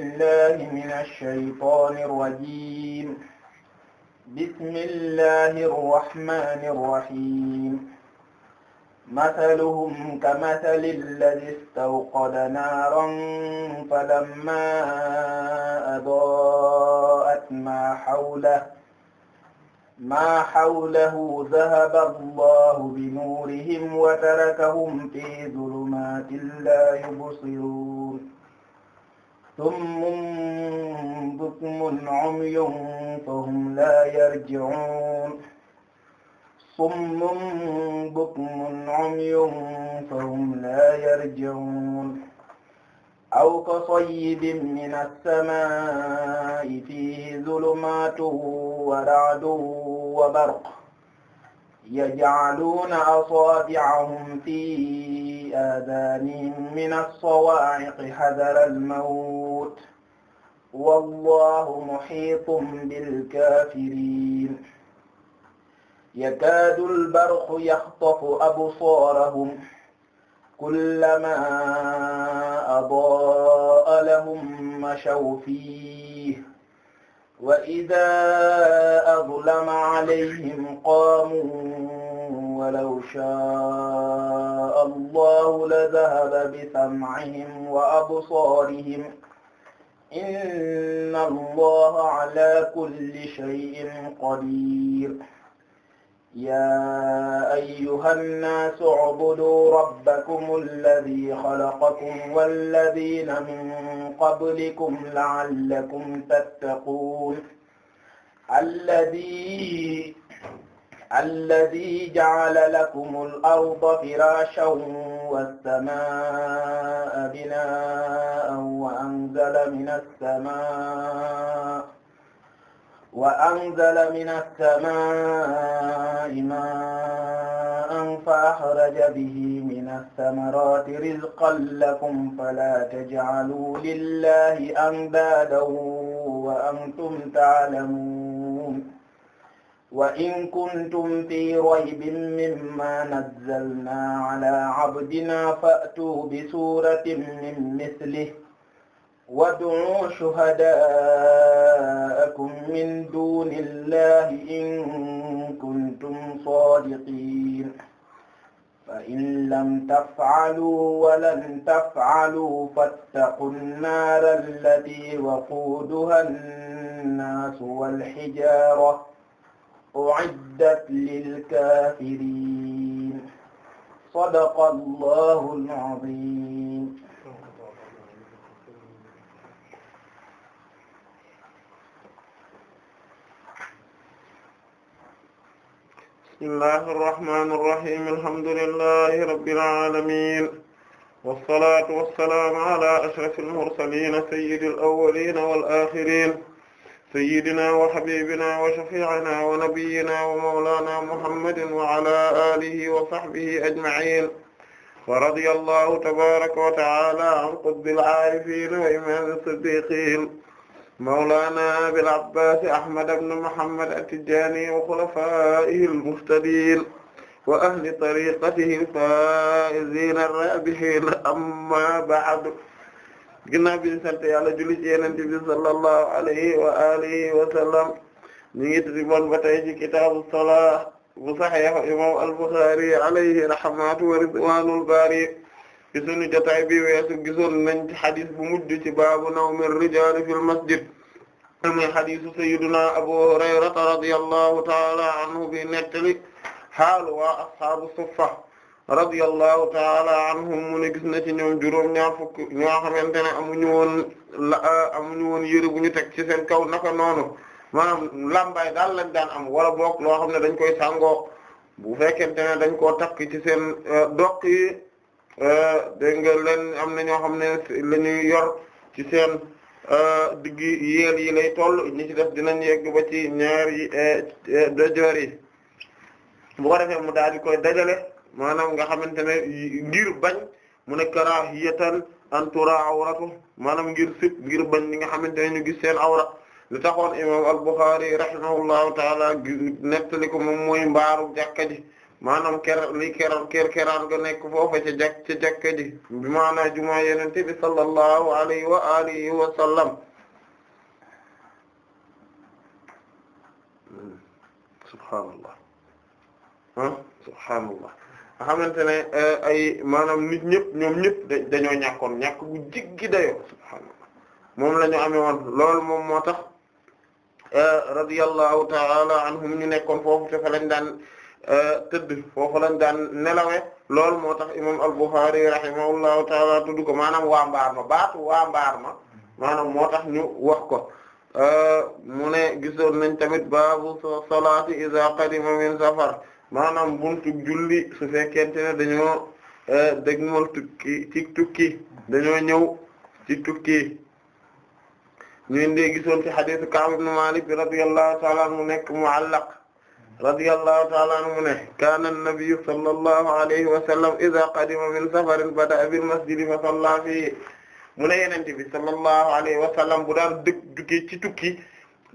بالله من الشيطان الرجيم بسم الله الرحمن الرحيم مثلهم كمثل الذي استوقد نارا فلما أضاءت ما حوله ما حوله ذهب الله بنورهم وتركهم في ظلمات لا يبصرون summun bukmun umyun fahum laa yarji'uun summun bukmun umyun fahum laa yarji'uun aw kasayyibin minas samaa'i fiihi zulumaatun wa ra'dun wa barqun يجعلون أصابعهم في آذانهم من الصواعق حذر الموت والله محيط بالكافرين يكاد البرق يخطف أبصارهم كلما أضاء لهم مشوا فيه وإذا أظلم عليهم قاموا ولو شاء الله لذهب بسمعهم وأبصارهم inna allaha ala kulli shay'in qadir yaa ayyuhan naasu ubudu rabbakum alladhi khalaqakum walladhina min qablikum la'allakum tattaquun alladhi alladhi ja'ala lakumul arda firaashan والسماء بناء وأنزل من السماء وأنزل من السماء ماء فأخرج به من الثمرات رزقا لكم فلا تجعلوا لله أندادا وأنتم تعلمون وإن كنتم في ريب مما نزلنا على عبدنا فأتوا بسورة من مثله وادعوا شهداءكم من دون الله إن كنتم صادقين فإن لم تفعلوا ولن تفعلوا فاتقوا النار التي وقودها الناس والحجارة u'iddat lil kaafiriin sadaqallaahul aziim bismillaahir rahmaanir rahiim alhamdulillaahi rabbil aalamiin wassalaatu wassalaam ala ashrafil mursaliin sayyidil awwaliin wal aaxiriin sayyidina wa habibina wa shafi'ina wa nabiyyina wa mawlana muhammadin wa ala alihi wa sahbihi ajma'in wa radiyallahu tabaraka wa ta'ala an qutbil aarifin wa imam as-siddiqin mawlana abil abbas ahmad ibn muhammad at-tijani wa khulafa'ihi al-muhtadin wa ahli tariqatihi al-faa'izin ar-raabihin amma ba'd ginnaaw bi ñu sant yàlla julli ci yonent bi sallallahu alayhi wa alihi wa sallam ñu ngi tuddi bon ba tey ci kitaabu salaa bu saxiix imam al-Bukhari alayhi rahmatu wa ridwanul baari ci sunu jotaay bi weesu gisoon nañ ci xadis bu mujj ci baabu nawmi rijaal fil masjid muy xadisu sayyiduna abu hurayrata radiyallahu taala anhu bi nettali xaalu waa ashaabu suffa radiyallahu taala anhum mu ne gis na ci ñoom juróom ñaar fukk ñoo xamante ne amuñu woon la euh, amuñu woon yëre bu ñu teg ci seen kaw naka noonu maanaam làmbaay daal lañ daan am wala boog loo xam ne dañ koy sàngoo bu fekkente ne dañ koo takk ci seen euh, doq yi euh, nga leen am na ñoo xam ne la yor ci seen digg yeel yi lay toll ñi ci def dinañ yegg ba ci ñaar yi dojoor yi bu ko defee mu daal di koy dajale maanaam nga xamante ne ngir bañ mu ne karahiyatan an awratu maanaam ngir sib ngir bañ li nga xamante ne ñu gis seen awra li taxoon imam al-Bukhari rahimahullahu taala nettali ko moom mooy mbaaru jàkka ji maanaam ker li nekk foofa ca jàkk ca jàkka ji bi maanaa jumaa yenente bi sallallahu alayhi wa alihi hmm. subhaanallah xamante ne euh, ay maanaam nit ñëpp ñoom ñëpp dañoo ñàkkoon ñàkk bu jiggi dayoo subhaanallah moom la ñu amee woon loolu moom moo tax euh, radiyallahu ta'ala anhum ñu nekkoon foofu te fa lañ daan euh, tëdd foofu lañ daan nelawe loolu moo tax imam al-Bukhari rahimahullahu ta'ala tudd ko maanaam waa mbaar ma baatu waa mbaar ma maanaam moo tax ñu wax ko mu ne gisoon nañ tamit baabu salaati iza qadima min safar maanaam buntu julli su fekkente ne dañoo eh, dégmal tukki ci tukki dañoo ñëw ci tukki ñun de gisoon ci xadiisu Ka'b ibn Malik bi radiyallahu ta'ala anhu mu nekk mu'allaq radiyallahu ta'ala anhu mu ne kaana an-nabiyyu sallallahu alayhi wa sallam min safarin bada'a bil masjidi fa salla fihi mu ne yonent bi sallallahu alayhi wa bu daan dëkk ci tukki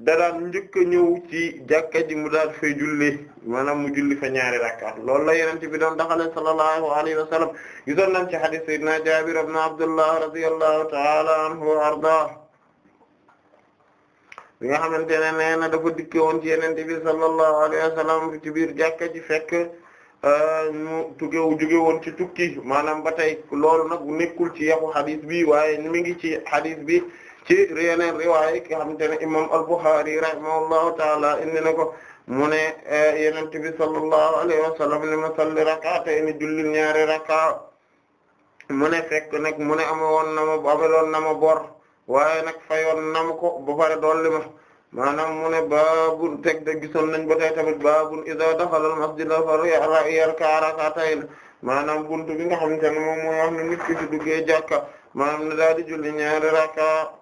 da daan njëkk ñëw ci jàkka ji mu daal fay julli maanaam mu julli fa ñaari rakka loolu la yenente bi doon daxale sallallahu alayhi wa sallam nañ ci hadith sayyidina Jaabir ibn Abdullah radiyallahu ta'ala anhu wa ardaa bi nga xamante ne nee na dafa dikke woon ci yenente bi sallallahu alayhi ci biir jàkka ji fekk euh, mu tugewu jóge woon ci tukki maanaam ba tey loolu nag nekkul ci yaxu hadith bi waaye mi ngi ci hadith bi ci yeneen riwaaya ki nga xamante ne imam al-Bukhari rahimahullahu taala indi na ko mu ne e, Yonent bi sallallahu alayhi wa sallam ne ma salli rak'atayn julli ñaari rak'a mu ne fekk nag mu ne amoon na ma ameloon bor waaye nag fayoon na ma ko ba pare dolli ma maanaam mu ne baabun teg de gisoon nañ ba tey tamit baabun iza daxala al-masjida falyarka' rak'atayn maanaam buntu bi nga xamante ne moom mooy wax ne nit ki ci duggee jàkka maanaam ne daal di julli ñaari rak'a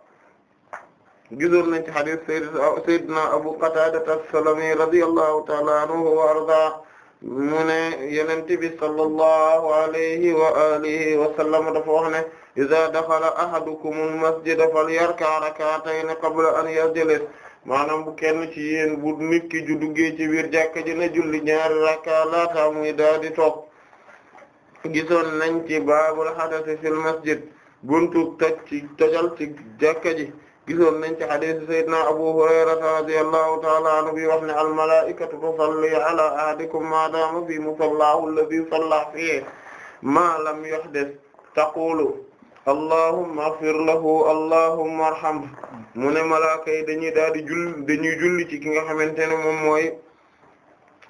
gisoon nañ ci hadith sayyidina Abu Qatada as-Salami radiyallahu ta'ala anhu wa arda mu ne Yonent bi sallallahu alayhi wa alihi wa sallam dafa wax ne idha dakhala ahadukum al-masjida falyarka' rak'atayn qabla an yajlis maanaam bu kenn ci yéen bu nit ki ju duggee ci biir jàkka ji na julli ñaari rakka laata muy daal di toog gisoon nañ ci baabul hadath fil masjid buntu toj ci tojal ci jàkka ji gisoon nañ ci Abu Hurayrata radiyallahu ta'ala bi wax ne al malaa'ikatu tusalli ala ahadikum ma dama fi musallahu bi salla fihi ma lam yuhdith taqulu allahumma ighfir lahu allahumma arhamhu mu ne malaaka yi dañuy daal di jull dañuy julli ci ki nga xamante ne moom mooy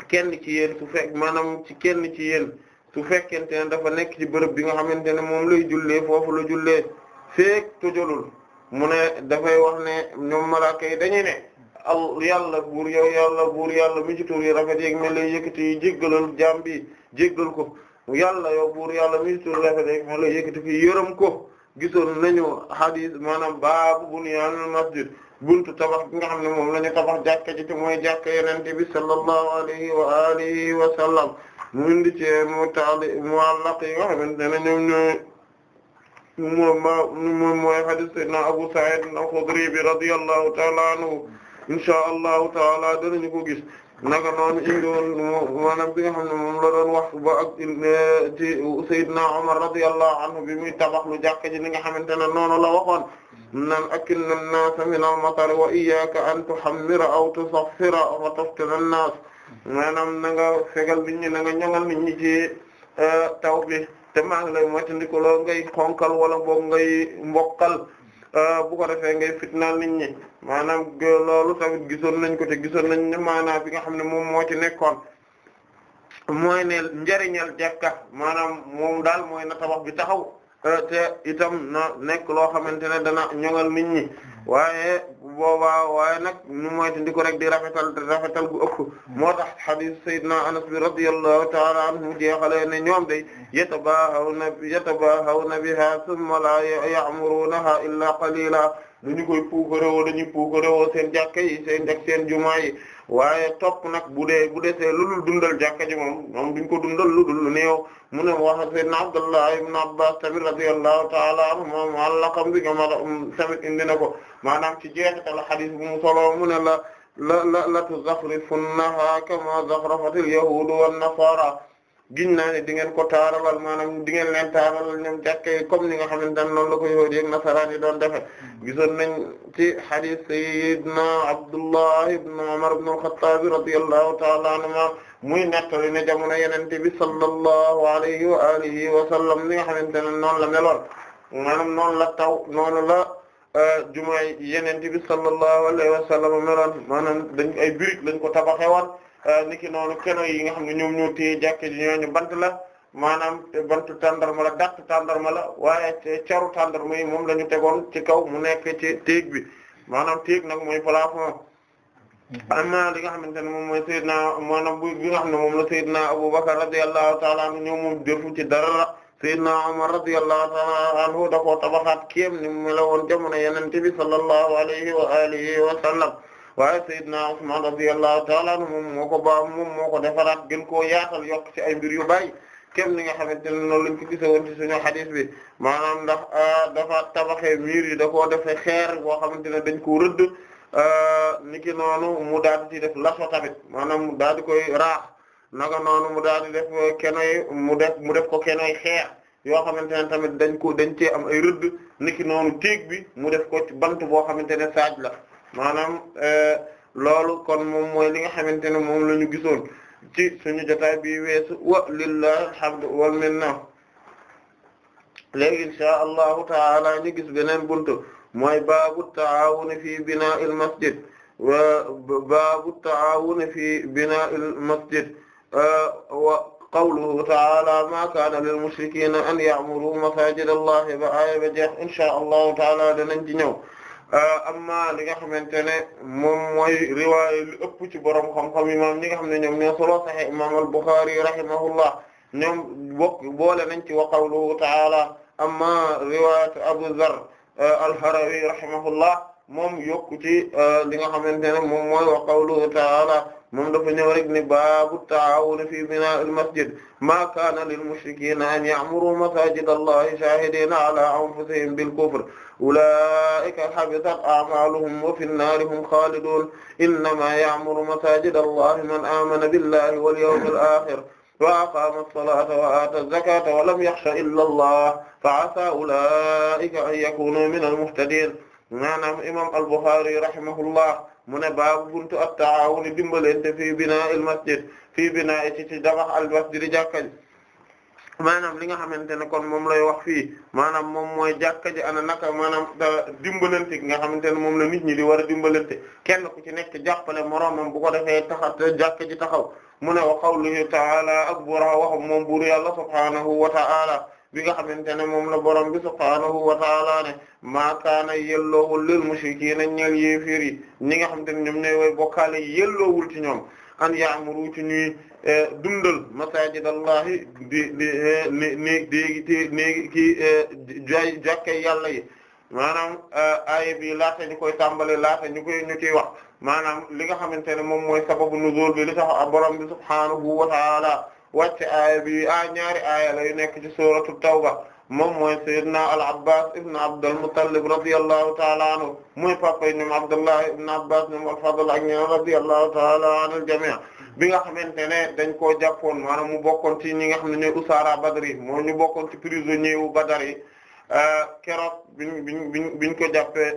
kenn ci yéen su fekk maanaam ci kenn ci yéen su fekkente ne dafa nekk ci bërëb bi nga xamante ne moom lay jullee foofu la jullee feek tojolul mu ne dafay wax ne ñoom malaaka yi dañuy ne al yàlla buur yow yàlla buur yàlla mi ci tur yi rafet yeeg mel lay yëkkati yi jéggalal jaam bi jéggal ko yàlla yow buur yàlla mi ci tur yi rafet yeeg mel lay yëkkati fi yërëm ko gisoon nañu hadith maanaam baabu bunyaanul masjid buntu tabax bi nga xam ne moom la ñu tabax jàkka ji te mooy jàkka yenente bi sallallahu alayhi wa alihi wa sallam mu indi ci mu taali muallaq yi nga xamante ne ñoom ñooy moom mooy hadis sayyidina Abu Sa'id al-Khudri bi radiyallahu ta'ala anhu inshaa Allahu ta'ala danañu ko gis naka noonu indoon maanaam bi nga xam ne moom la doon wax ba ak ci Seydina Omar radiyallahu anhu bi muy tabax lu jàkka ji ni nga xamante ne noonu la waxoon nan akilna an-naasa min al-matar wa iyyaaka an tuhammira aw tusaffira wa taftina an-naas maanaam na nga fegal nit ñi na nga ñoŋal nit ñi ci eh, taw bi te maa ngi lay moytandiku lool ngay xonkal wala boog ngay mboqal euh, bu ko defee ngay fitnaal nit ñi maanaam loolu tamit gisoon nañ ko te gisoon nañ ne maanaam bi nga xam ne moom moo ci nekkoon mooy ne njariñal jàkka maanaam moom daal mooy na tabax bi taxaw te itam na nekk loo xamante ne dana ñoŋal nit ñi waaye boobaa waaye nag ñu moytandiku rek di rafetal rafetal gu ëpp moo tax hadith sayyidina Anas bi radiyallahu ta'ala anhu jeexalee ne ñoom day yatabahawna yatabahawna biha thumma la ya'murunaha illa qalila duñu koy puukarewoo dañuy puukarewoo seen jàkka yi seen ak seen jumaa yi waaye topp nag bu dee bu desee lu dul dundal jàkka ji moom moom duñ ko dundal lu dul mu ne wax sayyidina Abdullah ibn Abbas tamit radiyallahu ta'ala anhuma mu'allaqam bi nga ma tamit indi na ko maanaam ci jeexital hadith bu mu solo mu ne la la la la tuzakhrifunnaha kama zakhrafatil yahudu wan nasara giñ naa ne di ngeen ko taaralal maanaam di ngeen leen taaralal ñoom jàkkee comme ni nga xamante ne noonu la ko yóor yéeg nasaraan yi doon defe gisoon nañ ci hadith sayyidina Abdullah ibn Umar ibn al-Khattab radiyallahu ta'ala anhuma muy nettali ne jamono yen bi sallallahu alayhi wa alihi wa sallam li xamante ne noonu la meloon maanaam noonu la taw noonu la euh, jumaay yenente bi sallallahu alayhi wa sallam meloon maanaam dañ ay birig lañ ko tabaxewoon Euh, niki noonu keno yi nga xam ne ñoom ñoo téye jàkke ji ñooñu bant la maanaam bantu tàndarma la dàtt tàndarma la waaye caru tàndarma yi moom la ñu tegoon ci kaw mu nekk ci téeg bi maanaam téeg nag mooy plafond mhm. amma li nga xamante ne moom mooy Seydina maanaam bu bi nga xam ne moom la Seydina Abubakar radiyallahu ta'ala anhu ñoom moom defu ci dara Seydina Umar radiyallahu ta'ala anhu da koo tabaxaat kéem ni mu meloon jamono Yonent bi sallallahu alayhi wa alihi wa waaye Seydina Usmaan radiyallahu ta'ala anhu moom moo ko ba moom moo ko defaraat gën koo yaatal yokk ci ay mbir yu bari kem ni nga xamante ne noonu lañ ko gisoon ci suñu xadis bi maanaam ndax ah, dafa tabaxee miir yi da koo defee xeer boo xamante ne dañ ko rëdd ah, niki noonu mu daal di def laso tamit maanaam mu daal di koy raax naka noonu mu daal di def kenoy mu def mu def ko kenoy xeer yoo xamante ne tamit dañ ko dañ cee am ay rëdd niki noonu tiig bi mu def ko ci bant boo xamante ne saaj la maanaam eh, loolu kon moom mooy li nga xamante ne moom la ñu gisoon ci suñu jotaay bi weesu wa lillahi alhamdu wal minna léegi inshaa allahu taala ñu gis beneen buntu mooy baabu taawun fi binaa'il masjid wa baabu taawun fi binaa'il masjid eh, wa qawluhu taala ma kaana lil mushrikiina an ya'muru masaajida allahi ba aaya ba jeex inshaa allahu taala danañ ci ñëw Euh, amma li nga xamante ne moom mooy riwaay li ëpp ci borom xam-xam imaam li nga xam ne ñoom ñoo solo Sahih imaam al-Bukhari rahimahullah ñoom bokk boole nañ ci wa qawluhu ta'ala amma riwaayat Abu Dharr euh, al-Harawi rahimahullah moom yokku ci euh, li nga xamante ne moom mooy wa qawluhu ta'ala moom dafa ñëw rek ne baabu taawun fi binaa'il masjid maa kaana lil mushrikiina an ya'muruu masaajida allahi shaahidiina alaa anfusihim bil kufr ulaa'ika habitat a'maaluhum wa fi nnaari hum xaaliduun innamaa ya'muru masaajida allahi man aamana billahi wal yawmil aaxir wa aqaama as-salaata wa aata az-zakaata wa lam yaxsha illa allah fa asaa ulaa'ika an yakuunuu mina al-muhtadiin maanaam imaam al-Buxaari rahimahullah mu ne baabu buntu at-taawuni dimbalente fii binaa'il masjid fii binaa'i ci ci dabax al-masjid jàkka ji maanaam li nga xamante ne kon moom lay wax fii maanaam moom mooy jàkka ji ana naka maanaam dimbalante gi nga xamante ne moom la nit ñi di war a dimbalante kenn ku ci nekk jàppale moroomam bu ko defee taxa jàkka ji taxaw mu ne wa qawluhu ta'ala ak bu ra mom moom buur yàlla subhaanahu wa ta'ala bi nga xamante ne moom la borom bi subhaanahu wa taala ne maakaana yelloowul lil mushrikiina ñeel yéeféer yi ñi nga xamante ne ñoom ñooy way bokkaale yelloowul ci ñoom an yaamuru ci ñuy eh, dundal masajidallahi di di né eh, néeg déegité néegi kii eh, yàlla yi maanaam aaya bi laata ñu koy tàmbale laata ñu koy ñu ciy wax maanaam li nga xamante ne moom mooy sababu nuzul bi li a borom bi subhaanahu wa wàcce aaya bi ñaari aaya la yu nekk ci suratu tawba moom mooy sayyidina al-Abbas ibn Abdul Muttalib radiyallahu ta'ala anhu muy papa ñoom Abdullah ibn Abbas ñoom al-Fadl ak ñoom radiyallahu ta'ala anil jami' bi nga xamante ne dañ koo jàppoon maanaam mu bokkoon ci ñi nga xam ne ñooy usaara Badri moo ñu bokkoon ci prisonnier wu Badar yi euh, keroog biñ ko jàppee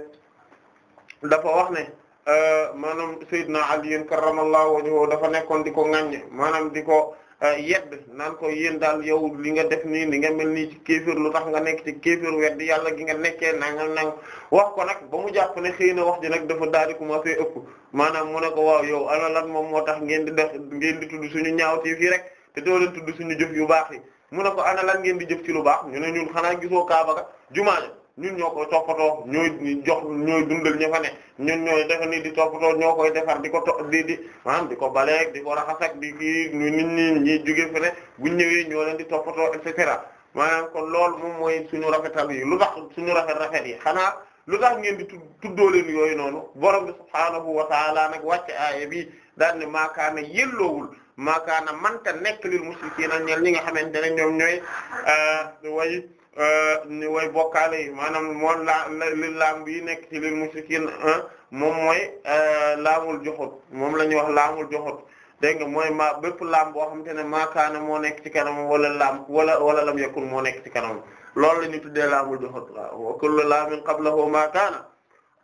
dafa wax ne euh, maanaam sayyidina Ali karramallahu wajhahu dafa nekkoon di ko ŋaññe maanaam di ko. yedd naan ko yéen daal yow li nga def nii li nga mel nii ci kéeféer lu tax nga nekk ci kéeféer wedd yàlla gi nga nekkee nangam nang wax ko nag ba mu jàpp ne xëy na wax ji nag dafa daal di commencé ëpp maanaam mu ne ko waaw yow ala lan moom moo tax ngeen di def ngeen di tudd suñu ñaawteef yi rek te doo leen tudd suñu jëf yu baax yi mu ne ko ana lan ngeen di jëf ci lu baax ñu ne ñun xanaa gisoo Kaaba ga jumaa ja ñun ñoo koy toppatoo ñooy jox ñooy dundal ña fa ne ñun ñooy def ni di toppatoo ñoo koy defar ko to di di maanaam di ko baleeg di ko raxasak di kii ñu nit ñi ñiy jóge fa ne bu ñëwee ñoo leen di toppatoo et cetera maanaam lool loolu moom mooy suñu rafetal yi lu tax suñu rafet rafet yi xanaa lu tax ngeen di tuddoo leen yooyu noonu borom bi subhaanahu wa taala nag wàcce aaya bi daal ne maakaana yelloowul maakaana manta nekk lil mushrikiina ñeel ñi nga xamante ne ñoom ñooy euh, way ni euh, way bokkaale yi maanaam moom laa li laam bii nekk ci lil mushrikiina euh, moom mooy laamul joxut moom la ñuy wax laamul joxut dégg nga mooy ma bépp laam boo xamante ne maakaana moo nekk ci kanam wala laam wala wala lam yakun moo nekk ci kanam loolu la ñu tuddee laamul joxut wa kullu laamin qablahu maakaana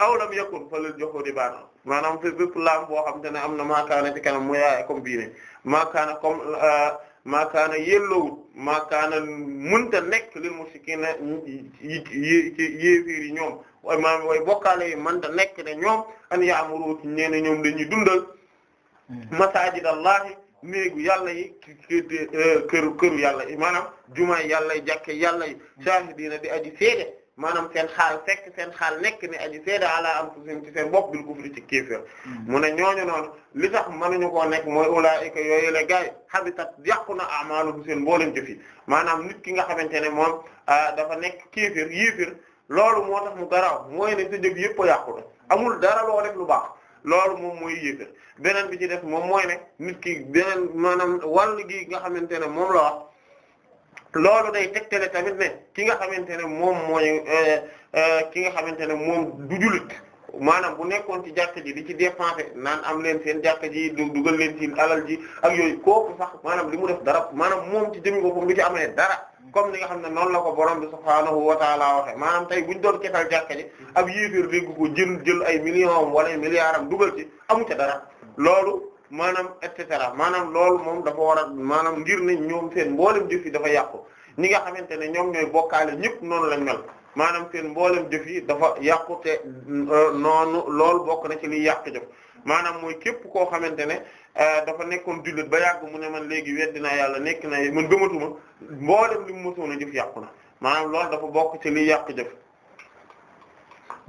aw lam yakun fa lil joxut baana maanaam fi bépp laam boo xam te ne am na maakaana ci kanam mu yaay comme bii ne maakaana comme euh, maakaana yelloowut maakaana mënta nekk lil mushrikina yi ci yéefiir yi ñoom waaye maanaam waaye bokkaale yi mënta nekk ne ñoom an yaamuru ci ñee ne ñoom dañuy dundal hmm. masajidallahi néegu yàlla yi euh, kër këru yàlla yi maanaam jumaay yàlla yi jàkke yàlla yi hmm. shahidina di aji seede maanaam seen xaal fekk seen xaal nekk ni aji seeda ala am ci seen bopp bil kufri ci kéefér hmm. mu ne ñooñu noonu li tax mënuñu koo nekk mooy ulaa'ika yooyu la gaay habitat yàqu na amaaluhum seen mboolem jëf yi maanaam nit ki nga xamante ne moom ah, dafa nekk kéefér yéefér loolu moo tax mu garaaw mooy ne sa jëf yëpp a yàqu na amul dara loo rek lu baax loolu moom mooy yéefér beneen bi ci def moom mooy ne nit ki beneen wal wàll ki nga xamante ne moom la loolu day tegtale tamit ne ki nga xamante ne moom mooy euh, euh, ki nga xamante ne moom du jullit maanaam bu nekkoon ci jàkka ji di ci dépenser naan am leen seen jàkka ji du dugal leen ci alal ji ak yooyu kooku sax maanaam li mu def dara maanaam moom ci jëmi boppam lu ci amee dara comme li nga xam ne noonu la ko borom bi subhaanahu wa ta'ala waxe maanaam tey buñ doon kesal jàkka ji ab yéeféer léegi ko jël ay millions am wala milliards am dugal ci amu ca dara loolu maanaam et cetera maanaam loolu moom dafa war a maanaam ngir ne ñoom seen mboolem jëf yi dafa yàqu ñi nga xamante ne ñoom ñooy bokkaale ñëpp noonu lañ mel maanaam seen mboolem jëf dafa yàqu te euh, loolu bokk na ci liy yàq jëf maanaam mooy képp koo xamante ne euh, dafa nekkoon jullit ba yàgg mu ne man léegi weddi naa yàlla nekk na man gëmatuma mboolem li mu mosoon a jëf yàqu na maanaam loolu dafa bokk ci liy yàq jëf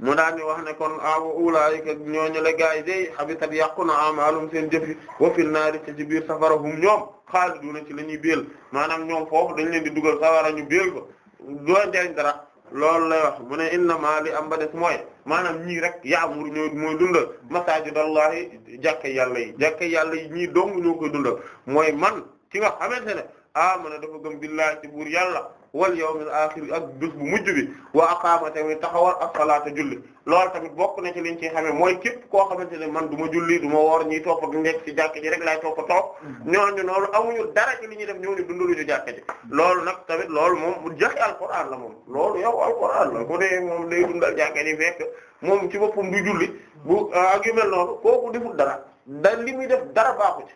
mu daal di wax ne kon aw ulaayika ñooñu la gaay day habitat yàqu na amaalum seen jëf yi wa fil naari ci ci biir safara hum ñoom xaaliduna ci la ñuy béel maanaam ñoom foofu dañ leen di dugal safara ñu béel ko doo deñ dara loolu lay wax mu ne inna maa li am ba des mooy maanaam ñii rek yaamur ñoo mooy dundal masaajidallahi jàkka yàlla yi jàkka yàlla yi ñii dong ñoo koy dundal mooy man ci nga xamante ne ah man dafa gëm billahi ci buur yàlla wal yawmil axir ak bés bu mujj bi wa aqaama tamit taxawal as a julli loolu tamit bokk na ci liñ ci xamee mooy képp koo xamante ne man du ma julli du ma woor ñiy topp ak nekk ci jàkk ji rek laay topp toog mm-hmm. ñooñu noonu amuñu dara ci li ñuy def ñooñu dundaluñu jàkk ji loolu nag tamit loolu moom jaxe alquran la moom loolu yow alquran la ku moom day dundal jàkk ji fekk moom ci boppam du julli bu a ah, yu mel noonu kooku deful dara da li muy def dara baaxu ci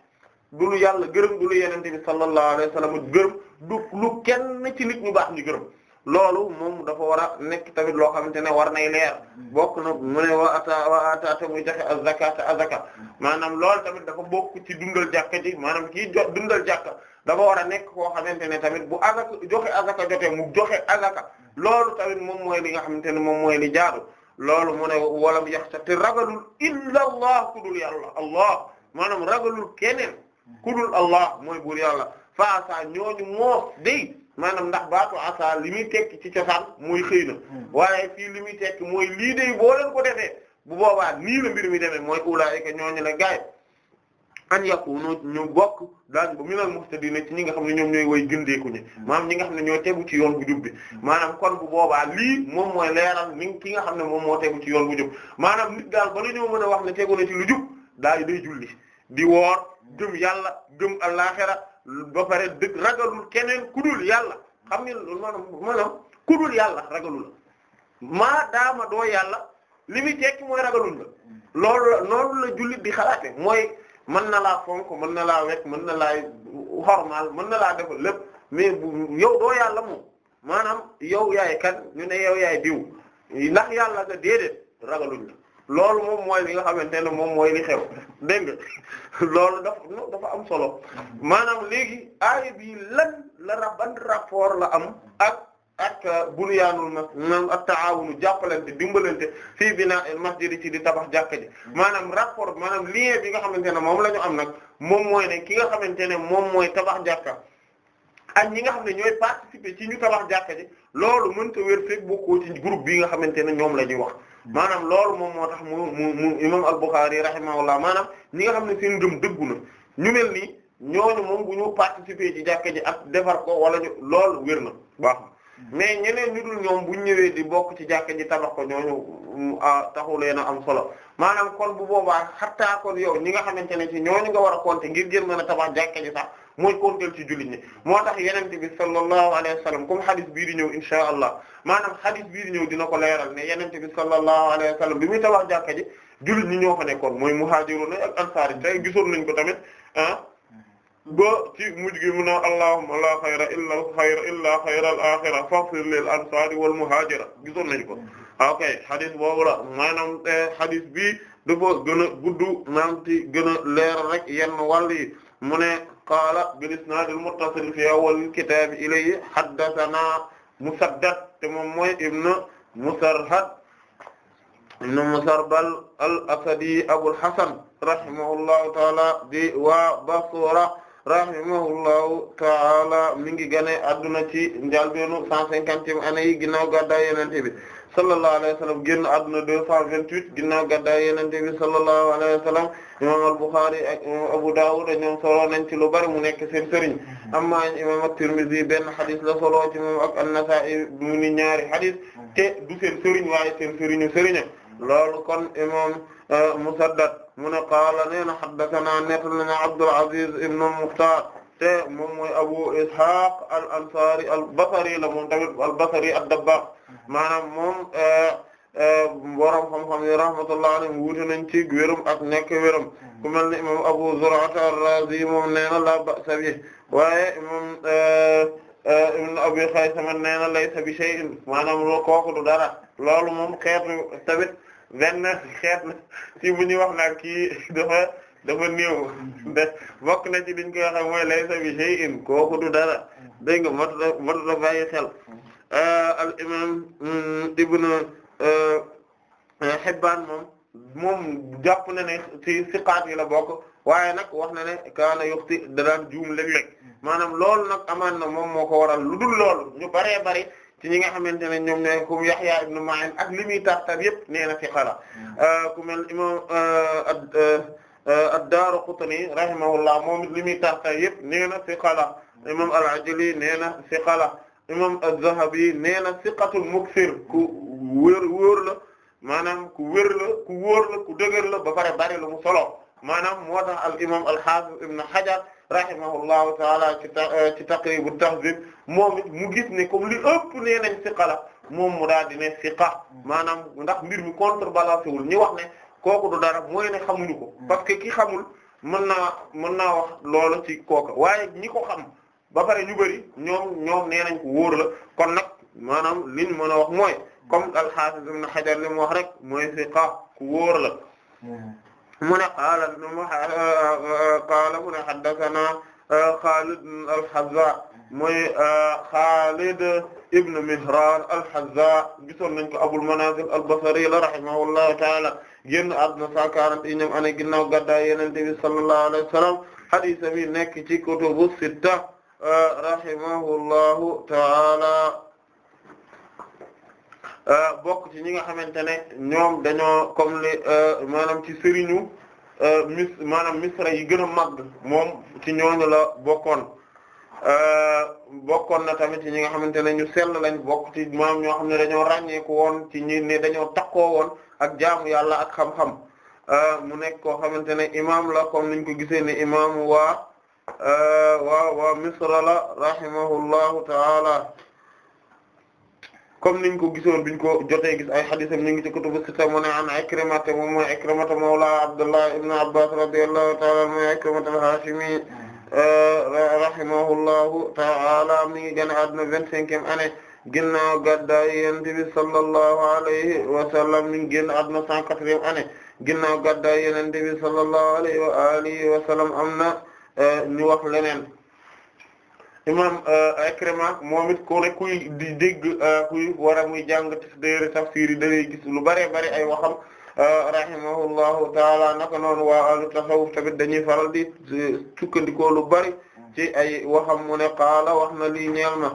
du lu yàlla gërëm du lu yenente bi sallallahu alayhi wa sallam gërëm du lu kenn ci nit ñu baax ñu gërëm loolu moom dafa war a nekk tamit loo xamante ne war nay leer bokk na mu ne wa ata wa ataata muy joxe azakata azaka maanaam lool tamit dafa bokk ci dundal jàkka ji maanaam kii jo dundal jàkka dafa war a nekk koo xamante ne tamit bu azaka joxe azaka jotee mu joxe azaka loolu tamit moom mooy li nga xamante ne moom mooy li jaadu loolu mu ne walam yaxsa te ragalul illa allah ku dul yàlla allah maanaam ragalul keneen ku dul allah mooy buur yàlla fa asa ñu moo day maanaam ndax baatu asa li muy tekki ci cosaan mooy xëy na hmm. waaye fii li muy tekki mooy lii dey boo leen ko defee bu boobaa nii la mbir mi demee mooy ulaa'ika ñooñu la gaay an yakunu ñu bokk daan ba minal muhtadina ci ñi nga xam ne ñoom ñooy way gëndeeku ñi hmm. maanaam ñi nga xam ne ñoo tegu ci yoon bu jub bi hmm. maanaam kon bu boobaa lii moom mooy leeral ni ki nga xam ne moom moo tegu ci yoon bu jub maanaam nit daal ba la ñoo ne tegu na ci lu jub daal day julli gëm yàlla gëm allaaxira ba pare dëgg ragalul keneen kudul yàlla xam ni loolu maanaam kudul yàlla ragalul la maa daama doo yàlla li muy tekki mooy ragalul la loolu la loolu la jullit di xalaate mooy mën na laa fonk mën na laa wekk mën na laa xormaal mën na laa lépp mais bu yow doo yàlla moom maanaam yow yaay kan ñu ne yow yaay diw ndax yàlla nga déedéet ragaluñ la loolu moom mooy li nga xamante ne moom mooy li xew nga loolu dafa am solo maanaam léegi aaya bi lan la ra ban la am ak ak euh, bunyaanul mas maanaam ak taawunu jàppalante dimbalante fii binaa'il masjid ci di tabax jàkka ji maanaam rapport maanaam lien bi nga xamante ne moom la ñu am nag moom mooy ne ki nga xamante ne moom mooy tabax jàkka ak ñi nga xam ne ñooy participer ci ñu tabax jàkka ji loolu mënta wér fekk bokkoo ci groupe bi nga xamante ne ñoom la ñuy wax maanaam loolu moom moo tax mu mu mu imam al-Bukhari rahimahullah maanaam ñi nga xam ne seen ngëm dëggu ñu mel nii ñooñu moom bu ñu participer ci jàkka ji ak defar ko wala ñu loolu wér na baax mais ñeneen ñu dul ñoom bu ñu ñëwee di bokk ci jàkka ji tabax ko ñooñu taxu leen am solo maanaam kon bu boobaa xattaa kon yow ñi nga xamante ne ci ñooñu nga war a compter ngir jël mën a tabax jàkka ji sax mooy konteel ci jullit ñi moo tax yenente bi sallallahu alayhi wa sallam comme hadith bii di ñëw inshaa allah maanaam hadith bii di ñëw dina ko leeral ne yenente bi sallallahu alayhi wa sallam bi muy tabax jàkka ji jullit ñi ñoo fa nekkoon mu muhaajiruun ak ansaar yi tey gisoon nañ ko tamit ah ba ci mujj gi mu ne allahumma la xayra illa xayra illa xayra al axira ansaari wal muhaajira gisoon nañ ko ok hadith boobu la maanaam eh, hadith bi dafa gën a gudd maanaam ci gën a leeral rek mu qaala bil isnaad al muttasil fi awwal kitaab ilayhi haddasanaa Musaddad te moom mooy ibn Musarhad ibn Musarbal al asadi Abul Hasan rahimahullahu taala di waa Basra rahimahullahu taala mi ngi gane adduna ci njàlbéenu cent cinquantième année yi ginnaaw gàddaay Yonent bi sallallahu alayhi wa sallam génn adduna deux cent vingt-huit ginnaaw gàddaay Yonent bi sallallahu alayhi wa sallam imam al-Bukhari ak imam Abu Dawud ñoom solo nañ ci lu bari mu nekk seen sëriñ mm-hmm. amma imam at-Tirmidhi benn xadis la solo ci moom ak an-Nasa'i mu ni ñaari xadis mm-hmm. te du seen waaye seen sëriñu sëriña mm-hmm. loolu kon imam uh, Musaddad mu ne qaala lana haddathana nettal lana Abdul Aziz ibn al te moom Abu Ishaq al-Ansari al-Basri la moom tamit al-Basri ad-Dabbagh maanaam uh, Euh, borom xam-xam rahmatullah alayhim wuute nañ ci wérum ak nekk wérum ku mel ni imam Abu Zur'a ar-Razi moom nee na la ba'sa bi waaye imam euh, euh, ibn Abi Khaysama nee na laysa bi shay'in maanaam loo kooku du dara loolu moom xeetu tamit benn xeet na ci bu ñuy wax nag kii dafa dafa néew de bokk na ci liñ koy waxe mooy laysa bi shay'in kooku du dara dégg nga matu la matu xel al imam mm, ibn Euh, euh, Hibbaan moom moom jàpp na ne ci siqaat yi la bokk waaye nag wax na ne kaana yuxti danaan juum léeg-léeg maanaam loolu nag amaan na moom moo ko waral lu dul loolu ñu baree bari ci ñi nga xamante ne ñoom ne kum Yahya ibn Ma'in ak li muy tar tar yëpp nee na siqa la euh, ku mel imam ad-Daaraqutni rahimahullah moom li muy tar tar yëpp nee na siqa la imam al-Ajli nee na siqa la imam az-Zahabi nee na siqatul mukthir ku wóor wóor la maanaam ku wér la ku wóor la ku dëgër la ba pare bari lu mu solo maanaam moo tax al imam al hafiz ibn hajar rahimahullahu taala ci euh, ci taqrib at-tahzib moom it mu gis ne comme li ëpp nee nañ siqa la moom mu daal di ne siqa maanaam ndax mbir mi contrebalancé wul ñi wax ne kooku du dara mooy ne xamuñu ko parce que ki xamul mën naa mën naa wax loolu ci kooka waaye ñi ko xam ba pare ñu bari ñoom ñoom nee nañ ko la kon nag maanaam liñ mën a wax mooy comme al-Hafiz ibn Hajar li mu wax rek mooy siqa ku wóor la mu ne qaala mu qaala mu ne haddathana euh, Khalid al-Hazza mooy euh, Khalid ibn Mihran al-Hazza gisoon nañ ko Abul Manazil al-Basri la rahimahullahu ta'ala génn àdduna 141 ane ginnaaw gàddaay Yonent bi sallallahu alayhi wa sallam hadith bi nekk ci kutubu sitta euh, rahimahullahu ta'ala Euh, bokk ci ñi nga xamante ne ñoom dañoo comme li euh, maanaam ci sëriñu euh, mis maanaam misra yi gën a màgg moom ci ñooñu la bokkoon bokkoon na tamit ci ñi nga xamante ne ñu sell lañ bokk ci maanaam ñoo xam ne dañoo ràññeeku woon ci ñi ne dañoo takkoo woon ak jaam yàlla ak xam-xam mu nekk koo xamante ne imaam la comme niñ ko gisee ne imaam waa waa waa misra la rahimahullahu taala comme niñ ko gisoon biñ ko jotee gis ay xadisam ñu ngi ci kutubu sitta mu ne an Ikrima te moom mooy Ikrima mawla Abdullah ibn Abbas radiyallahu ta'ala anhu Ikrima al-Hashimi euh, rahimahullahu ta'ala mi ngi génn àdduna vingt-cinquième année ginnaaw gàddaay Yonent bi sallallahu alayhi wa sallam mi ngi génn àdduna cent quatrième année ginnaaw gàddaay Yonent bi sallallahu alayhi wa alihi wa sallam am na euh, ñu wax leneen imam Ikrima euh, moom it ku ne kuy di dégg euh, kuy war a muy jàng téere tafsir yi da ngay gis lu bëree bëri ay waxam euh, rahimahullahu taala naka noon waa ahlu tasawuf tamit dañuy faral di sukkandikoo lu bëri ci ay waxam mu qaala wax na lii ñeel na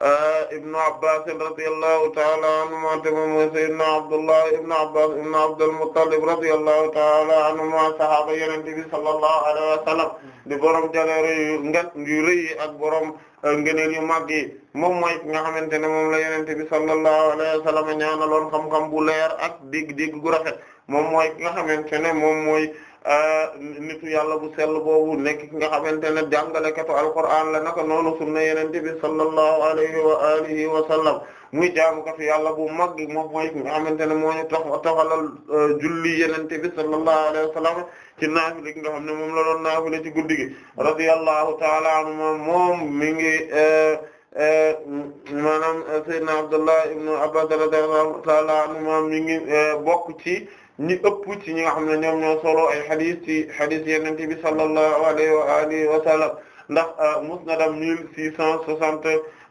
Euh, ibnu abbas radiyallahu ta'ala anhuma te moom mooy sayyidina abdullah ibnu abbas ibnu abdul muttalib radiyallahu ta'ala anhuma sahaaba yonent bi sallallahu alayhi wa sallam di borom jaloore yu ngat yu rëy ak borom euh, ngëneel yu màgg yi moom mooy nga xamante ne moom la yonent bi sallallahu alayhi wa sallam ñaanaloon xam-xam bu leer ak dégg-dégg gu rafet moom mooy nga xamante ne moom mooy nitu yàlla bu sell boobu nekk ki nga xamante ne jàngalekatu alquran la naka noonu sunna yonent bi sallallahu alayhi wa alihi wa sallam muy jaamukatu yàlla bu mag moom mooy ki nga xamante ne moo ñu tax taxalal euh, julli yonent bi sallallahu alayhi wa sallam ci naafila gi nga xam ne moom la doon naafila ci guddi gi radiyallahu ta'ala anhu moom mi ngi euh, euh, maanaam Seydina Abdullah ibn Abbas radiyallahu ta'ala anhu moom mi ngi bokk ci. ñi ëpp ci ñi nga xam ne ñoom ñoo solo ay xadis ci xadis yenente bi sallallahu alayhi wa alihi wa sallam ndax euh, musnadam mille six cent soixante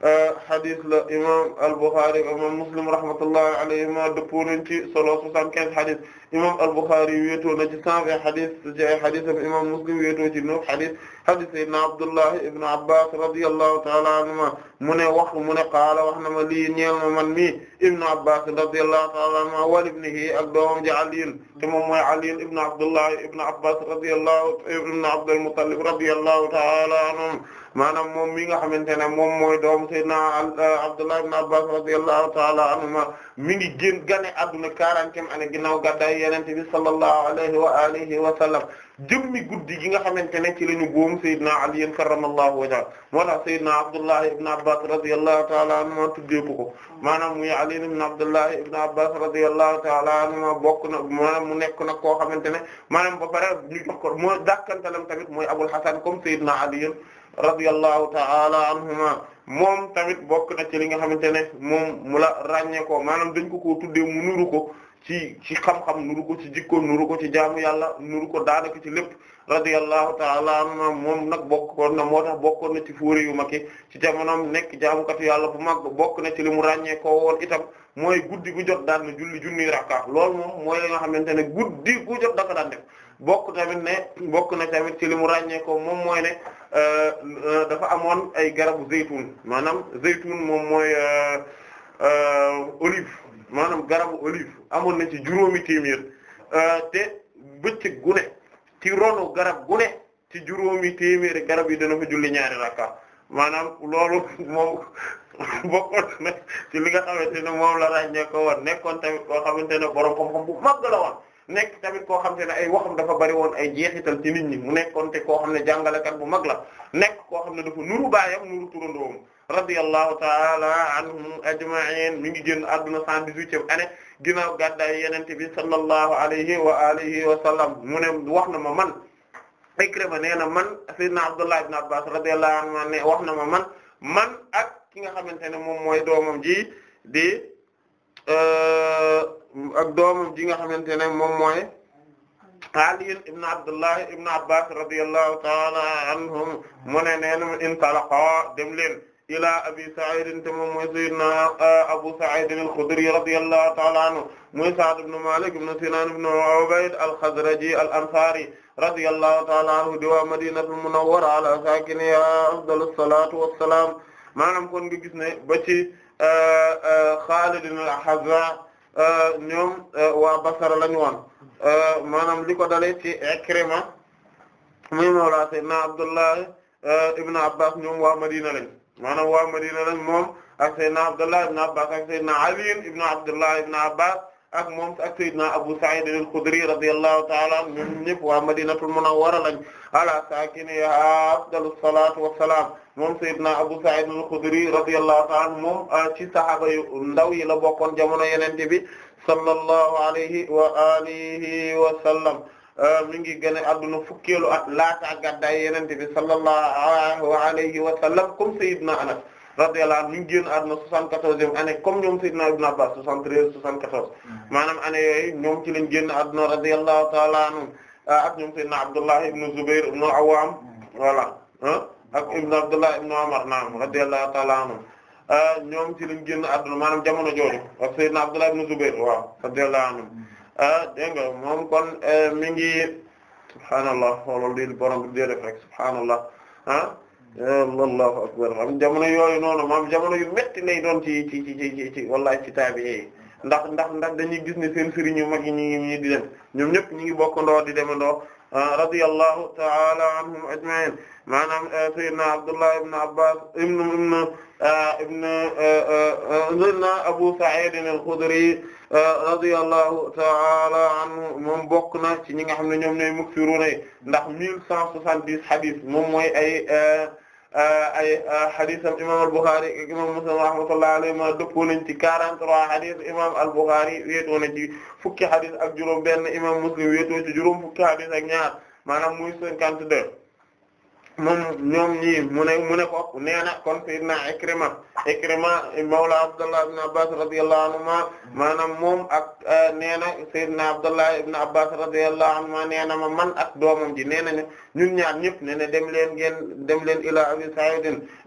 euh, xadis la imam al-Bukhari imam Muslim rahmatullahi alayhima dëppoo nañ ci solo soixante-quinze xadis imam al-Bukhari wéetoo na ci cent vingt xadis ci ay xadisam imam Muslim wéetoo ci neuf xadis xadis sayyidina Abdullah ibn Abbas radiyallahu ta'ala anhuma mu ne wax mu ne qaala wax na ma lii ñeel ma man mii ibn Abbas radiyallahu ta'ala anhuma wa ibnihi ak doomam ji Ali te moom mooy Ali ibn Abdullah ibn Abbas radiyallahu ibn Abdul Muttalib radiyallahu ta'ala anhum maanaam moom mi nga xamante ne moom mooy doom sayyidina euh, Abdullah ibn Abbas radiyallahu ta'ala anhuma mi ngi génn gane adduna quarantième année ginnaaw gàddaay jamonoy yenente bi sallallahu alayhi wa alihi wa sallam jëmmi guddi gi nga xamante ne ci la ñu góom Seydina Ali karramallahu wajhahu moo tax Seydina Abdullah ibn Abbas radiyallahu ta'ala anhuma tuddeeku ko maanaam muy Ali ibn Abdullah ibn Abbas radiyallahu ta'ala anhuma bokk na maanaam mu nekk nag koo xamante ne maanaam ba pare ñu jox ko moo dàkkantalam tamit mooy Abul Hasan comme Seydina Ali radiyallahu ta'ala anhuma moom tamit bokk na ci li nga xamante ne moom mu la ràññee ko maanaam dañ ko koo tuddee mu nuru ko ci ci xam-xam nuru ci jikko nuru ci jaamu yàlla nuru ko daanaka ci lépp radiyallahu ta'ala anhu moom nag bokkoon na moo tax bokkoon na ci fuure yu mag yi ci jamonoom nekk jaamukatu yàlla bu mag bokk na ci li mu ràññee woon itam mooy guddi gu jot daan julli junni rakka loolu moom mooy li nga xamante ne guddi gu jot daka daan def bokk tamit ne bokk na tamit ci li mu ràññee moom mooy ne euh, euh, dafa amoon ay garabu zaytun maanaam zaytun moom mooy euh, olive maanaam garabu olive amoon na ci juróomi téeméer euh, te bëccëg gune ci ronu garab gune ci juróomi téeméeri garab yi dana fa julli ñaari rakka maanaam loolu moom bokkoon na ci li nga xamante ne moom la ràññee ko nekkoon tamit koo xamante ne borom xam-xam bu mag la woon nekk tamit koo xamante ne ay waxam dafa bari woon ay jeexital ci nit ñi mu nekkoon te koo xam ne jàngalekat bu mag la nekk koo xam ne dafa nuru baayam nuru turandoom radiyallahu ta'ala anhum ajma'in mi ngi génn adduna 118e année ginnaaw gàddaay yonent bi sallallahu alayhi wa alihi mu ne wax na ma man Ikrima nee na man sayyidina Abdullah ibn Abbas radiyallahu anhu ne wax na ma man man ak ki nga xamante ne moom mooy doomam ji di euh, ak doomam ji nga xamante ne moom mooy Ali ibn Abdullah ibn Abbas radiyallahu ta'ala anhum mu ne nee na intalaqa dem leen ila abi Sa'id te moom mooy sayyidina uh, Abu Sa'id al-Khudri radiyallahu ta'ala anhu mooy Sa'd ibn Malik ibn Sinan ibn Ubayd al-Khazraji al-Ansari radiyallahu ta'ala anhu di waa Madinatul Munawwara ala sakiniha afdalus salatu wassalam maanaam kon nga gis ne ba ci Khalid uh, uh, al-Hazza ñoom waa Basra lañu woon maanaam li ko dalee ci Ikrima muy mawla sayyidina Abdullah ibn Abbas ñoom waa Madina lañu maanaam waa Madina lañ moom ak Seydina Abdullah ibn Abbas ak Seydina Ali ibn Abdullah ibn Abbas ak moom ak Seydina Abu Sa'id al-Khudri radiyallahu ta'ala anhu ñoom ñëpp waa Madinatul Munawwara lañ ala sakiniha afdalus salatu wassalam moom Seydina Abu Sa'id al-Khudri radiyallahu ta'ala anhu moom ah, ci sahaaba yu ndaw yi la bokkoon jamono Yonent bi sallallahu alayhi wa alihi wa sallam Euh, mi ngi gën a adduna fukkeelu at laata gàddaay yenente bi sallallahu alayhi wa sallam comme Seydina Anas radiyallahu anhu mi ngi génn adduna soixante-quatorzième année comme ñoom Seydina Ibn Abbas soixante-treize soixante-quatorze maanaam année yooyu ñoom ci lañ génn adduna radiyallahu ta'ala anhum euh, ak ñoom Seydina Abdullah ibn Zubair ibn Awwam voilà ak ibn Abdullah ibn Umar naam radiyallahu ta'ala anhum euh, ñoom ci lañ génn adduna maanaam jamono jooju ak Seydina Abdullah Ah, dégg nga moom kon eh, mi ngi subhaanallah xoolal lii borom bi dee def rek subhaanallah ah allahu akbar am jamono yooyu noonu maam jamono yu metti lay doon ci ci ci ci ci wallahi ci taabi ndax ndax ndax dañuy gis ne seen sëriñ yu mag yi ñu ngi di dem ñoom ñëpp ñu ngi bokkandoo di demandoo radiyallahu ta'ala anhum ajma'in maanaam eh, sayyidina Abdullah ibn Abbas ibn ibn eh, ibn eh, sayyidina Abu Sa'id al-Khudri radiyallahu ta'ala anhu moom bokk na ci ñi nga xam ne ñoom ñooy muksiruna ndax 1170 hadith moom mooy ay Euh, ay hadisam euh, imam al-Bukhari ak imam Muslim rahmatullahi alayhima dëppoo nañ ci 43 hadis imam al-Bukhari wéetoo na ci fukki hadis ak juróom benn imam Muslim wéetoo ci juróom fukki hadis ak ñaar maanaam muy 52 moom ñoom ñii mu ne mu ne ko nee na kon Seydina Ikrima Ikrima mawla Abdullah ibn Abbas radiyallahu anhuma maanaam moom ak eh, nee na Seydina Abdullah ibn Abbas radiyallahu anhuma nee na ma man ak doomam ji nee nañu ñun ñaar ñëpp nee na dem leen ngeen dem leen ila Abi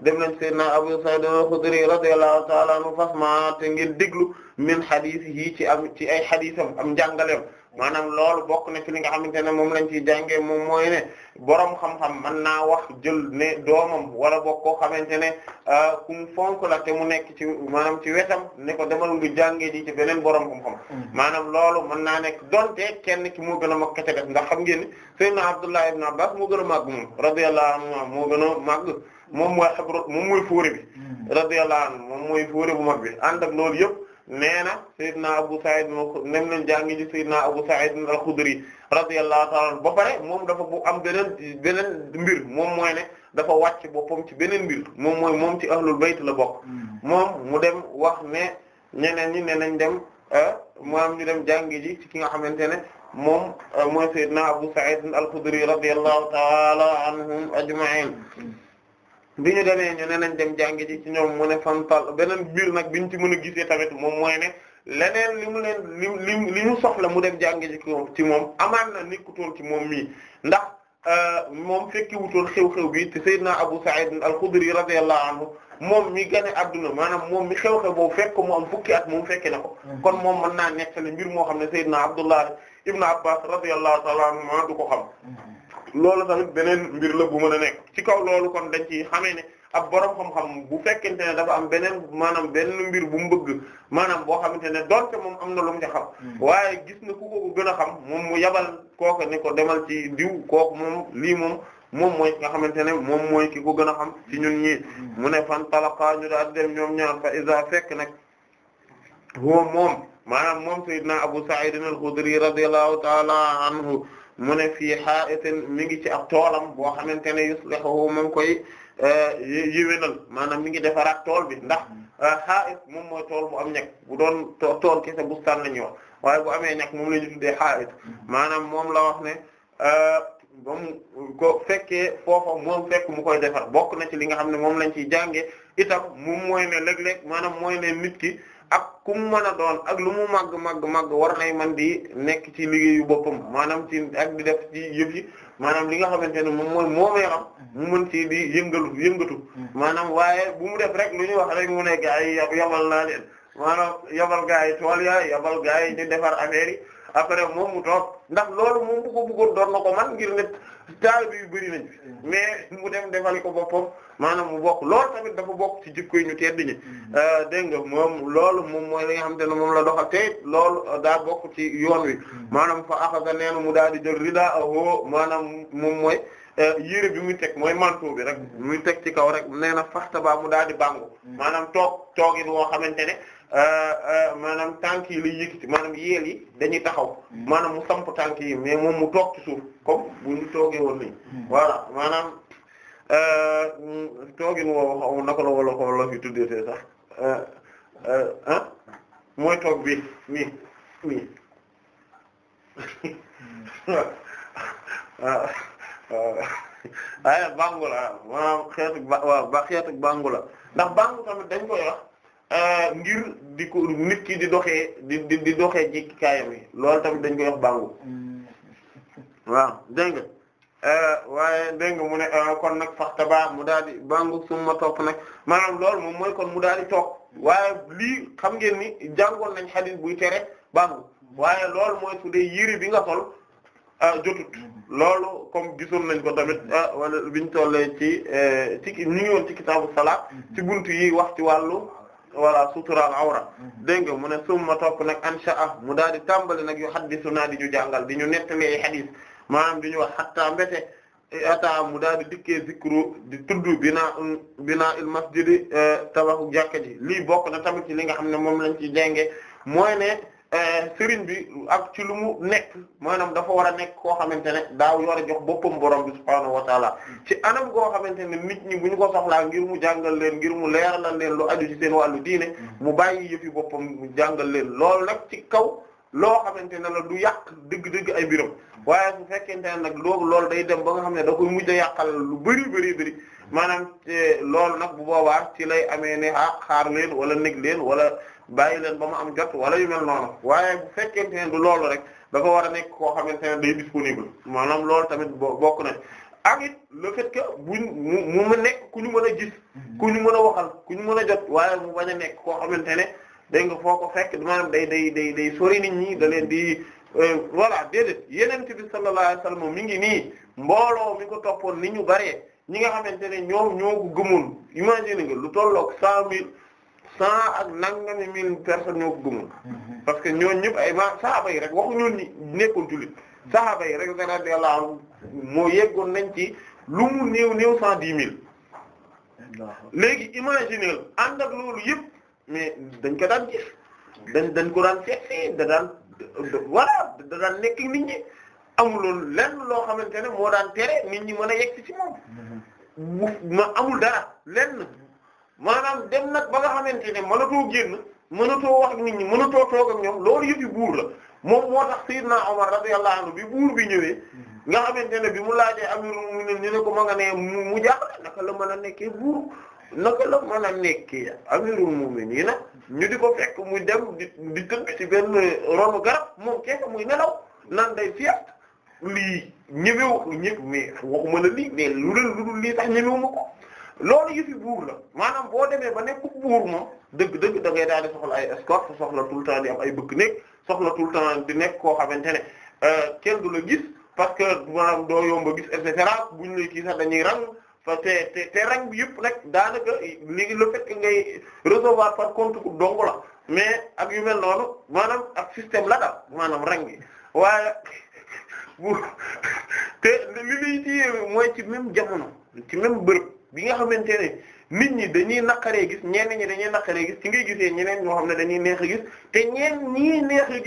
dem leen Seydina Abu Sa'id al-Khudri radiyallahu ta'ala anhu fasma te ngeen déglu min hadith yi ci am ci ay haditham am njàngaleem maanaam loolu bokk na ci li nga xamante ne moom lañ ciy jànge moom mooy borom xam-xam mën naa wax jël ne doomam wala bokk koo xamante ne euh, ku mu fonk mu nekk ci maanaam ci wetam ne ko demal nga jàngee ji ci beneen borom xam-xam mm-hmm. maanaam loolu mën naa nekk donte kenn ki moo gën a mag kete ndax xam ngeen ne sayyidina Abdullah ibn Abbas moo gën a màgg moom radiyallahu anhu moo gën a màgg moom mooy xabru moom mooy fuure bi mm-hmm. radiyallahu anhu moom mooy fuure bu mag bi ànd ak loolu yëpp nee na Seydina Abu Sa'id moo nem nañ jàngi ji Seydina Abu Sa'id al-Khudri radiyallahu ta'ala anhu ba pare moom dafa bu am beneen beneen moom mooy ne dafa wàcc boppam ci beneen mbir moom mooy moom ci ahlul bayt la bokk hmm. moom mu dem wax ne ñeneen ñi ne nañ dem euh, am ñu dem jàngi ji ci ki nga xamante ne moom euh, mooy Seydina Abu Sa'id al-Khudri radiyallahu ta'ala anhum ajma'in hmm. bi ñu demee ñu ne dem jàngi ji ci ñoom mu ne fantal beneen biir bi ñu ci mën a gisee tamit moom mooy ne leneen li mu leen li li li ñu soxla mu dem jàngi ji ci moom amaan na nekkutoon ci moom mii ndax euh, moom fekki wutoon xew-xew bi te Seydina Abu Sa'id al-Khudri radiyallahu moom mi gane adduna maanaam moom mi xew-xew boobu fekk mu am fukki at moom fekke na ko mm-hmm. kon moom mën naa nettali mbir moo xam ne Seydina Abdullah ibn Abbas radiyallahu ta'ala anhu du ko xam mm-hmm. loolu tamit beneen mbir la bu mën a nekk ci kaw loolu kon dañ ci xamee ne ab borom xam-xam bu fekkente ne dafa am beneen maanaam benn mbir bu mbëgg bëgg maanaam boo xamante ne donte moom am na lu mu xam hmm. waaye gis na ku ko gën a xam moom mu yabal kooku ni ko demal ci diw kooku moom lii moom moom mooy nga xamante ne moom mooy ki ko gën a xam ci ñun ñii hmm. mu ne fan talaka ñu daal dem ñoom ñaar fa isa fekk nag huwa moom maanaam moom naa Abu Sa'id al-Khudri radiyallahu ta'ala anhu mu ne fii ha'itin mi ngi ci ab toolam boo xamante ne yuslihu mu ngi koy eh, yiwénal maanaam mi ngi defaraat tool bi ndax ha'it eh, moom mooy tool bu am ñag bu doon tool kese bustaan la ñuy wax waaye amee ñag moom la ñu tuddee maanaam moom la wax ne eh, ba mu ko fekkee foofa moom fekk mu koy defar bokk na ci li nga xam ne moom lañ ciy jànge itam moom mooy ne léeg-léeg maanaam mooy ne nit ki ak ku mu mën a doon ak lu mu màgg màgg màgg war nay man di nekk ci liggéeyu boppam maanaam ci ak di def ci yëf yi maanaam li nga xamante ne moom mooy moomeelam mu mën ci di yëngalu yëngatu maanaam waaye bu mu def rek lu ñuy wax rek mu ne gaa yi yabal naa leen maanaam yabal gaa yi tool ya yabal gaa yi ñu defar a yi après moom mu toog ndax loolu moom bu ko bëggoon doon na ko man ngir ne taalibe yu bëri nañ mais mu dem defal ko boppam maanaam mu bokk loolu tamit dafa bokk ci jikko yi ñu tedd ñi euh, dégg nga moom loolu moom mooy li nga xamante ne moom la doxal te loolu euh, daa bokk ci yoon wi maanaam fa axasa neenu mu daal di jël rida ahoo maanaam moom mooy euh, yére bi muy teg mooy manteau bi rek muy teg ci kaw rek nee na faxta baa mu daal di bàngu mm. maanaam toog toogin woo xamante ne Euh, euh, maanaam tànk yi lay yëkkati maanaam yeel yi dañuy taxaw hmm. maanaam mu samp tànk yi mais moom mu toog ci suuf comme bu ñu toogee woon nii hmm. voilà maanaam euh, toogin woowu xaw naka la wala xaw fi tuddee sax ah mooy toog bi nii nii hmm. waaye bangu la maanaam xeetu ba waaw ba ndax bangu tamit dañ koy wax Euh, ngir di ko nit di doxee di di di doxee ci kaayam yi loolu tamit dañ koy wax bàngoo mm. waaw dégg nga euh, waaye dégg nga mu ne euh, kon nag fax tabaa mu daal di bàngu suma topp nag maanaam lool moom mooy kon mu daal di toog waaye lii xam ngeen ni jàngoon nañ xadis buy tere bàngu waaye lool mooy su dee yëri bi nga sol jotut loolu comme gisoon nañ ko tamit wala biñ tollee ci ci ñu ngi woon ci kitaabu salaat ci bunt yi wax ci wàllu wala suturaal awra mhm. dégg nga mu ne summa topp nag ansha'a ah, mu daal di tàmbali nag yu haddisuna di ñu jàngal di ñu nettali ay hadis maanaam di ñu wax hatta mbete ata mu daal di dikkee zikru di tudd binaa binaa il masjidi eh, tabaxu jàkka ji lii bokk na tamit ci li nga xam ne moom lañ ci jànge mooy ne Euh, sëriñ bi ak ci lu mu nekk maanaam dafa war a nekk koo xamante ne daaw war a jox boppam borom bi subhaanahu wa taala ci anam goo xamante ne nit ñi bu ñu ko soxlaa ngir mu jàngal leen ngir mu leeralal leen lu aju ci seen wàllu diine mm. mu bàyyi yëfi boppam mu jàngal leen lool nag ci kaw loo xamante ne la du yàq dëgg-dëgg ay mbiram waaye su fekkente ne nag loolu loolu day dem ba nga xam ne da mujj a lu bëri bëri bëri maanaam eh, loolu nag bu boobaa ci lay amee ne ah xaar leen wala nekk leen wala bàyyi leen ba mu am jot wala yu mel noonu waaye bu fekkente ne du loolu rek dafa war a nekk koo xamante ne day disponible maanaam loolu tamit bokk na ak it le fait que buñ mu mu nekk ku ñu mën a gis ku ñu mën a waxal ku ñu mën a jot waaye mu bañ a nekk koo xamante ne dégg nga foo ko fekk maanaam day day day day sori nit ñi da leen di euh, voilà déedéet yeneen bi sallallahu alayhi wasallam mi ngi nii mbooloo mi ko toppoon ni ñu bëree ñi nga xamante ne ñoom ñoo ko gëmoon imagine nga lu tolloog cent mille cent ak nangami mille personnes ñoo ko mhm. parce que ñooñu ñëpp ay ma sahaaba yi rek waxuñu ni nekkoon jullit sahaaba yi rek radiyallahu anhu moo yeggoon nañ ci lu mu néew néew cent dix mille léegi imaginer ànd ak loolu yëpp mais dañ ko daan gis dañ ko daan seet da daan voilà da daan ñi amuloon lenn loo xamante ne moo daan tere nit ñi mën a yegg ci moom mhm. ma amul dara lenn maanaam dem nag ba nga xamante ne mënatoo génn mënatoo wax ak nit ñi mënatoo toog ak ñoom loolu yëpp buur la moom moo tax Seydina Omar radiyallahu anhu bi buur bi ñëwee nga xamante ne bi mu laajee amirul mu'minin ñu ne ko ma nga ne mu jaaxle naka la mën a nekkee buur naka la mën a nekkee amirul mu'minin nag ñu di ko fekk mu dem di di tënk ci benn ronu garab moom kese muy nelaw nan day fiat lii ñëwee wu ñëpp mais waxuma la lii mais lu dul lu dul lii tax ñëwee wu ma ko. loolu yëfi buur la maanaam boo demee ba nekk buur moom dëgg-dëgg da ngay daal di soxla ay escorte soxla tout temps di ay bëkk néeg soxla tout le temps di nekk koo xamante ne euh, kenn du la gis parce que maanaam doo yomba gis et cetera buñ lay kii sax dañuy rang fa te te te rang bi yëpp nag daanaka léegi le fait ngay recevoir par compte ku dong la mais ak yu mel maanaam ak système la daal maanaam rang bi waaye bu te li lay téye mooy ci même jamono ci même bërëb. bi nga xamante ne nit ñi dañuy naqaree gis ñenn ñi dañuy naqaree gis ci ngay gisee ñeneen ñoo xam ne dañuy neex a gis te ñeen ñii neex a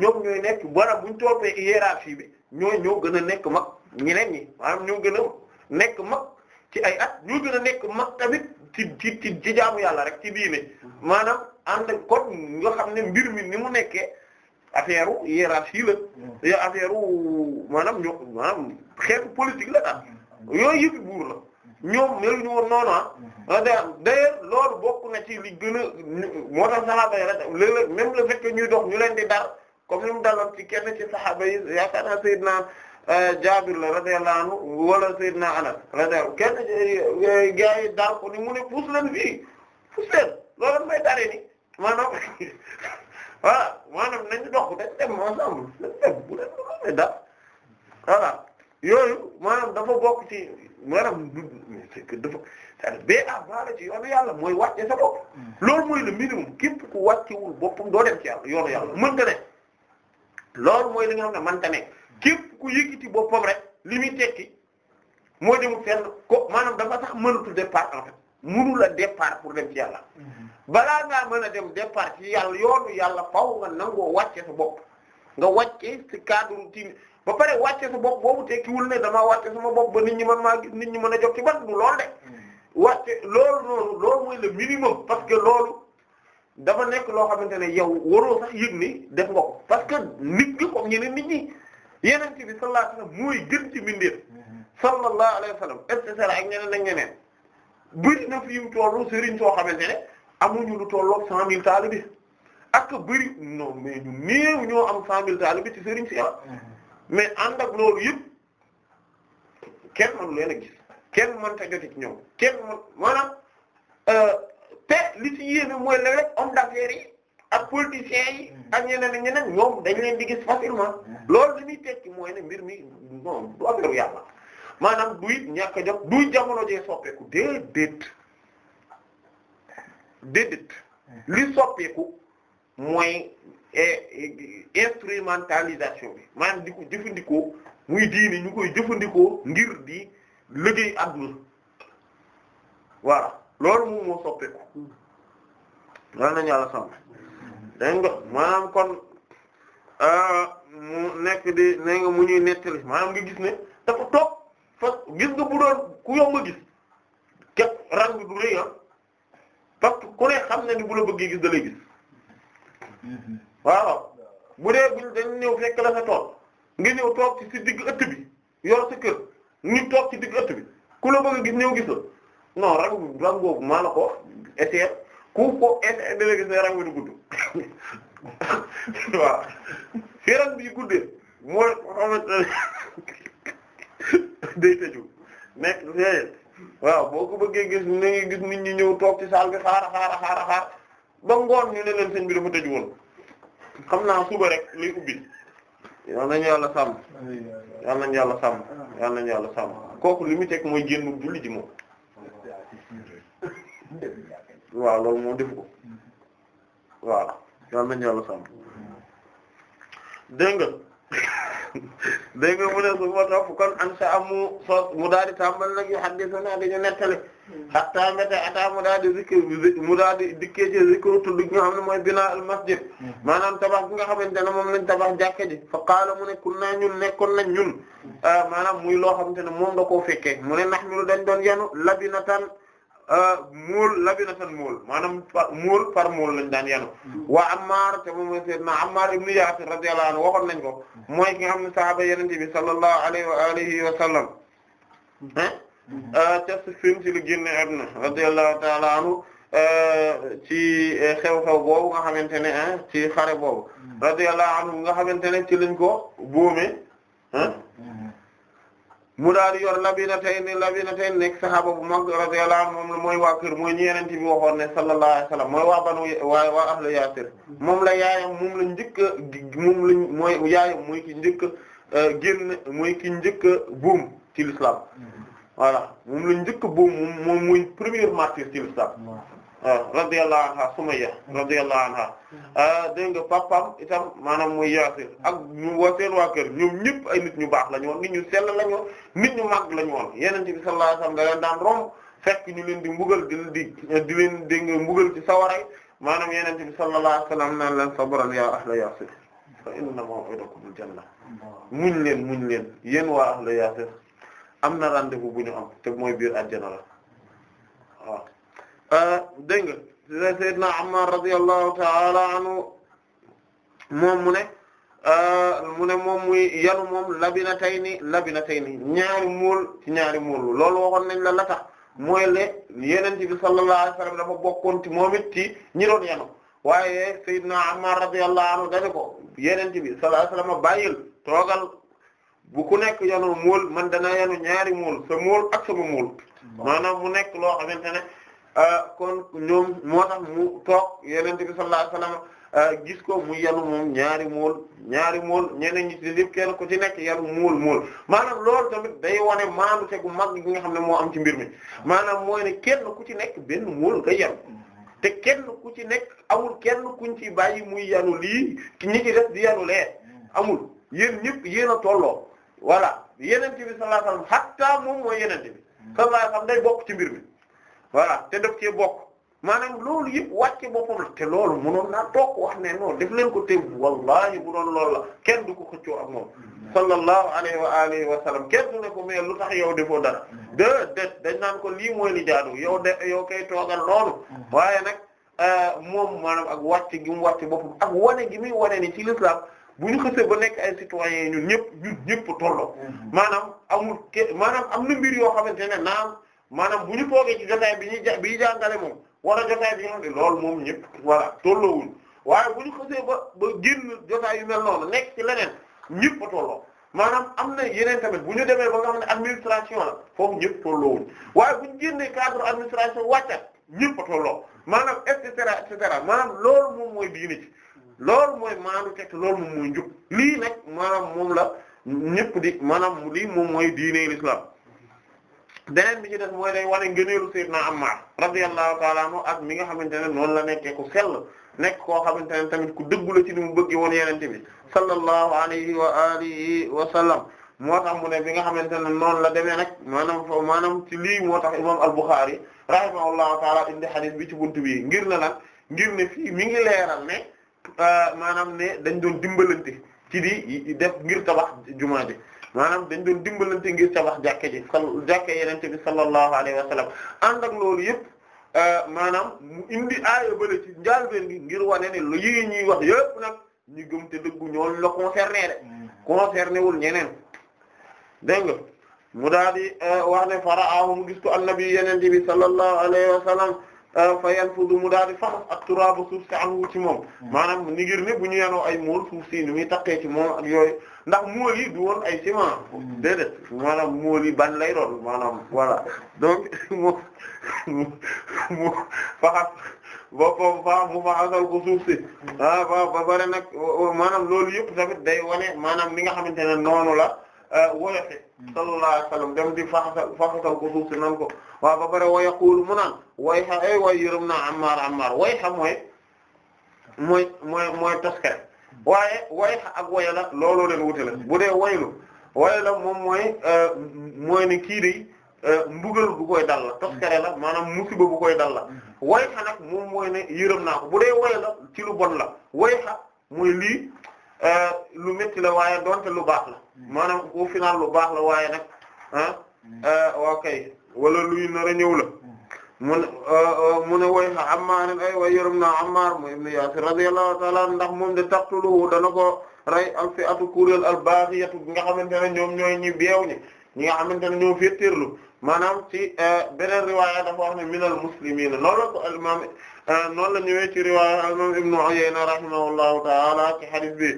ñoom ñooy nekk bara buñ toppee hiérarchie bi ñooy ñoo gën a nekk mag ñeneen ñi maanaam ñoo gën a nekk mag ci ay at ñoo gën a nekk mag tamit ci ci ci ci jaamu yàlla rek ci bii maanaam ànd ak kon nga xam ne mbir mi ni mu nekkee affaire u hiérarchie la yo mm. affaire u maanaam ñoo maanaam xeetu politique la daal mm. yooyu yëpp buur la ñoom mel ñu woon noonu ah, mm-hmm. ah d'ailleurs loolu bokk na ci li gën a moo tax saxaaba yi rek léeg-léeg même le ñuy dox ñu leen di dar comme ni mu daloon ci kenn ci saxaaba yi yaakaar naa Seydina euh, Jaabir la radiyallahu anhu wala Seydina Anas radiyallahu kenn euh, gars yi dar ko ni mu ne puus leen fii puus leen loolu may daree ni maanaam voilà maanaam nañu dox dañ dem ensemble dañ dem bu leen doxee dar voilà. yooyu maanaam dafa bokk ci maanaam du dafa du à dire bee a baala ci yoonu yàlla mooy wàcce sa bopp hmm. loolu mooy le minimum képp ku wàccewul boppam doo dem ci yàlla yoonu yàlla mënta ne loolu mooy li nga xam ne mënta ne képp ku yëkkati boppam rek li muy tekki mooy demul fenn ko maanaam dafa sax mënatul départ en fait mënul a départ pour dem ci yàlla hmm. balaa ngaa mën a dem départ ci yàlla yoonu yàlla faaw nga nangoo wàcce sa bopp nga wàcce ci cadre ci ba pare wàcce sa bopp boobu tekkiwul ne damaa wàcce sama bopp ba nit ñi man maa gis nit ñi mën a jot ci ban du lool de hmm. wàcce loolu noonu loolu mooy le minimum parce que loolu dafa nekk loo xamante ne yow waroo sax yëg ni def nga ko parce que nit nga ko ñeneen nit ñi yeneen ci bi sallallahu alayhi wasallam mooy gën ci mbindeef hmm. sallallahu alayhi wasallam et ak ñeneen ak ñeneen bëri na fi yu tollu sëriñ soo xamante ne amuñu lu tolloog cent mille taalibe ak bëri non mais ñu néew ñoo am cent mille taalibe ci sëriñ si ah hmm. mais ànd ak loolu yëpp kenn mënu leen a gis kenn mënta jot ci ñoom kenn mën maanaam euh, te li ci yéeme mooy nawet homme d'affaires yi ak politiciens yi mm. ak ñeneen ak ñeneen ñoom dañ leen di gis facilement mm. loolu li muy tekki mooy ne mbir mi non du affaire yàlla maanaam duy ñàkk a jot duy jamono jee soppeeku déedéet déedéet mm. li soppeeku mooy instrumentalisation bi maanaam di ko jëfandikoo muy diini ñu koy jëfandikoo ngir di liggéey adduna voilà loolu moom moo soppeeku lan nañu yàlla sàmm dégg nga maanaam kon euh, mu nekk di ne nga mu ñuy nettali maanaam nga gis ne dafa toog fa gis nga bu doon ku yomb a gis képp rang du rëy ah, parce que ku ne ni bu la bëggee gis da gis mm-hmm. waaw bu dee buñ dañ ñëw fekk la sa tool nga ñëw toog ci si digg ëtt bi yor sa kër ñu toog ci digg ëtt bi ku la bëgg a gis ñëw gis la non rang ko essayer ku du gudd waaw fi rang bi guddee mooy day tëju waaw boo ko bëggee gis ni ñu gis toog ci saal bi xaar xaar xaar xaar ba ngoon ñu ne leen seen bi dafa tëju woon xam naa suba rek lay ubbi yal nañu yàlla sàmm yal nañu yàlla sàmm yal nañu yàlla sàmm kooku li mu teg mooy génn julli ji moom waaw loolu moo def ko waaw yal nañu yàlla sàmm dégg mu ne su ma topp an sa amu sos mu daal di nag yu xaddisana dañu nettale hatta mbete ata mu daa di zikr mu daa di dikkee ci zikru tudd gi nga xam ne mooy binaa al masjid mm-hmm. maanaam tabax bi nga xamante ne moom lañ tabax jàkka ji fa qaala mu ne kunna ñun nekkoon nañ ñun mm-hmm. ah, maanaam muy loo xamante ne moom da koo fekkee mu ne nahmilu dañ doon yanu labinatan ah, muul labinatan muul maanaam par muul par muul lañ daan yanu mm-hmm. wa Ammar te moom mooy sayyidna Ammar ibn Yaasir radiyallahu anhu waxoon nañ ko mooy ki nga xam ne sahaaba yenente bi sallallahu alayhi wa alihi wa sallam eh? ca euh, Siffin ci lu génne àdduna radiyallahu ta'ala euh, ci euh, xew-xew boobu nga xamante ne ci xare boobu mm. radiyallahu anhu nga xamante ne ci lañ ko boome mm. mu daal di yor labinatayni labinatayni nekk saxaaba bu mag radiyallahu anhu moom mooy waa kër mooy ñeenente bi waxoon ne sallallahu alayhi wasallam mooy waa banu waa waa ahlu mm. moom la yaayam moom la njëkk a moom lañ mooy yaayam mooy ki njëkk a génn mooy ki njëkk buum ci l'islam voilà moom lañ njëkk boobu moom moom muy première martyr ci l'islam ah, radiyallahu anha Sumayya radiyallahu anha hmm. ah, dégg nga papam itam maanaam mooy Yaasir ak ñu wa waa kër ñoom ñëpp ay nit ñu baax la ñu woon nit ñu sell la ñu nit ñu màgg la ñu woon Yonent bi sallallahu alayhi wasallam da leen daan romb fekk ñu leen di mbugal di di di leen dégg nga mbugal ci sawaray maanaam Yonent bi sallallahu alayhi wasallam naan leen sabran ya ahla Yaasir fa inna maw'idakumul janna hmm. muñ leen muñ leen yéen waa ahla Yaasir am na rendez-vous bu ñu am te mooy biir àjjana la waaw euh, dégg nga sayyidna Ammar radiyallahu ta'ala moom mu ne euh, mu ne moom muy yanu moom labinatayni labinatayni ñaari muul ci ñaari muul loolu waxoon nañ la la tax mooy le yenente bi sallallahu alayhi wasallam dafa bokkoon ci moom it ci ñi doon yanu waaye sayyidna Ammar radiyallahu anhu dañu ko yenente bi sallallahu alayhi wasallam bàyyil toogal bu ku nekk yanoo muul man danaa yanu ñaari mool sa mool ak sama mool maanaam mu nekk loo xamante ne ah, kon ñoom moo tax mu toog yenente bi sallallahu ah, gis ko mu yanu moom ñaari mool ñaari mool ñeneen kenn ku ci nekk yanu muul muul maanaam lool tamit day wane maanu te gu mag gi nga xam ne moo am ci mbir mi maanaam mooy ne kenn ku ci nekk benn muul nga yanu te kenn ku ci nekk amul kenn kuñ ci bàyyi mu yanu lii ñi ci def di yanu lee amul yéen ñëpp yéen a tolloo voilà yeneen bi sallallahu alayhi wasallam hatta moom mooy yeneen bi sallallahu alayhi wasallam day bokk ci mbir mi voilà te daf cee bokk maanaam loolu yëpp wàcce boppam la te loolu mënoon naa toog wax ne non def leen ko te wallahi bu doon lool la kenn du ko coo ak moom hmm. sallallahu alayhi wa alihi wa sallam kenn du ne ko mais lu tax yow defoo dara de hmm. de dañ naan ko lii mooy li jaadu yow de yow kay toogal loolu hmm. waaye nag euh, moom maanaam ak wàcc gi mu wàcce boppam ak wane gi muy wane ni ci l'islam bu ñu xësee ba nekk ay citoyens ñun ñëpp ñun ñëpp tolloo mhm. maanaam amul ke maanaam am na mbir yoo xamante ne naam maanaam bu ñu poogee ci jotaay bi ñu ja bi jàngale moom wala jotaay bi nga xam ne loolu moom ñëpp voilà tolloowuñ waaye bu ñu xësee ba ba génn jotaay yu mel noonu nekk ci leneen ñëpp tolloo maanaam am na yeneen tamit bu ñu demee ba nga xam ne administration la foofu ñëpp tolloowuñ waaye bu ñu génnee cadre administration wàccat ñëpp tolloo maanaam et cetera et cetera maanaam loolu moom mooy diine ci loolu mooy maanu teg loolu moom mooy njub lii nag maanaam moom la ñëpp di maanaam lii moom mooy diine l'islam beneen bi ci des mooy day wane ngëneelu Seydina Ammar radiyallahu ta'ala anhu ak mi nga xamante ne noonu la nekkee ku sell nekk koo xamante ne tamit ku dëggu ci ni mu bëgg woon yenente bi sallallahu alayhi wa alihi wa sallam moo tax mu ne bi nga xamante ne noonu la demee nag maanaam maanaam ci lii moo tax imam al-Bukhari rahimahullahu ta'ala indi hadith bi ci buntu bi ngir ne lan mi ngi Euh, maanaam ne dañ doon dimbalante ci di def ngir tabax jumaa ji maanaam dañ doon dimbalante ngir tabax jàkke ji sal jàkke yenente bi sallallahu alayhi wa sallam ànd ak loolu yëpp euh, maanaam mu indi aaya bële ci njaalbeen gi ngir wane ne lu yi ñuy wax yëpp nag ñu gëm te dëggu ñoon la concerné de mm. concerné wul ñeneen dégg nga mu daal di euh, wax ne faraahu mu gis ko annabi yenente bi sallallahu alayhi wa sallam Euh, fa yanfudu mu daal di faxas ak turaabu suuf si anhu ci moom maanaam ni ngir ne bu ñu yenoo ay mool suuf si ni muy taqee ci moom ak yooyu ndax mool yi du woon ay ciment déedéet maanaam mool yi ban lay doon maanaam voilà donc mu faxas boppam fa mu faxasal ko suuf si ah ba ba bare nag maanaam loolu yëpp tamit day wane maanaam li nga xamante ne noonu la euh, woyofe Mm. sallallahu alayhi wa ko suuf si nan ko waaw ba pare wa yaqulu mu naan way xa ay eh, way yërëm naa Ammaar Ammaar way xa mooy mooy mooy mooy toskare waaye way xa ak waya la looloo leen wute bu dee waylu waya la moom mooy euh, mooy ne kii di euh, mbugal bu koy dal la toskare la maanaam musiba bu koy dal la mm-hmm. way xa nag moom mooy ne yërëm naa bu dee way la ci lu bon la way xa mooy lii euh, lu métti la waaye doonte lu baax la maanaam au final lu baax la waaye nag ah, mm. ah wala luy nar a ñëw la mm. mu ne ah, ah, mu ne woy xa Ammaar ay way yërëm na Ammaar mu ibnu Yaasir radiyallahu ta'ala ndax moom de taqtuluhu dana ko rey al fi atu kuréel al baghiyatu nga xamante ne ñoom ñooy ñi beew ñi ñi nga xamante ne ñoo féeteerlu maanaam ci eh, beneen riwaaya dafa wax ne minal muslimiina la ko eh, ci riwaaya al imaam ibnu Uyayna rahimahullahu ta'ala ci hadith bi.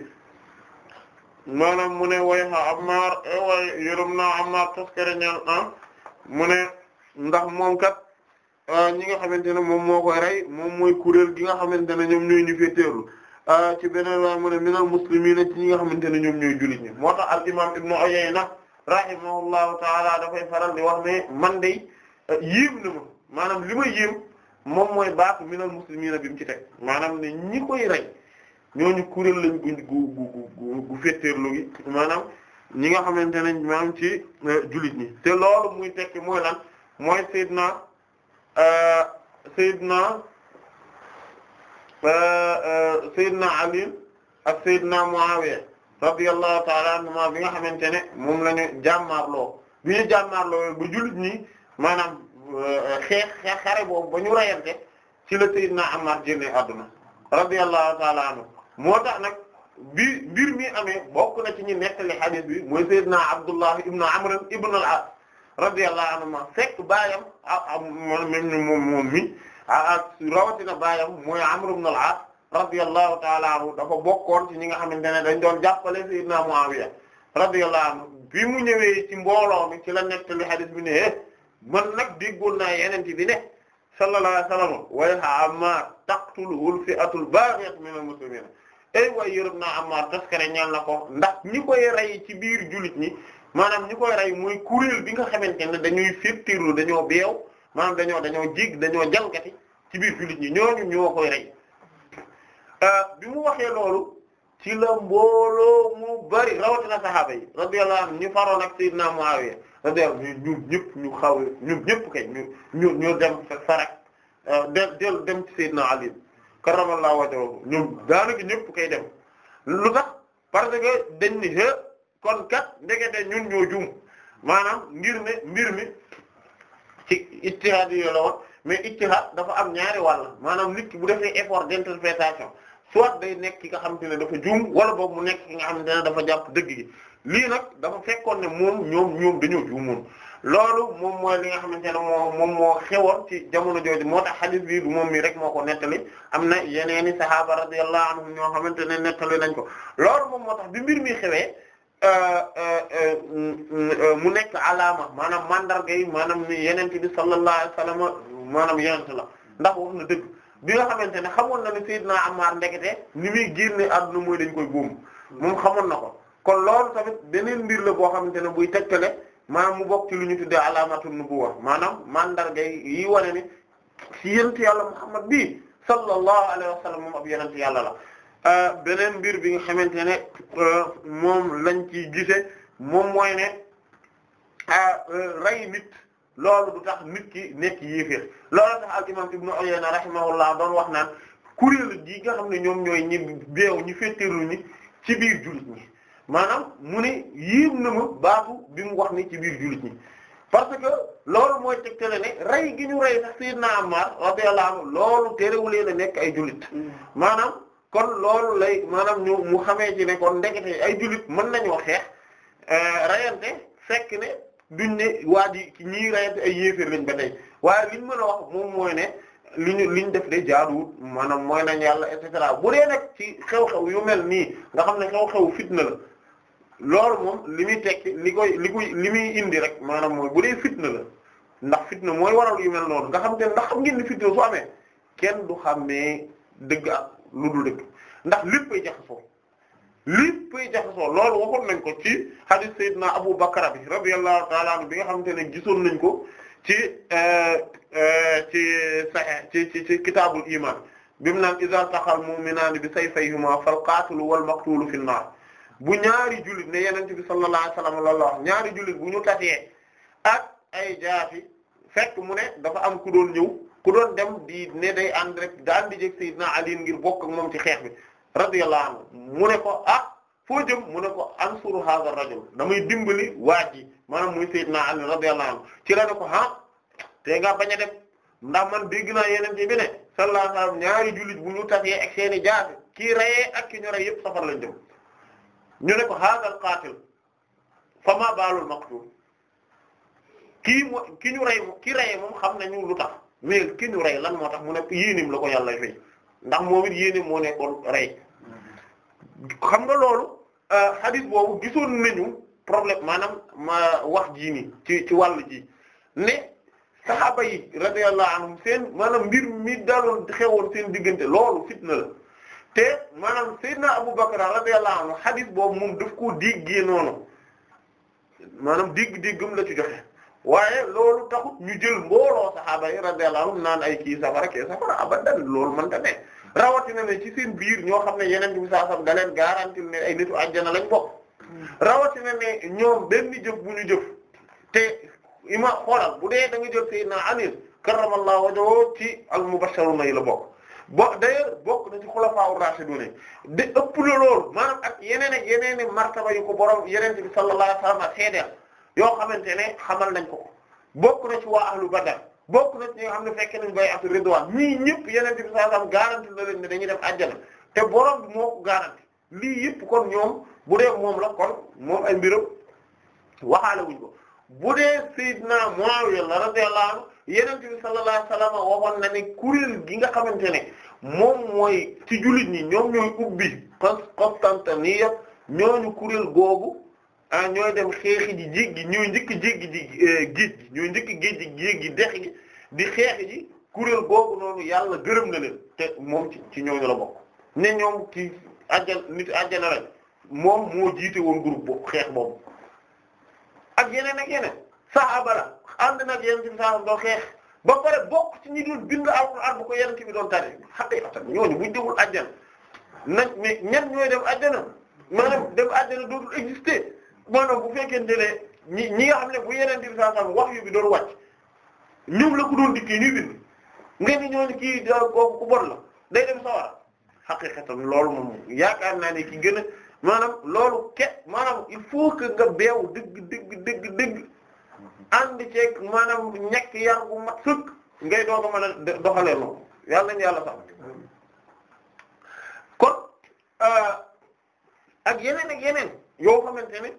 maanaam mu ne way xa Ammaar e way yërëm naa Ammaar toskare ñal ah mu ne ndax moom kat ah, ñi nga xamante ne moom moo koy rey moom mooy kuréel gi nga xamante ne ñoom ñooy ñu féeteerlu ah, ci beneen waay mu ne minal muslimiina ñi nga xamante ne ñoom ñooy jullit ñi moo tax al imaam Ibnu faral di wax ne man de ah, yéem na ma maanaam li ma moom mooy baax minal muslimiina bi mu ci teg maanaam ne ñi koy rey ñooñu kuréel lañ gu gu gu féeteerlu gi maanaam ñi nga xamante ne maanaam ci euh, jullit ñi te loolu muy tekki mooy lan mooy Seydina euh, Seydina euh, Seydina Ali ak Seydina Muawiya radiyallahu ta'ala anhuma bi nga xamante ne moom la ñu jàmmaarloo bi ñu jàmmaarloo ba jullit ñi maanaam xeex xeex boobu ba ñu rayante ci la Seydina Ammar génne àdduna radiyallahu ta'ala anhu moo tax nag bi mbir mi amee bokk na ci ñi nettali hadith bi mooy Seydina Abdullah ibn Amr ibn al-As radiyallahu anhuma fekk baayam même moom moom mi rawatina baayam mooy Amr ibn al-As radiyallahu ta'ala anhu dafa bokkoon ci ñi nga xamante ne dañ doon jàppale Seydina Muawiya radiyallahu anhu bi mu ñëwee ci mbooloo mi ci la nettali hadith bi ne eh, man nag déggoon naa yeneen bi ne sallallahu alayhi wa sallam wa Ammar taqtuluhu al-fi'atu al-baghiyatu min al-muslimin ay way yërëm naa Ammaar taskare ñal na ko ndax ñi koy rey ci biir jullit ñi maanaam ñi koy rey mooy kuréel bi nga xamante ne dañuy firtirlu dañoo beew maanaam dañoo dañoo jig dañoo jalgati ci biir jullit ñi ñooñu ñoo koy rey euh, bi mu waxee loolu ci la mbooloo mu bari rawatina saxaaba yi radiyallahu anhum ñu faroon ak sayyidina Muawiya radiyallahu anhu ñu ñëpp ñu xaw ñun ñëpp kay ñu ñu ñu dem farak euh, del dem ci sayyidina Ali karramallahu wajhahu ñoom daanaka ñëpp koy dem lu tax parce que dañ ni he kon kat ndekete ñun ñoo juum maanaam ngir ne mbir mi ci ijtihaad yi la woon mais dafa am ñaari wàll maanaam nit ki bu defee effort d'interprétation soit day nekk ki nga xamante ne dafa juum wala boobu mu nekk ki nga xamante ne dafa jàpp dëgg gi lii nag dafa fekkoon ne moom ñoom ñoom dañoo juumoon loolu moom mooy li nga xamante ne moo moom moo xewoon ci jamono jooju moo tax xadis bi du moom mii rek moo ko nettali am na yeneeni sahaaba radiyallahu anhum ñoo xamante ne nettali nañ ko loolu moom moo tax bi mbir mi xewee euh, euh, euh, mu nekk alaama maanaam mandarga yi maanaam yeneen yenente bi sallallahu alayhi wasallam maanaam yenente la ndax wax na dëgg bi nga xamante ne xamoon na ne Seydina Ammaar ndekete ni muy génne àdduna mooy dañ koy buum moom xamoon na ko kon loolu tamit beneen mbir la boo xamante ne buy tegtale maanaam mu bokk ci lu ñu tuddee alaamatul nubuwa maanaam mandarga yi wane ni ci yent yàlla Muhammad bi sallallahu alayhi wa sallam moom ab yonent yàlla la euh, beneen mbir bi nga xamante ne euh, moom lañ ciy gise moom mooy ne euh, rey nit loolu du tax nit ki nekk yéeféer loolu tax al imam Ibnu Uyayna rahimahullah doon wax naan kuréel gi nga xam ne ñoom ñooy ñi beew ñi féttéerlu ñi ci biir jullit ñi maanaam mu ni yéem na ma baatu bi mu wax ni ci biir jullit ñi parce que loolu mooy te ne rey gi ñu rey sax sayyidna Ammar radiyallahu anhu loolu terewulee la nekk ay jullit mm. maanaam kon loolu lay maanaam ñu mu xamee ci ne kon ndekete ay jullit mën nañoo xeex euh, rayante fekk ne duñ ne waa ji ñii rayante ay yéeféer lañ ba tey waaye liñ mën a wax moom mooy ne li ñu li ñu def de jaaduwul maanaam mooy nañ yàlla et cetera bu dee nag ci xew-xew yu mel nii nga xam ne xew-xew fitna la loolu moom li muy tekki li koy li koy li muy indi rek maanaam mooy bu dee fitna la ndax fitna mooy waral yu mel noonu nga xam te ndax xam ngeen ni fitna su amee kenn du xàmmee dëgg ak lu dul dëgg ndax léppay jaxasoo léppay jaxasoo loolu waxoon nañ ko ci hadith na Abu Bakr bi radiyallahu ta'ala anhu bi nga xamante ne gisoon nañ ko ci euh, euh, ci sahih ci ci ci kitaabul iman bi mu naan iza taqal mu'minani bi sayfayhima fal qaatilu wal maqtulu fin naar bu ñaari jullit ne yenente bi sallallahu alayhi wasallam loolu la ñaari jullit bu ñu tasee a ay jaafi fekk mu ne dafa am ku doon ñëw ku doon dem di ne day ànd rek daan di jeg Seydina Ali ngir bokk ak moom ci xeex bi radiyallahu anhu mu ne ko a ah, foo jëm mu ne ko ansuru hadha rajul damay dimbali waaj ji maanaam muy na Ali radiyallahu anhu ci la ko ah te nga bañ a dem ndax man dégg naa yeneen ci bi ne sallallahu ñaari jullit bu ñu tasee ak seeni jaafi kii rayee ak ki ñu rey yëpp safar lañ jëm ñu ne ko haadal qaatil fa ma baalul maqtul kii mo ki ñu rey ki moom xam nañu lu tax mais ki ñu rey lan moo tax mu ne yéenim la ko yàlla fay ndax moom it yéenim moo nekkoon rey xam nga loolu hadith euh, boobu gisoon ñu problème maanaam ma wax jii ci ci wàll ji ne saxaaba yi radiyallahu anhum seen maanaam mbir mi daloon xewoon seen diggante loolu fitna la te maanaam Seydina Aboubacar radiyallahu anhu hadith boobu moom daf koo déggee noonu maanaam dégg-déggam la ci joxe waaye loolu taxut ñu jël mbooloo saxaaba yi radiyallahu anhum naan ay kii safara kii safara abadan loolu man da ne rawatina ne ci seen biir ñoo xam ne yeneen bi saa sam da leen garanti ne ay nitu àjjana lañ bokk rawatina ne ñoom benn jëf bu ñu jëf te ima xoolal bu dee danga nga jël Seydina Amir karramallahu wajhahu ci al mubashshiruna yi la bokk. bo d'ailleurs bokk na ci xulafaa ar-raashidun di ëpp la loolu maanaam ak yeneen ak yeneen i martaba yu ko borom yeneen bi sallallahu alayhi wa sallam seedeel yoo xamante ne xamal nañ ko bokk na ci waa ahlu badar bokk na ci ñi nga xam ne fekke nañ bay'atu ridwaan ñii ñëpp yeneen bi sallallahu alayhi wa sallam garanti na leen ne dem àjjana te borom bi moo ko garanti lii yëpp kon ñoom bu dee moom la kon moom ay mbiram waxaale wuñ ko bu dee Seydina Muawiya radiyallahu anhu yenente bi sallallahu alayhi wasallam waxoon na ne kuréel gi nga xamante ne moom mooy ci jullit ñi ñoom ñooy ubbi Constantinople yëpp ñooñu kuréel googu ah ñooy dem xeexi ji jéeg ñooy njëkk jéeg gi eh, géej gi ñooy njëkk géej gi jéeg gi dex di xeexi ji kuréel googu noonu yàlla gërëm na leen te moom ci ci ñooñu la bokk ne ñoom ci àjjana nit àjjana moom moo jiite woon groupe boobu xeex boobu ak yeneen ak yeneen saxaaba la ànd nag yéen ci saa doon xeex ba pare bokk ci ñi doon bind alxuraan bu ko yéen ci bi doon tari haqiqatan ñooñu buñ demul àjjana nañ mais ñan ñooy dem àjjana maanaam dem àjjana dootul exister maanaam bu fekkente de ñi ñi nga xam ne bu yenn ci saa sax wax yu bi doon wàcc ñoom la ko doon dikkee ñu bind nga ni ñooñu kii da ku bon la day dem sawar haqiqatan loolu moom yaakaar naa ne ki gën a loolu ke maanaam il faut que nga beew dëgg dëgg dëgg dëgg ànd ceeg maanaam ñekk yar bu mat sëkk ngay doog a mën a yàlla nañu yàlla sax kon euh, ak yeneen ak yeneen yoo xamante ne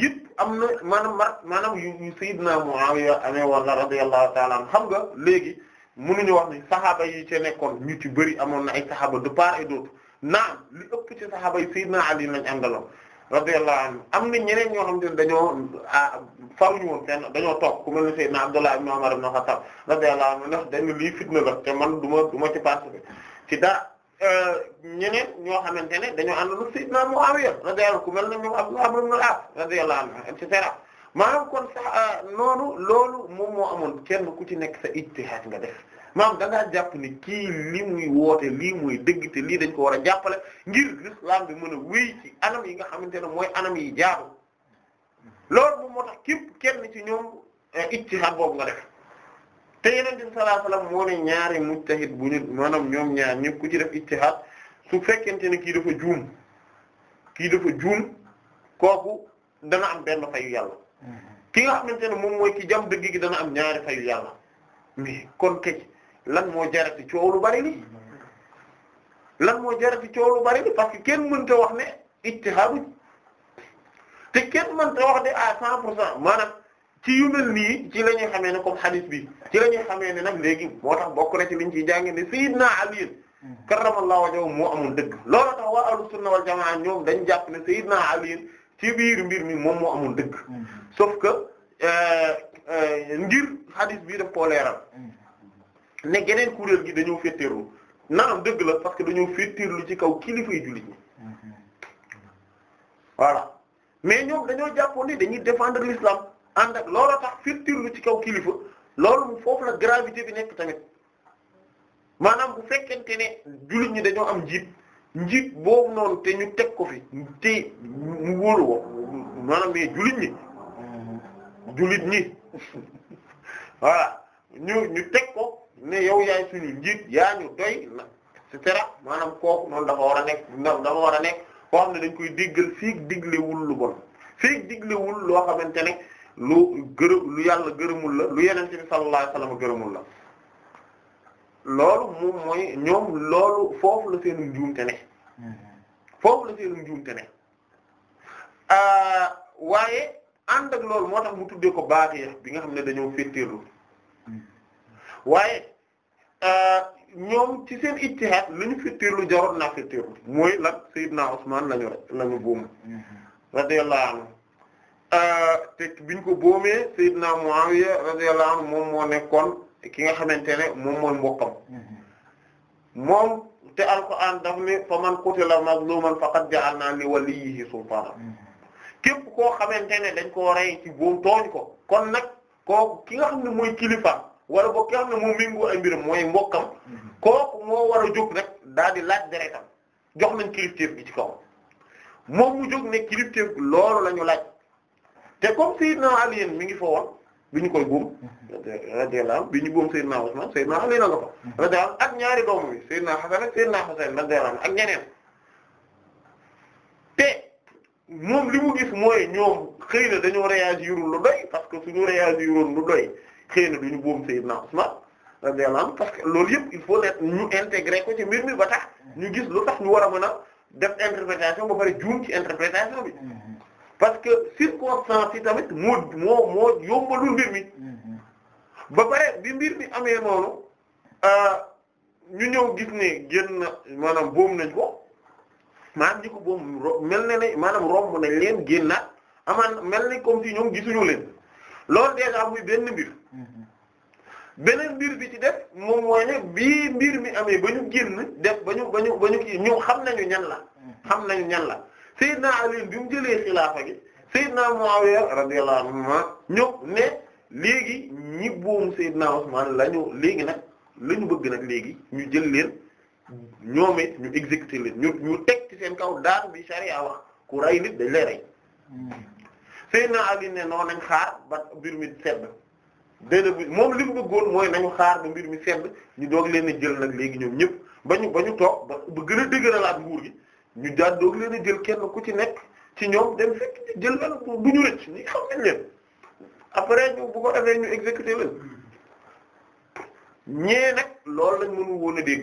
yit am na maanaam mar maanaam yu Sayyidna Muawiya amee wala radiyallahu ta'ala anhu xam nga léegi nu ñu wax ni saxaaba yi ci nekkoon ñu ci bëri amoon na ay saxaaba de part et d'autre naam li ëpp ci saxaaba yi Sayyidna Ali lañ àndaloon radiyallahu anhu am na ñeneen ñoo xam te ne dañoo ah, faruñu woon seen dañoo toog ku mel ne Seydina Abdullah ibn Umar ibn Khattab radiyallahu anhu ndax dañu lii fitna la te man du ma du ma ci participer ci daa euh, ñeneen ñoo xamante ne dañoo àndoon Seydina Muawiya radiyallahu anhu ku mel ne ñoom Abdul Amr ibn al-As radiyallahu anhu et cetera maanaam kon sax euh, noonu loolu moom moo amoon kenn ku ci nekk sa ijtihad nga def maanaam da jàpp ni kii li muy woote lii muy dëgg te lii dañ ko war a jàppale ngir l'islam bi mën a wéy ci anam yi nga xamante ne mooy anam yi jaadu loolu moom moo tax képp kenn ci ñoom eh, ijtihaad boobu nga def te yeneen bi sallallahu alayhi wasallam moo ne ñaari mujtahid bu ñu maanaam ñoom ñaar ñëpp ku ci def ijtihaad su fekkente ne kii dafa juum kii dafa juum kooku dana am benn fayu yàlla mm-hmm. ki nga xamante ne moom mooy ki jam dëgg gi dana am ñaari fayu yàlla mais kon kay lan moo jarati coow lu bari li lan moo jarati coow lu bari parce que kenn mënta wax ne ijtihaadu te kenn mënta wax de à cent pour cent maanaam ci yu mel nii ci lañuy ñuy xamee ne comme hadith bi ci la ñuy xamee ne nag léegi moo tax bokk na ci liñ ciy jàngee ne sayyidina Ali karramallahu wajhahu moo amul dëgg loolu tax waa ahlus sunna ñoom dañ jàpp ne sayyidina Ali ci biir mbir mi moom moo amul dëgg mm-hmm. sauf que euh, euh, ngir hadith bi daf koo ne geneen kuréel gi dañoo féeteerlu naam dëgg la parce que dañoo féeteerlu ci kaw kilifa yi jullit ñi mhm. voilà mais ñoom dañoo jàppoon ni dañuy défendre l'islam ànd ak loolu tax féeteerlu ci kaw kilifa loolu foofu la gravité bi nekk tamit maanaam bu fekkente ne jullit ñi dañoo am njiit njiit boobu noonu te ñu teg ko fi te mu wóolu wo maanaam mais jullit ñi mhm. jullit ñi voilà ñu ñu teg ko. ne yow yaay suñu njiit yaa ñu doy na et cetera maanaam kook noonu dafa war a nekk dafa war a nekk koo xam ne dañ koy diggal fiig diglewul lu bon fiig diglewul loo xamante ne lu gërë lu yàlla gërëmul la lu yeneen bi sallallahu alayhi wasallam gërëmul la loolu moom mooy ñoom loolu foofu la seenu njuumte ne foofu la seenu njuumte ne euh, waaye ànd ak loolu moo tax mu tuddee ko baax bi nga xam ne dañoo féttéerlu waaye euh, ñoom ci seen ijtihaad lu ñu firtirlu jaroon naa firtirlu mooy lan Seydina Usmaan lañu lañu boom radiyallahu anhu euh, te biñ ko boomee Seydina Muawiya radiyallahu moom moo nekkoon ki nga xamante ne moom mooy mbokkam moom te alquran daf ni fa man qutila mazluman faqad ja'alna li waliyihi sultaana képp koo xamante ne dañ koo rey ci boom tooñ ko kon nag kooku ki nga xam ne mooy kilifa wala boog ki xam ne moo méngoo ay mbiram mooy mbokkam mhm. kooku moo war a jóg rek daal di laaj deretam jox nañ kilifteef gi ci kaw moom mu jóg ne kilifteef loolu la ñu laaj te comme Seydina Ali yéen mi ngi fa woon bi ñu koy buum mhm. radiyallahu anhu bi ñu buum Seydina Usman Seydina Ali na nga fa mhm. radiyallahu anhu ak ñaari doomu bi Seydina Hasan ak Seydina Husayn radiyallahu anhu ak ñeneen te moom li mu gis mooy ñoom xëy na dañoo réagirul lu doy parce que suñu réagirul lu doy xëy na ñu boom Seydina Usman radiyallahu anhu parce que loolu yëpp il faut leen ñu intégrer ko ci mbir mi ba tax ñu gis lu tax ñu war a mën a def interprétation ba pare juum ci interprétation bi mm-hmm. parce que circonstance yi tamit moo moo moo yombalul mbir mi mm-hmm. ba pare bi mbir mi amee noonu euh, ñu ñëw gis ne génn maanaam boom nañ ko maanaam ñi ko boom mel na ne maanaam romb nañ leen génnaat amaan mel ni comme si ñoom gisuñu leen loolu déjà muy benn mbir beneen mbir bi ci def moom mooy bii mbir mi amee ba ñu génn def ba ñu ba ñu ba ñu kii ñu xam nañu ñan la xam nañu ñan la na Ali bi mu jëlee xilaafa gi Seydina Muawiya radiyallahu anhu ñëw ne léegi ñi boom Seydina Usman la ñu léegi nag la ñu bëgg nag léegi ñu jël leen ñoom ñu exécuté leen ñu teg ci seen kaw daan bi charia wax ku rey nit dañ lay rey hmm. Seydina Ali ne noonu nañ xaar ba mbir mi sedd déedéet bi moom li mu bëggoon mooy nañu xaar ba mbir mi sedd ñu doog leen a jël nag léegi ñoom ñëpp ba ñu ba ñu toog ba ba gën a dëgëralaat nguur gi ñu daan doog leen a jël kenn ku ci nekk ci ñoom dem fekk jël lan du ñu rëcc ñi xam nañ leen après ñu bu ko defee ñu exécuté leen ñee nag loolu lañ mënu woon a dégg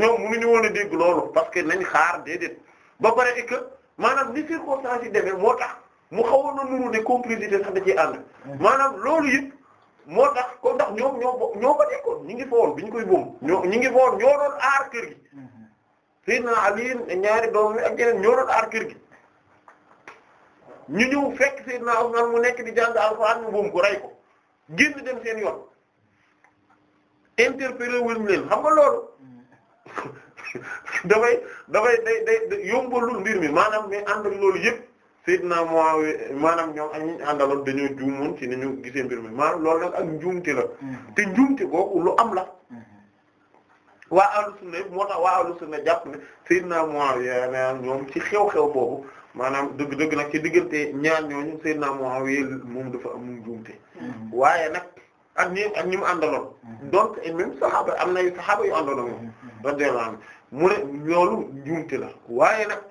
ñoom mënuñu woon a dégg loolu parce que nañ xaar déedéet ba pare que maanaam ni circonstance yi demee moo tax. mu xawoon na nuru ne complicité sax da ciy ànd mm. maanaam loolu yëpp moo tax ko ndax ñoom ñoo ñoo ko nekkoon ñi ngi foon bi ñu koy boom ñoo ñi ngi foon ñoo doon aar kër gi mm-hmm. Seydina ñaari doom mi ak yeneen ñoo doon aar kër ñu ñëw fekk Seydina Usman mu nekk di jàng alxuraan mu boom ko rey ko génn dem seen yoon interpellé wuñ leen xam nga loolu mm-hmm. dafay dafay day day lu mbir mi maanaam mais ànd ak loolu yëpp Seydina Muawiya maanaam ñoom ak ñi àndaloon dañoo juumoon ci ni ñu gisee mbir mi maanaam loolu la ak njuumte la mm-hmm. te njuumte googu lu am la mm-hmm. waa ahlu sunna moo tax waa ahlu sunna jàpp ne Seydina Muawiya maanaam ñoom ci xew-xew boobu maanaam dëgg dëgg nag ci diggante ñaar ñooñu Seydina Muawiya moom dafa am njuumte mm-hmm. waaye nag ak ñi ak ñi mu àndaloon saxaaba am na saxaaba yu àndaloon moom radiyallahu anhu mu ne la waaye nag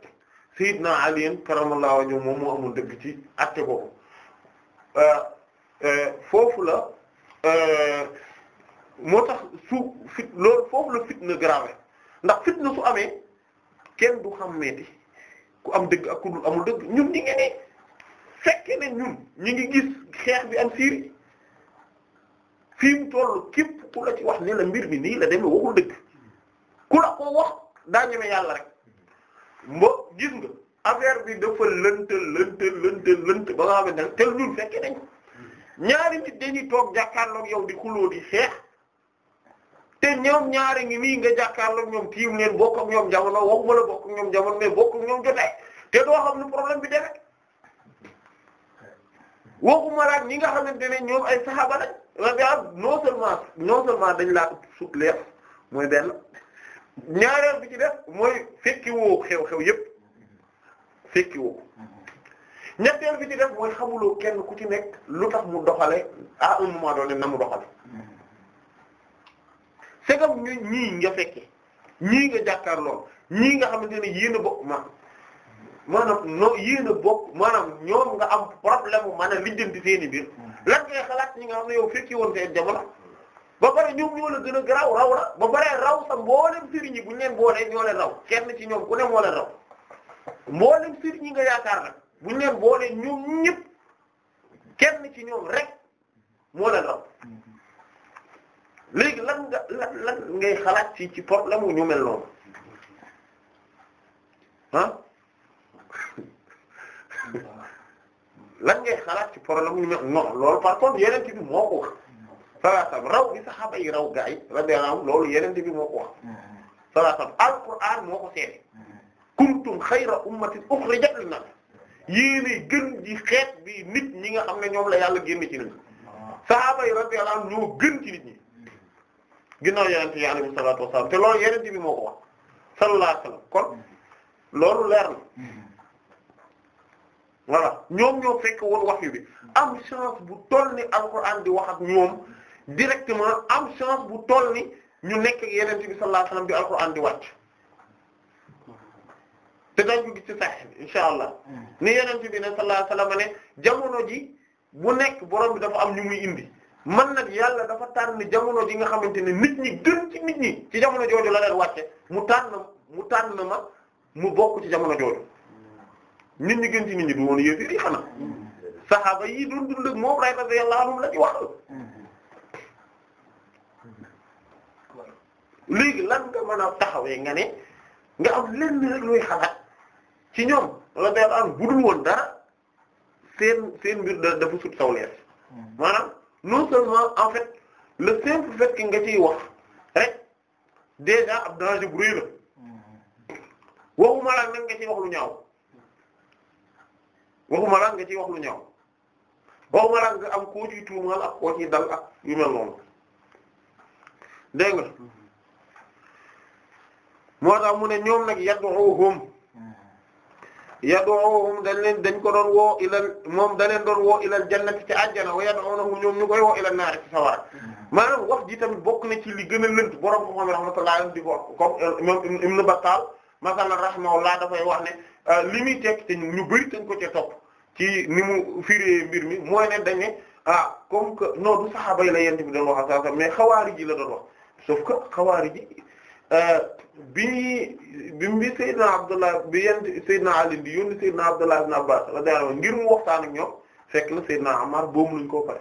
Seydina Ali karamallahu wajhu moom moo dëgg ci àtte boobu euh, euh, foofu la euh, moo tax su fit loolu foofu la fitna grave ndax fitna su amee kenn du xàmmeeti ku am dëgg ak ku amul dëgg ñun ñi ngi fekke ne ñun ñu ngi gis xeex bi am Syrie fii mu toll képp ku la ci wax ne mbir mi nii la demee waxul dëgg ku la ko wax daa ñeme yàlla rek mbo gis nga affaire bi dafa lënt lënt lënt lënt ba nga xamante ne tel ñun fekke nañ ñaari nit dañuy toog jàkkaarloog yow di xuloo di xeex te ñoom ñaari ngi nii nga jàkkaarloog ñoom tiim leen bokk ak ñoom jamono waxuma la bokk ak ñoom jamono mais bokk ñoom ñoom jotaay te doo xam nu problème bi demee waxuma la ñi nga xam ne ñoom ay saxaaba lañ rajo non seulement non seulement dañ laa ëpp suuf leer mooy benn. ñaareel bi ci def mooy fekki xew-xew yépp fekki woo ñetteel bi ci def mooy xamuloo kenn ku ci nekk lu tax mu doxale à un moment donné na mu doxale c'est comme nga fekke ñii nga jàkkaarloo ñii nga xamante ne yéen a bokk ma maanaam noo yéen a bokk maanaam ñoom nga am problème mu maanaam lijjanti seen i biir mm. lan ngay xalaat ñi nga xam ne yow fekki woon seen jamono ba pare ñoom ñoo la gën a raw raw la ba pare raw sa mboolem sëriñ yi bu ñu leen boolee ñoo leen raw ci ñoom ku ne moo leen raw mboolem sëriñ yi nga yaakaar nag bu ñu leen boolee ñoom ñëpp kenn ci ñoom rek moo leen raw léegi lan nga ci ci problème mu ñu mel noonu ah ngay xalaat ci problème mu ñu mel non loolu par contre yeneen ci bi moo ko salaasam raw gi saxaaba yi raw gaa yi radiyallahu loolu yeneen bi moo ko wax salaasam alquran moo ko seede kuntum xeet bi nit ñi nga xam ne ñoom la yàlla génn ci nit saxaaba yi radiyallahu anhum ñoo gën ci nit ñi ginnaaw yeneen yi alayhi bi moo ko wax sallallahu alayhi wasallam kon loolu leer na voilà ñoom ñoo fekk wax yu bi am chance bu toll ni alquran di wax ñoom directement am chance bu toll ni ñu nekk ak yeneen bi sallallahu bi alquran di wàcc te dañ sax allah hmm. ni yeneen bi ne sallallahu alayhi ne jamono ji bu nekk borom bi dafa am ñu muy indi man nag yàlla dafa tànn jamono ji nga xamante ne nit ñi gën ci nit ñi ci jamono jooju la leen wàcce mu tànn mu tànn ma mu bokk ci jamono jooju nit ñi gën ci nit ñi du woon yéefir yi xanaa hmm. saxaaba yi doon dund ak moom ray radiyallahu anhum la ci wax hmm. léegi lan nga mën a taxawee nga ne nga am lenn rek luy xalaat ci ñoom la day am budul woon dara seen seen mbir da dafa sut saw hmm. maanaam non seulement en fait le simple fait que nga ci wax rek déjà ab danger bu rëy na hmm. waxuma la nga ciy wax lu ñaaw waxuma la nga ciy wax lu ñaaw waxuma la nga am koo ciy tuumal ak koo dal ak yu mel noonu dégg nga hmm. moo tax mu ne ñoom nag yad'uhum yad'uhum dañ leen dañ ko doon woo ilal moom da doon woo ilal jannati ci àjjana wa yad'unahu ñoom ñu koy woo ilal naar ci sawara maanaam wax ji tamit bokk na ci li gën a lënt borom ko xam rahmatullahi alayhi di ko comme euh, moom Ibn Battal masalan rahimahullah dafay wax ne euh, li muy tekk ñu bari dañ ko ci topp ci ni mu firé mbir mi mooy ne dañ ne ah comme que non du saxaaba yi la yent bi doon wax sax mais xawaari la doon wax sauf que xawaari Euh, bi bi bi Seydina Abdullah bi yenn Seydina Ali di yónni Seydina Abdullah ibn Abbas radiyallahu anhu ngir mu waxtaan ak ñoom fekk la Seydina Ammar boobu luñ koo pare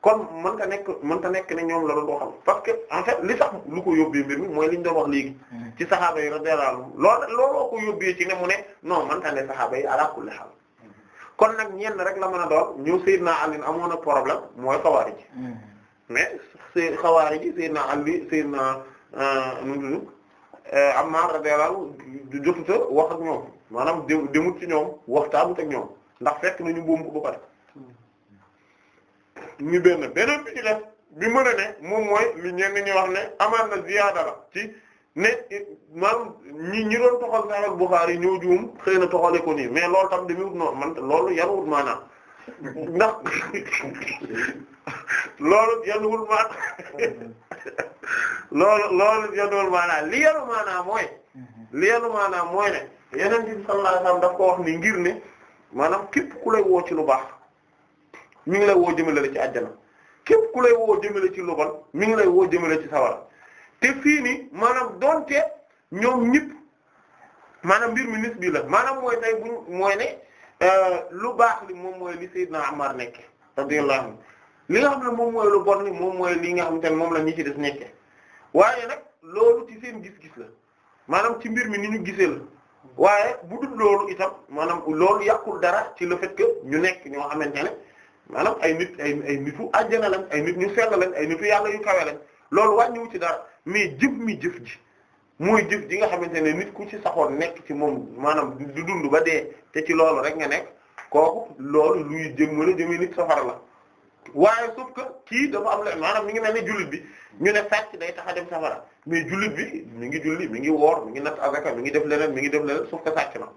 kon mën ta nekk mën ta nekk ne ñoom la doon waxal parce que en fait li tax lu ko yóbbee mbir mi mooy li doo doon wax léegi mm-hmm. ci saxaaba yi radiyallahu anhum loolu looloo ko yóbbee ci ne mu ne non man ne saxaaba yi ala kulli haal mm-hmm. kon nag ñenn rek la mën a doon ñu Seydina Ali amoon na problème mooy xawaari ji mm-hmm. mais xawaari ji nu euh, mu tudd euh, Ammaar radiyallahu jotuta wax ak ñoom maanaam demut ci ñoom waxtaanut ak ñoom ndax fekk nañu boom ko ba pare ñu benn beneen bi ci def bi mën a ne moom mooy li ñenn ñi wax ne amaat na ziyaada la ci ne maanaam ñi ñi doon toxal Sahih Bukhari ñoo juum xëy na toxale ko nii mais loolu tam damiwut noonu man loolu yanuwut maanaam ndax loolu yanuwut maanaam loolu loolu jotul maanaam li yelu maanaam mooy mhm. li yelu mooy ne yeneen bi sallallahu alayhi wasallam daf ko ni ngir ne maanaam képp ku lay woo ci lu baax mi ngi lay woo jëmale la ci àjjana képp ku lay woo jëmale ci lu bon mi ngi lay woo jëmale ci sawara te fii nii maanaam donte ñoom ñëpp maanaam mbir mi nis bi la maanaam mooy tey buñ mooy ne euh, lu baax li moom mooy li Seydina Amar nekk radiyallahu anhu li nga xam ne moom mooy lu bon ni moom mooy li nga xam te moom la ñi ci des nekke waaye nag loolu ci seen gis-gis la maanaam ci mbir mi ni ñu gisee la waaye bu dul loolu itam maanaam loolu yàqul dara ci le fait ñu nekk ñoo xamante ne maanaam ay nit ay ay nitu àjjana lañ ay nit ñu sell lañ ay nitu yàlla yu kawe lañ loolu wàññiwu ci dara mais jëf mi jëf ji mooy jëf nga xamante ne nit ku ci saxoon nekk ci moom maanaam du dund ba dee te ci loolu rek nga nekk kooku loolu luy jëm mën a nit safara la waaye sauf que kii dafa am la maanaam mi ngi mel ni jullit bi ñu ne sàcc day tax a dem safara mais jullit bi mi ngi julli mi ngi woor mi ngi natt azaka mi ngi def leneen mi ngi def leneen sauf que sàcc na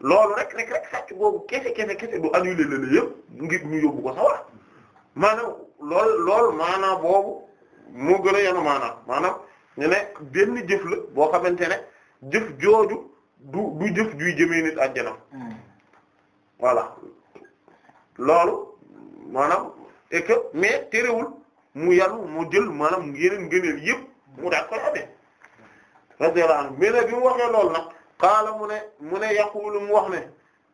loolu rek rek rek sàcc boobu kese kese kese du annulé la yëpp ngir ñu yóbbu ko sawar maanaam lool lool maanaam boobu moo gën a yanu maanaam maanaam ñu ne benn jëf la boo xamante ne jëf jooju du du jëf juy jëmee nit àjjana hmm. voilà loolu maanaam et que mais terewul mu yàlla mu jël mu yeneen ngëneel yëpp mu daal koy amee radiyallahu anhu mais nag bi mu waxee lool na qaala mu ne mu ne yaqulu mu wax ne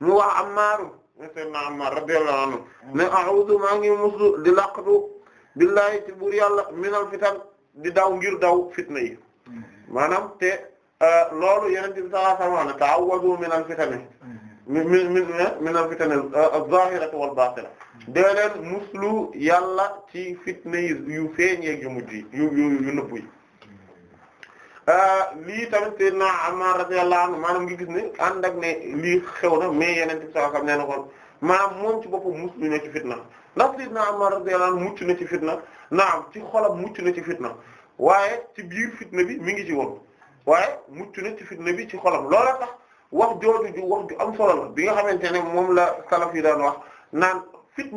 mu wax Ammaaru sayyidina Ammaar radiyallahu anhu ne a'udhu maa ngi muslu di laqatu billahi ci buur yàlla fitan di daw ngir daw fitna yi hmm. maanaam te euh, loolu yeneen ci sallallahu alayhi wa sallam mi mi mi minal fitna euh, euh, az-zahirati wal batina hmm. dee leen muslu yàlla ci fitna yu feeñ yeeg yu mujj yu yu yi euh, lii tamit Seydina Ammar radiyallahu anhu maanaam ngi gis ne ànd ak ne lii xew na mais yeneen ci saa xam ne na kon maanaam moom ci boppam muslu na ci fitna ndax Seydina Ammar ci fitna naam ci xolam mucc na ci fitna waaye ci biir fitna bi mi ngi ci woon waaye mucc na ci fitna bi ci xolam loola tax. wax jooju ju wax am solo la bi nga xamante ne moom la salaf yi daan wax naan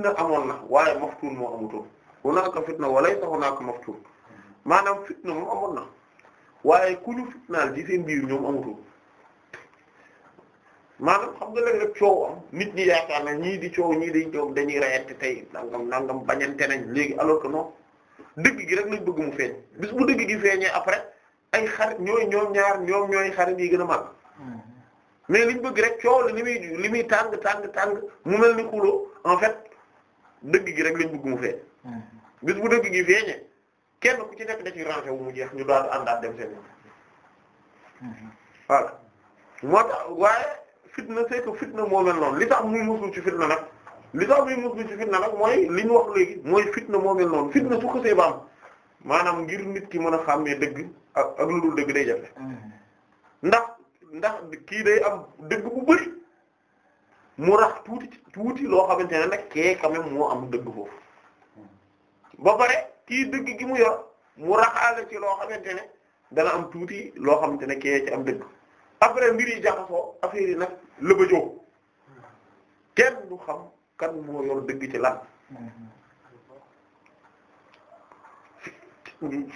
na amoon na waaye maftuun moo amutoon hunaaka fitna walaysa hunaaka maftuun maanaam fitna moom amoon na waaye ku ñu fitnaal ci seen biir ñoom amutoon xam nga léeg-léeg coow am nit ñi yaakaar na ñii di coow ñii di coow dañuy rayante tey nangam nangam bañante nañ léegi alors que non dëgg gi rek lañ bëgg mu feeñ bis bu dëgg gi feeñee après ay xarit ñooy ñoom ñaar ñoom ñooy xarit yi gën a mag hmm. mais liñ bëgg rek coow li muy li muy tàng tàng tàng mu mel ni xuloo en fait dëgg gi rek lañ bëgg mu feeñ mm-hmm. bis bu dëgg gi feeñee kenn ku ci nekk da ci rangé wu mu jeex ñu daal àndaat dem seen mm-hmm. voilà moo tax waaye fitna c'est fitna moo mel noonu li tax muy musul ci fitna nag li tax muy musul ci fitna nag mooy li ñu wax léegi mooy fitna moo mel noonu fitna su xasee ba maanaam ngir nit ki mën a xàmmee dëgg ak ak lu dul dëgg day jafe mm-hmm. ndax ndax kii day am dëgg bu bëri mu rax tuuti tuuti loo xamante ne nag kee quand moo am dëgg foofu ba pare kii dëgg gi mu yor mu raxaale ci loo xamante ne dana am tuuti loo xam ne kee ci am dëgg après mbir yi jaxasoo affaire yi nag lëbëjoo kenn du xam kan moo yor dëgg ci lan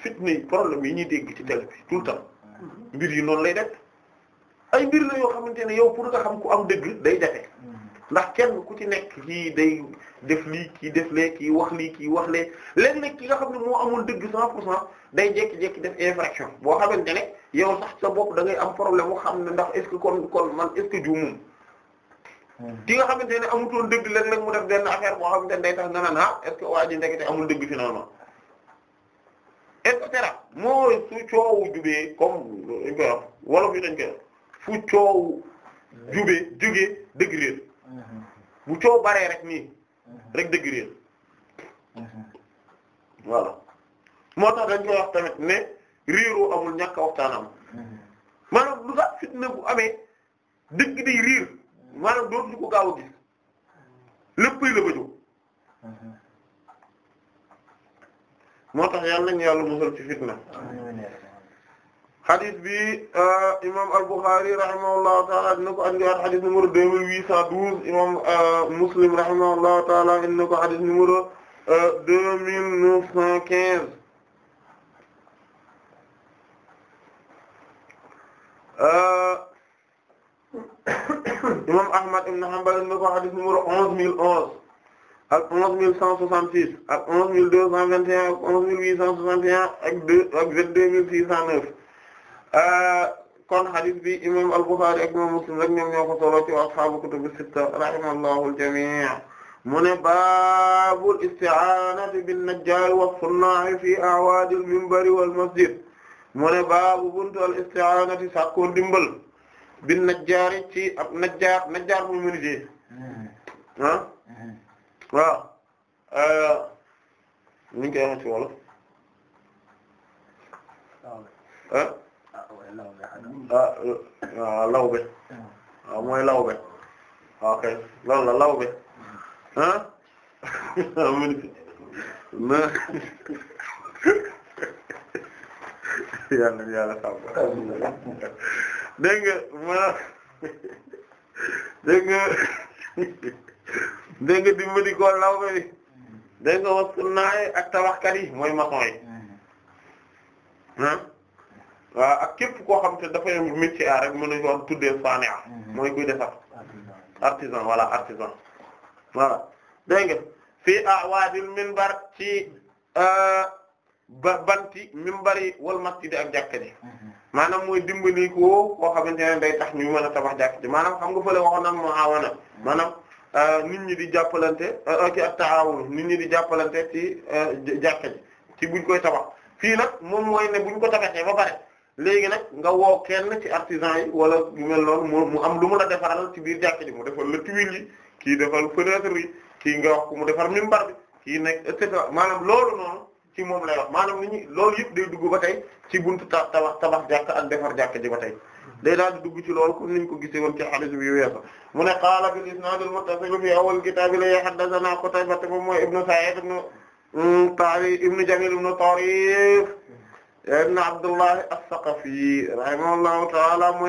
fitna yi problème yi ñuy dégg ci télé bi tout le temps mm-hmm. mbir yi noonu lay def ay mbir la yoo xamante ne yow pour nga xam ku am dëgg day jafe mm. ndax kenn ku ci nekk kii day def lii kii def lee kii wax lii kii wax lee léeg-léeg ki nga xam ne moo amul dëgg 100 pour day jékki def infraction boo xamante ne yow sax sa bopp da am problème mu xam ne ndax est-ce man est-ce mm. ki nga xamante ne amutoon dëgg léeg-léeg mu def benn affaire boo xamante ne day tax nga naan ah est-ce que waa ji ndekete amul dëgg finalement et moo mooy su coowu jubee comme wolof yi dañ koy bu coow jubee jugee dëgg réer bu mhm. coow baree rek nii mhm. rek dëgg réer mhm. voilà moo tax dañ koy wax tamit ne riiru amul ñàkk a waxtaan am fitna bu amee dëgg day riir maanaam dootuñu ko gaaw a gis léppay la moo tax yàlla nañu yàlla musal ci fitna hadith bi euh, imam al-Bukhari rahimahullahu taala dina ko andi waat hadith numéro deux mille huit cent douze imam euh, Muslim rahimahullahu taala indi ko hadith numéro euh, deux mille neuf cent quinze imam Ahmad ibn Hanbal indi ko hadith numéro onze mille onze ak onze mille cent soixante six ak onze mille deux cent vingt un ak onze mille huit cent soixante un ak deux mille six cent neuf kon hadith bi imam al-Bukhari ak imam Muslim rek ñoom ñoo ko solo ci ashaabu kutubu al-jamii' mu ne baabul isti'aanati bin-najjaar was-sunnaa'i fii a'waadil minbari wal masjid mu ne baabu buntu al-isti'aanati sàkkoo dimbal bin-najjaar ci ab najjaar najjaar muy menuisier mm-hmm. ah mm-hmm. waaw euh, ñu ngi koy wax ci wolof ah ah waaw lawbe ah, waaw mooy lawbe ah, ok loolu la lawbe ah na yàlla yàlla sàmm dégg nga ma dégg nga dégg nga dimbali ko lawbe bi dégg nga wax naay ak tabaxkat yi mooy maçon yi ah Euh, ak képp koo xam te dafa yem métier rek mën nañu ko tuddee sani'a mm-hmm. mooy kuy defar artisan voilà artisan voilà dégg nga fii awaadil minbar ci euh, ba banti bari yi wal masjid ak jàkka ji mm-hmm. maanaam mooy dimbali ko koo xamante ne day tax ñu mën a tabax jàkka ji maanaam xam nga fële waxoon nan moo awana mm-hmm. maanaam euh, nit ñi di jàppalante ci ak taawun nit ñi di jàppalante ci ci buñ koy tabax fii nag moom mooy ne buñ ko tabaxee ba pare léegi nag nga woo kenn ci artisan yi wala mu mel noonu mu mu am lu mu a defaral ci biir jàkk ji mu defal la tuile yi kii defal fenêtre yi kii nga wax ku mu defar minbar bi kii nekk et cetera maanaam loolu noonu ci moom lay wax maanaam ni ñu loolu yëpp day dugg ba tey ci buntu ta tabax tabax jàkk ak defar jàkk ji ba tey day daal di dugg ci loolu comme ñu ko gisee woon ci hadith bi weesu mu ne qaala bil isnaad al muttasil fi awwal kitaab li haddathanaa Qutaybah mooy ibnu Sa'iid ibnu mm, Ta'i ibnu Jamil ibnu Tarif ibn Abdullah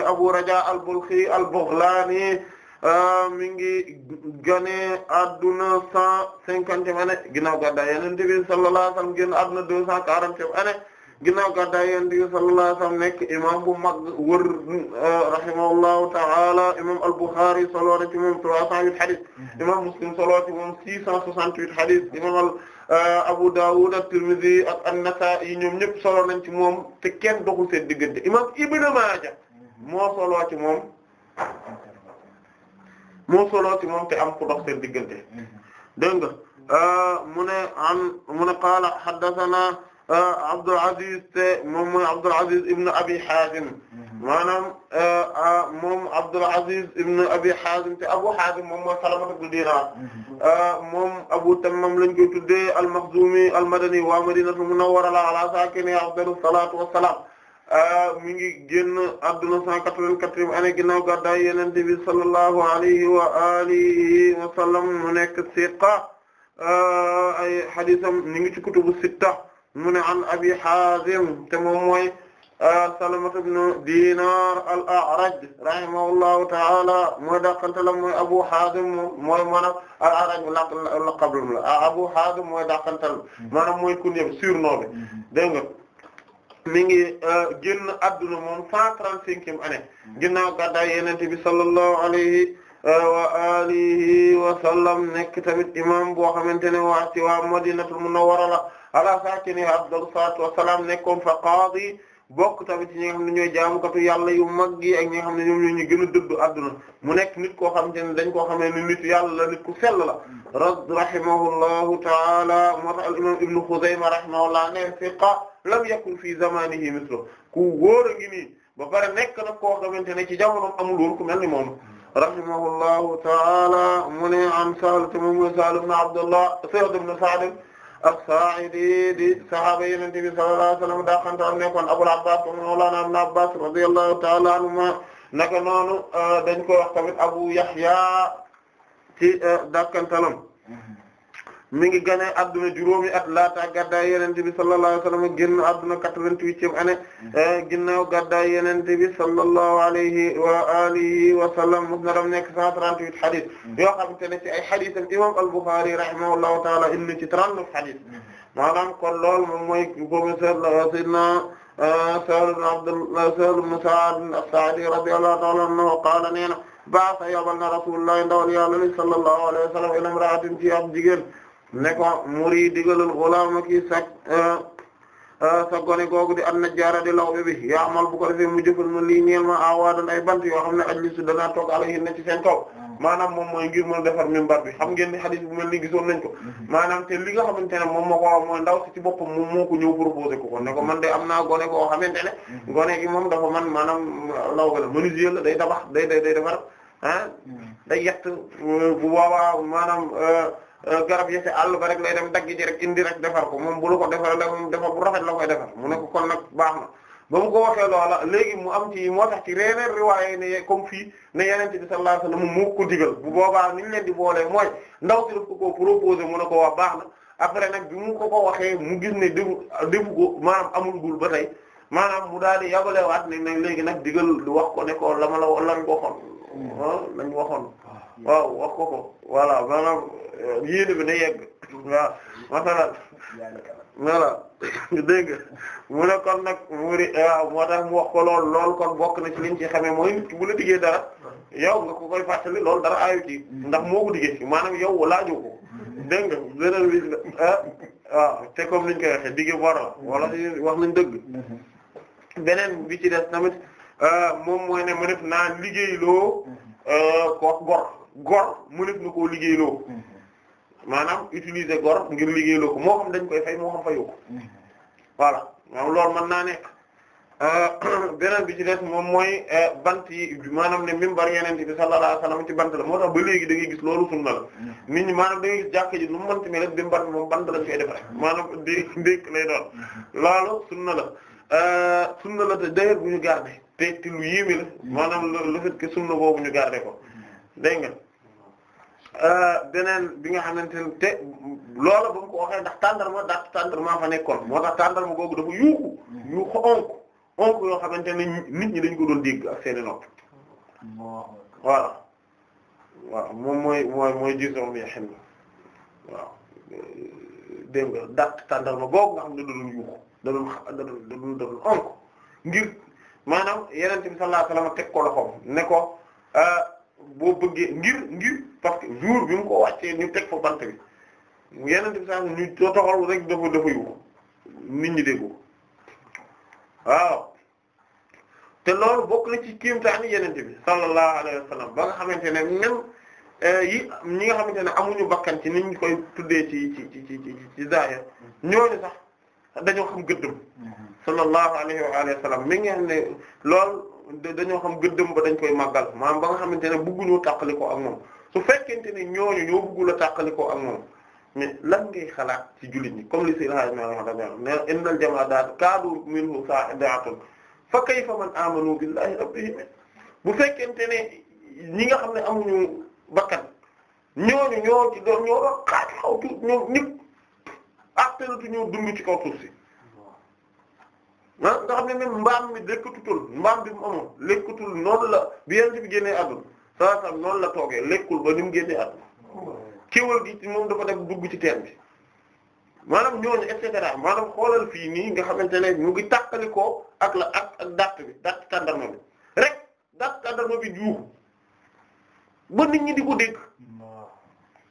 Abu Raja al-Balkhi al-Baghlani euh, mi ngi gane adduna cent cinquantième année ginnaaw gàddaay Yonent bi sallallahu alayhi wa sallam génn adduna deux cent quarantième année ginnaaw gàddaay Yonent bi sallallahu alayhi wa sallam nekk imam bu mag wër euh, rahimahullahu ta'ala imam al-Bukhari na ci moom trois cent huit mm-hmm. imam Muslim solo ci moom six cent soixante huit hadith Euh, Abu Dawud at-Tirmidhi ak an-Nasa'i ñoom ñëpp solo nañ ci moom te kenn doxul seen diggante imam Ibn Maaja moo solo ci moom moo solo ci moom te am ku dox seen diggante mm-hmm. dégg nga euh, mu ne an mu ne qaala haddathana Euh, Abdul Aziz te moom mooy Abdul Aziz ibn Abi Hazim mhm. maanaam euh, euh, moom Abdul Aziz ibn Abi Hazim te Abu Hazim moom mooy Salama ibn Dinar mhm. moom Abu Tammaam lañ koy tuddee al-Makhzumi al-Madani waa Madinatul Munawwara ala saakinihaa afdalu salaatu wa salaam mi ngi génn àdduna 184 année ginnaaw gàddaay Yonent bi sallallahu alayhi wa alihi wa sallam mu nekk siqa ay hadiisam ñu ngi ci kutubu sitta mu ne an abi hazim te moom mooy salama ibn dinar al a'raj rahimahullahu taala mooy dàqantalam mooy abu hazim mooy maanaam al a'raj la la qablum la abu hazim mooy dàqantal maanaam mooy kunya bi surnom bi dégg nga mi ngi génn adduna moom cent trente-cinquième année ginnaaw gàddaay yonent bi sallallahu alayhi wa alihi wa sallam nekk tamit imam boo xamante ne waa ci waa madinatul munawwara la ala sakiniha afdalu salaatu wassalaam nekkoon fa qaadi bokk tamit ci ñi nga xam ne ñooy jaamukatu yàlla yu mag yi ak ñi nga xam ne ñoom ñoo ñu gën a adduna mu nekk nit ko xam te ne dañ koo xamee ne nit yàlla la nit ku sell la rahimahullahu taala moo tax al imam ibnu Xuzayma rahimahullah ne thiqa lam yakun fi zamanihi mislu ku wóor a ngi ba pare nekk nag koo xamante ne ci jamonoom amul woon ku mel ni moom rahimahullahu taala mu ne am Sahl te moom mooy Sahl Abdullah Sahl ibn as-Sa'idi di sahaaba Yonent bi sallallahu alayhi wa sallam daa xantaam nekkoon Abul Abbas ko Mawlana Ibn Abbas radiyallahu ta'ala anhuma naka noonu ah, dañ koy wax tamit Abu Yahya ci ah, dakkantalam mi ngi gane adduna juróomi at laata gaddaay yenente bi sallallahu alayhi wa sallam génn adduna quatre-vingt-huitième année eh, ginnaaw gaddaay yenente bi sallallahu alayhi wa alihi wa sallam musnadam nekk cent trente-huit hadith mm-hmm. yoo xamante ne ci ay haditham imam al-Bukhari rahimahullahu taala in ci trente-neuf hadith mm-hmm. maanaam kon loolu moom mooy bomi sela euh, sayyidina euh, Sahl ibn Abdullah euh, Sahl ibn Sa'd as-Sa'di radiyallahu ta'ala anhu qaala nee na baasa yobal na rasulullah ndawal yàlla sallallahu alayhi wa sallam ila imra'atin ci ab jigéen ne ko muri digalul xulaama kii sa eh, eh, sa gone googu di an-najjaara di lawbe bi yaamal bu ko defee mu jëfal ma lii ñeel ma awaadan ay bant yoo xam ne ajlisu danaa toog alayhin na seen kaw mm. maanaam moom mooy ngir mën a defar minbar bi xam ngeen ni hadith bu mel ni ko mm-hmm. maanaam te li nga xamante ne moom moo ko wax mooy ndaw si ci boppam moom moo ko ñëw proposé ko ko man de am naa gone koo xamante ne mm-hmm. gone gi moom dafa man maanaam law ga la menuisier la day tabax day day day defar ah mm-hmm. day yett bu maanaam eh, Euh, garab yi ci àll ba rek lay dem dagg ji rek indi rek defar ko moom bu ko defar la moom defar bu rafet la koy defar mu ne ko kon nag baax na ba mu ko waxee loola léegi mu am ci moo tax ci reeneen riwaaye ne comme fii ne yenen bi sallallahu alayhi wasallam mu ko digal bu boobaa ni ñu leen di boolee mooy ndaw si daf ko ko proposé mu ne ko wax baax na après nag bi mu ko ko waxee mu gis ne defu defu ko maanaam amul gul ba tey maanaam mu daal di waat ne nag léegi nag digal wax ko ne ko la ma la lan ko waxoon ah, lañ waxoon waaw wax ko ko voilà maanaam eh, yéene bi na yegg waaw masalan voilà dégg mu ne kon nag mu eh, waaw moo tax mu wax ko lool lool kon bokk na ci liñ ci xamee mooy bu la dara yow nga ko koy fàttali loolu dara aayu ci ndax moo ko diggee maanaam yow laajoo ko dégg nga beneen bi eh, comme niñ koy waxee digge bora wala wax nañ dëgg ci des tamit moom mooy ne mu def naa liggéeyloo kook bor gor mënees na koo liggéeyloo mm-hmm. maanaam utiliser gor ngir liggéey loo ko moo xam dañ koy fay moo xam fayu ko mm-hmm. voilà maanaam loolu man naa nekk euh, beneen bi ci des moom mooy euh, bant yi maanaam ne mimbar yeneen bi sallallahu alayhi wasallam ci bant la moo tax ba léegi da gis loolu sunna la mm-hmm. nit ñi maanaam da jàkk ji nu mu mënti mel mimbar bi moom bant lañ koy def rek maanaam dé ndékk lay doon loolu sunna la euh, na la te dayer bu ñu garder te te lu yéeme la maanaam lool fait que sunna boobu ñu garder ko dégg nga deneen euh, bi nga xamante ne te loola ba mu ko waxee ndax tàndarma daat tàndarma fa nekkoon moo tax tàndarma googu dafa yuuxu yuuxu onk onk yoo xamante ne nit ñi dañ ko doon dégg ak seeni nopp waaw moom mooy mooy mooy gisom ya xem na waaw dégg nga daat tàndarma googu nga xam ne da doon yuuxu da doon da onk ngir maanaam yenente bi sallallahu teg ko loxoom ne ko euh, boo bëggee ngir ngir parce que jour bi mu ko wàccee ñu teg fa bant bi mu yeneen bi sax ñu toxal rek dafa dafa yu nit ñi déggu waaw te loolu bokk na ci kéemtaani yeneen bi sallallahu alayhi wa ba nga xamante ne euh, ñi nga xamante ne amuñu bakkan ci ni koy tuddee ci ci ci ci dañoo xam gëddëm mm-hmm. sallallahu alayhi wa alihi wa sallam mi nga xam ne loolu dañoo xam gëddëm ba dañ koy màggal maanaam ba nga xamante ne bëgguñu tàqali ko ak moom su fekkente ne ñooñu ñoo bëggul a tàqalikoo ak moom mais lan ngay xalaat ci jullit ñi comme li si laaj maanaam daal ne innal jamaadaat kaadu minhu bu fekkente ne ñi nga xam ne amuñu bakkan ñooñu ñoo ci doon ñoo doon xaaj xaw tu ñoom ñëpp ñoo dund ci kaw suuf si ah nga xam ne même mbaam mi lekkatul mbaam bi mu amoon lekkatul noonu la bi yéen bi génnee àdduna. saa saa noonu la toogee lekkul ba ni mu génnee at kéwal gi moom dafa def dugg ci teen bi maanaam ñooñu et cetera maanaam xoolal fii nii nga xamante ne ñu ngi tàqali ko ak la ak ak dàtt bi dàtt tàndarma bi rek dàtt tàndarma bi juuxu ba nit ñi di ko dégg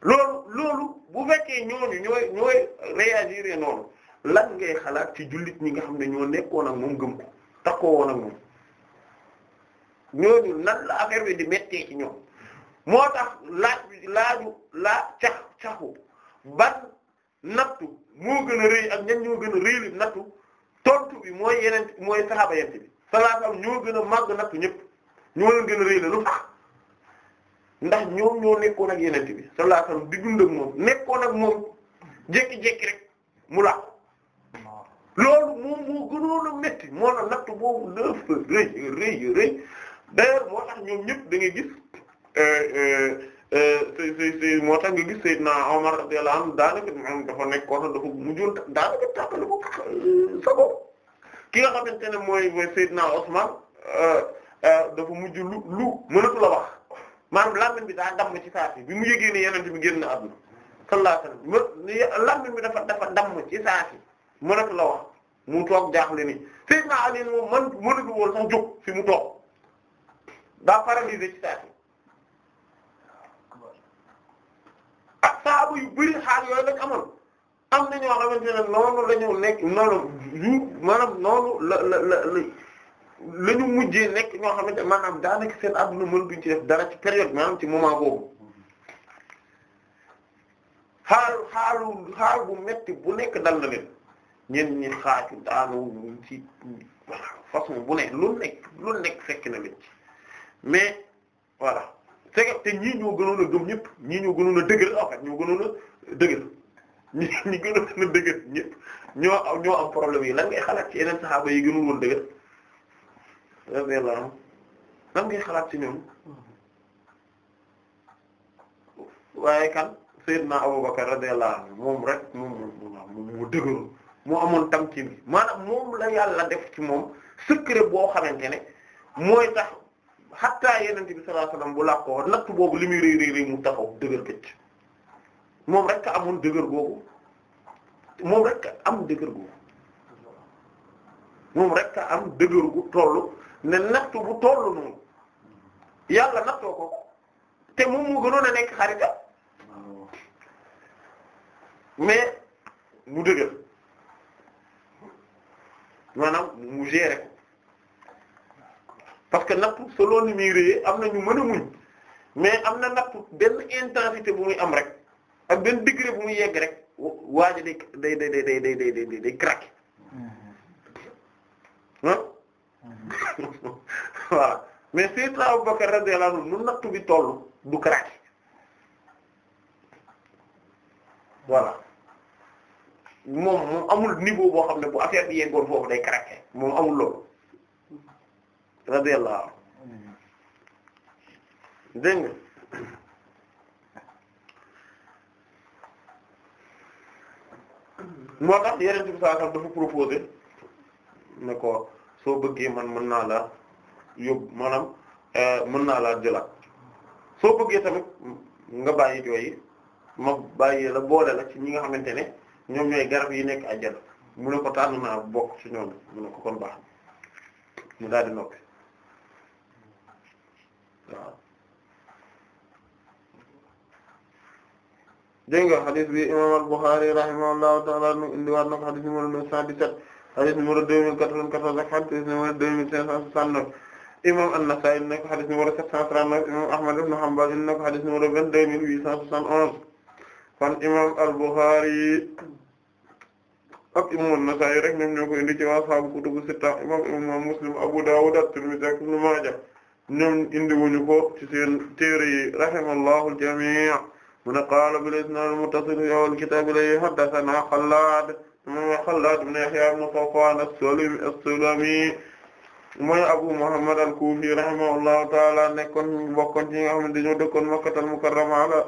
loolu loolu bu fekkee ñooñu ñooy ñooy réagir noonu lan ngay xalaat ci jullit ñi nga xam ne ñoo nekkoon ak moom gëm ko takkoo woon ak moom ñooñu nan la affaire bi di mette ci ñoom moo tax laaj bi laaju laaj cax caxu ban nattu moo gën a rëy ak ñoo gën a rëy li nattu tontu bi mooy yeneen mooy saxaaba yent bi sallallahu ñoo gën a màgg nattu ñëpp ñoo leen gën a rëy la lu tax ndax ñoom ñoo nekkoon ak yeneen bi sallallahu alayhi wasallam di dund ak moom nekkoon ak moom jékki-jékki rek mu làq loolu moom moo gënoon a métti moo la nattu boobu dafa rëy rëy rëy d'ailleurs moo tax ñoom ñëpp da ngay gis euh, euh, euh, si moo tax ki nga ne mooy dafa mujj lu lu mënatu la wax maanaam làmmiñ bi daa damm ci saa bi mu yëgee ne yeneen bi génn àdduna sallallahu alayhi wasallam làmmiñ bi dafa dafa damm ci saa si mënatu la wax mu toog jaaxle ni Seydina Ali moom man mënatu woon sax fi mu toog. daa paralysé ci saa si ak saaba yu yooyu lañ amoon am na ñoo xamante ne noonu la ñu nekk noonu jour maanaam noonu la la la la ñu mujjee nekk ñoo xamante maanaam daanaka seen adduna mën duñ ci def dara ci période maanaam ci moment boobu xaal xaalu bu metti bu nekk dal na leen ñen ñi xaaju daanu ci façon bu nekk lu nekk fekk na leen mais voilà c'est que te ñii ñoo gënoon a gëm ñëpp ñii ñoo gënoon a dëgër en fait ñoo gënoon a dëgër ñi ñi gënoon a dëgër ñëpp ñoo am problème yi lan ngay xalaat ci yeneen saxaaba yi gënul woon dëgër radiyallahu anhu lan ngay xalaat ci ñoom waaye kan Seydina Abubakar radiyallahu anhu moom rek moom moom moo dëgëroon moo amoon moom la yàlla def ci moom secret boo xamante ne mooy tax xattaa yenente bi sallallahu alayhi wasallam bu làkkoo natt boobu li muy réy réy réy mu taxaw dëgër këcc moom rek amoon dëgër googu moom rek am dëgër googu moom rek am dëgër gu toll ne natt bu toll noonu yàlla nattoo ko te moom mu gënoon a nekk xarita ah. mais mu dëgër maanaam mu géré ko parce que natt selon ni muy réyee am na ñu mën a muñ mais am na natt benn intensité bu muy am rek ak benn degré bu mu yegg rek waa day day day day day day day day craquer ah voilà mais Sayyidna Abu Bakr radiyallahu anhu nu natt bi toll du craquer voilà moom moom amul niveau boo xam ne bu affaire bi yeggoon foofu day craquer moom amul loolu. radiyallahu anhu nga moo tax yeneen bi saa sax dafa proposé ne ko soo bëggee man mën naa la yóbbu maanaam euh, mën naa laa jëlaat soo bëggee tamit nga bàyyi jooy ma bàyyi la boole la ci ñi nga xamante ne ñoom ñooy garab yi nekk àjjana mu ne ko tànn naa bokk ci ñoom mu ne ko kon baax mu daal di noppi waaw dégg nga bi imam al-Bukhari rahimahullahu ta'ala nu indiwaat na ko xadis numéro 917 xadis numéro 2094 ak xadis numéro 2569 imam an-Nasa'i na ko xadis numéro 739 imam Ahmad ibn Hanbal na ko xadis numéro 22871 kon imam al-Bukhari ak imam an-Nasa'i rek ñoom ñoo ko indi ci waa saabu kutubu sitta imam imam Muslim Abu Dawud at-Tirmidhi ak Ibn Maaja ñoom indi wuñu ko ci seen téere yi rahimallahu al-jamii' mu ne qaala bil-isnaad al-muttasil fi awwal kitaab ilayhi haddathanaa Xallaad mooy Xallaad ibn Yahyaa ibn Safwaan as-Sulami mooy Abu Muhammad al-Kuufi rahimahullahu ta'aala nekkoon bokkoon ci nga xam ne dañoo dëkkoon Makkatal Mukarrama ala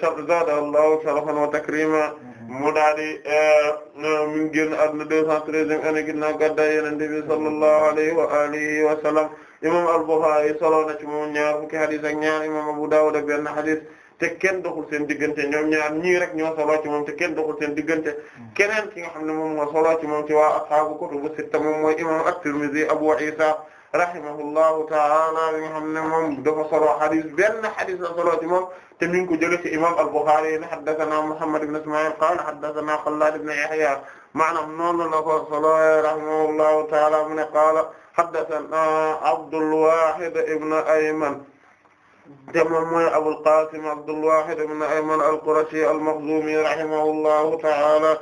zaadahallaahu sharafan wa takriiman mu daal di eh, mu génn a 213 année ginnaaw gàddaay Yonent bi sallallahu alayhi wa imam al-Bukhari solo na ci moom ñaar fukki hadith ak ñaar imam Abu Dawud ak benn hadith te kenn doxul seen diggante ñoom ñaar ñii rek ñoo solo ci moom te kenn doxul seen diggante hmm. keneen ki nga xam ne moom moo solo ci moom ci waa ashaabu kutubu sitta moom mooy imam at-Tirmidhi Abu Isa rahimahullahu ta'ala bi nga xam ne moom dafa solo hadith benn hadith la solo ci moom te mi ngi ko jëlee ci imam al-Bukhari yi ne haddathana Muhammad ibn Isma'il qala haddathana Khallad ibn Yahya maanaam noonu la ko solo rahimahullahu ta'ala mu ne qaala haddathana Abdul Wahid ibn Ayman te moom mooy Abul Qasim Abdul Wahid ibn Ayman al-Qurashi al-Makhzumi rahimahullahu ta'ala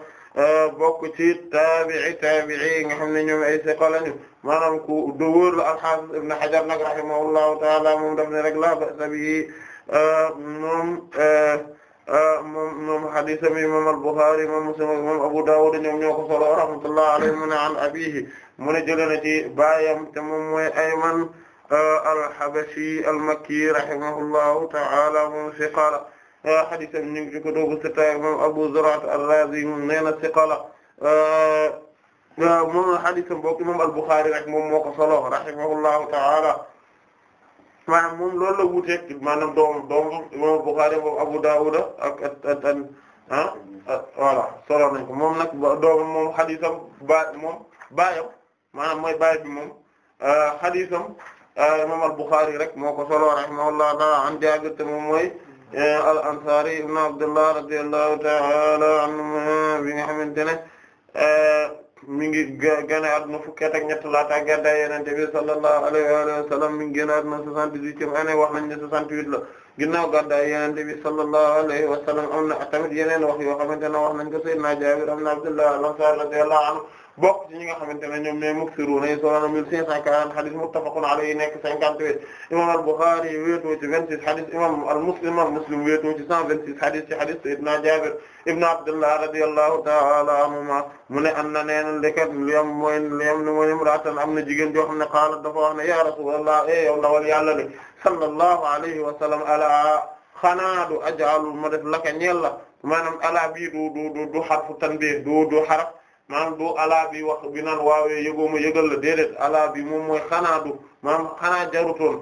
bokk ci taabi'i taabi'i yi nga xam ne ñoom ay siqa lañu maanaam ku dëwër la al-Hafiz ibn Hajar nag rahimahullahu ta'ala moom daf ne rek la ba'sa bihi moom moom moom hadiisam imam al-Bukhari imam Muslim imam Abu Dawud ñoom ñoo ko solo rahmatullahi alayhim an abiihi mu ne jëlee na baayam te moom mooy Ayman euh, al-Habashi al-Makki rahimahullahu ta'ala moom siqa la euh, hadisam ñu ngi ci kutubu sitta moom Abu Zur'a ar-Razi moom nee na siqa la euh, moom hadisam bokk imam al-Bukhari rek moom moo ko solo rahimahullahu ta'ala maanaam moom loolu la wuuteeg maanaam doom doom imam al-Bukhari moom Abu Dawud ak ak ah voilà solo baayam maa mooy baay bi moom euh, xadiisam euh, imaam al-Bukhari rek moo ko solo rahimahullahu ta'ala an Jaabir te moom mooy euh, al-Ansaari ibn Abdullah radiyallahu ta'ala anhuma bi nga xamante ne mi ngi gane àdduna fukki at ak ñett laata gàddaay Yonent bi sallallahu alayhi wa sallam mi ngi génn àdduna soixante-dix-huitième année wax nañ ne soixante-huit la ginnaaw gàddaay Yonent bi sallallahu alayhi wa sallam am na yeneen wax yoo xamante ne nañ ko Seydina Jaabir am na Abdullah al-Ansaari radiyallahu anhu bokk ci ñi nga xamante ne ñoom ñooy muksiruuna yi solo na mille cinq cent quarante hadith muttafaqun alayhi nekk cinquante-huit imam al-Bukhari wéetoo ci vingt-six hadith imam al-Muslim imam Muslim wéetoo ci cent vingt-six hadith ci hadith sayyidina Jaabir ibn Abdullah radiyallahu ta'ala anhuma mu ne am na neen ndekat li am mooy li am ne mooy imra'atan am na jigéen joo xam ne qaalat dafa wax ne ya Rasulullah e eh, yow ndawal yàlla ne sallallahu alayhi wa sallam ala xanaa du ajaalu ma def laka ñeel la maanaam ala bii du du du xarfu tanbih du du xaraf maanaam du alaa bi wax bi naan waawee yëgooma yëgal la déedéet alaa bi moom mooy xanaa du maanaam xanaa jarutoon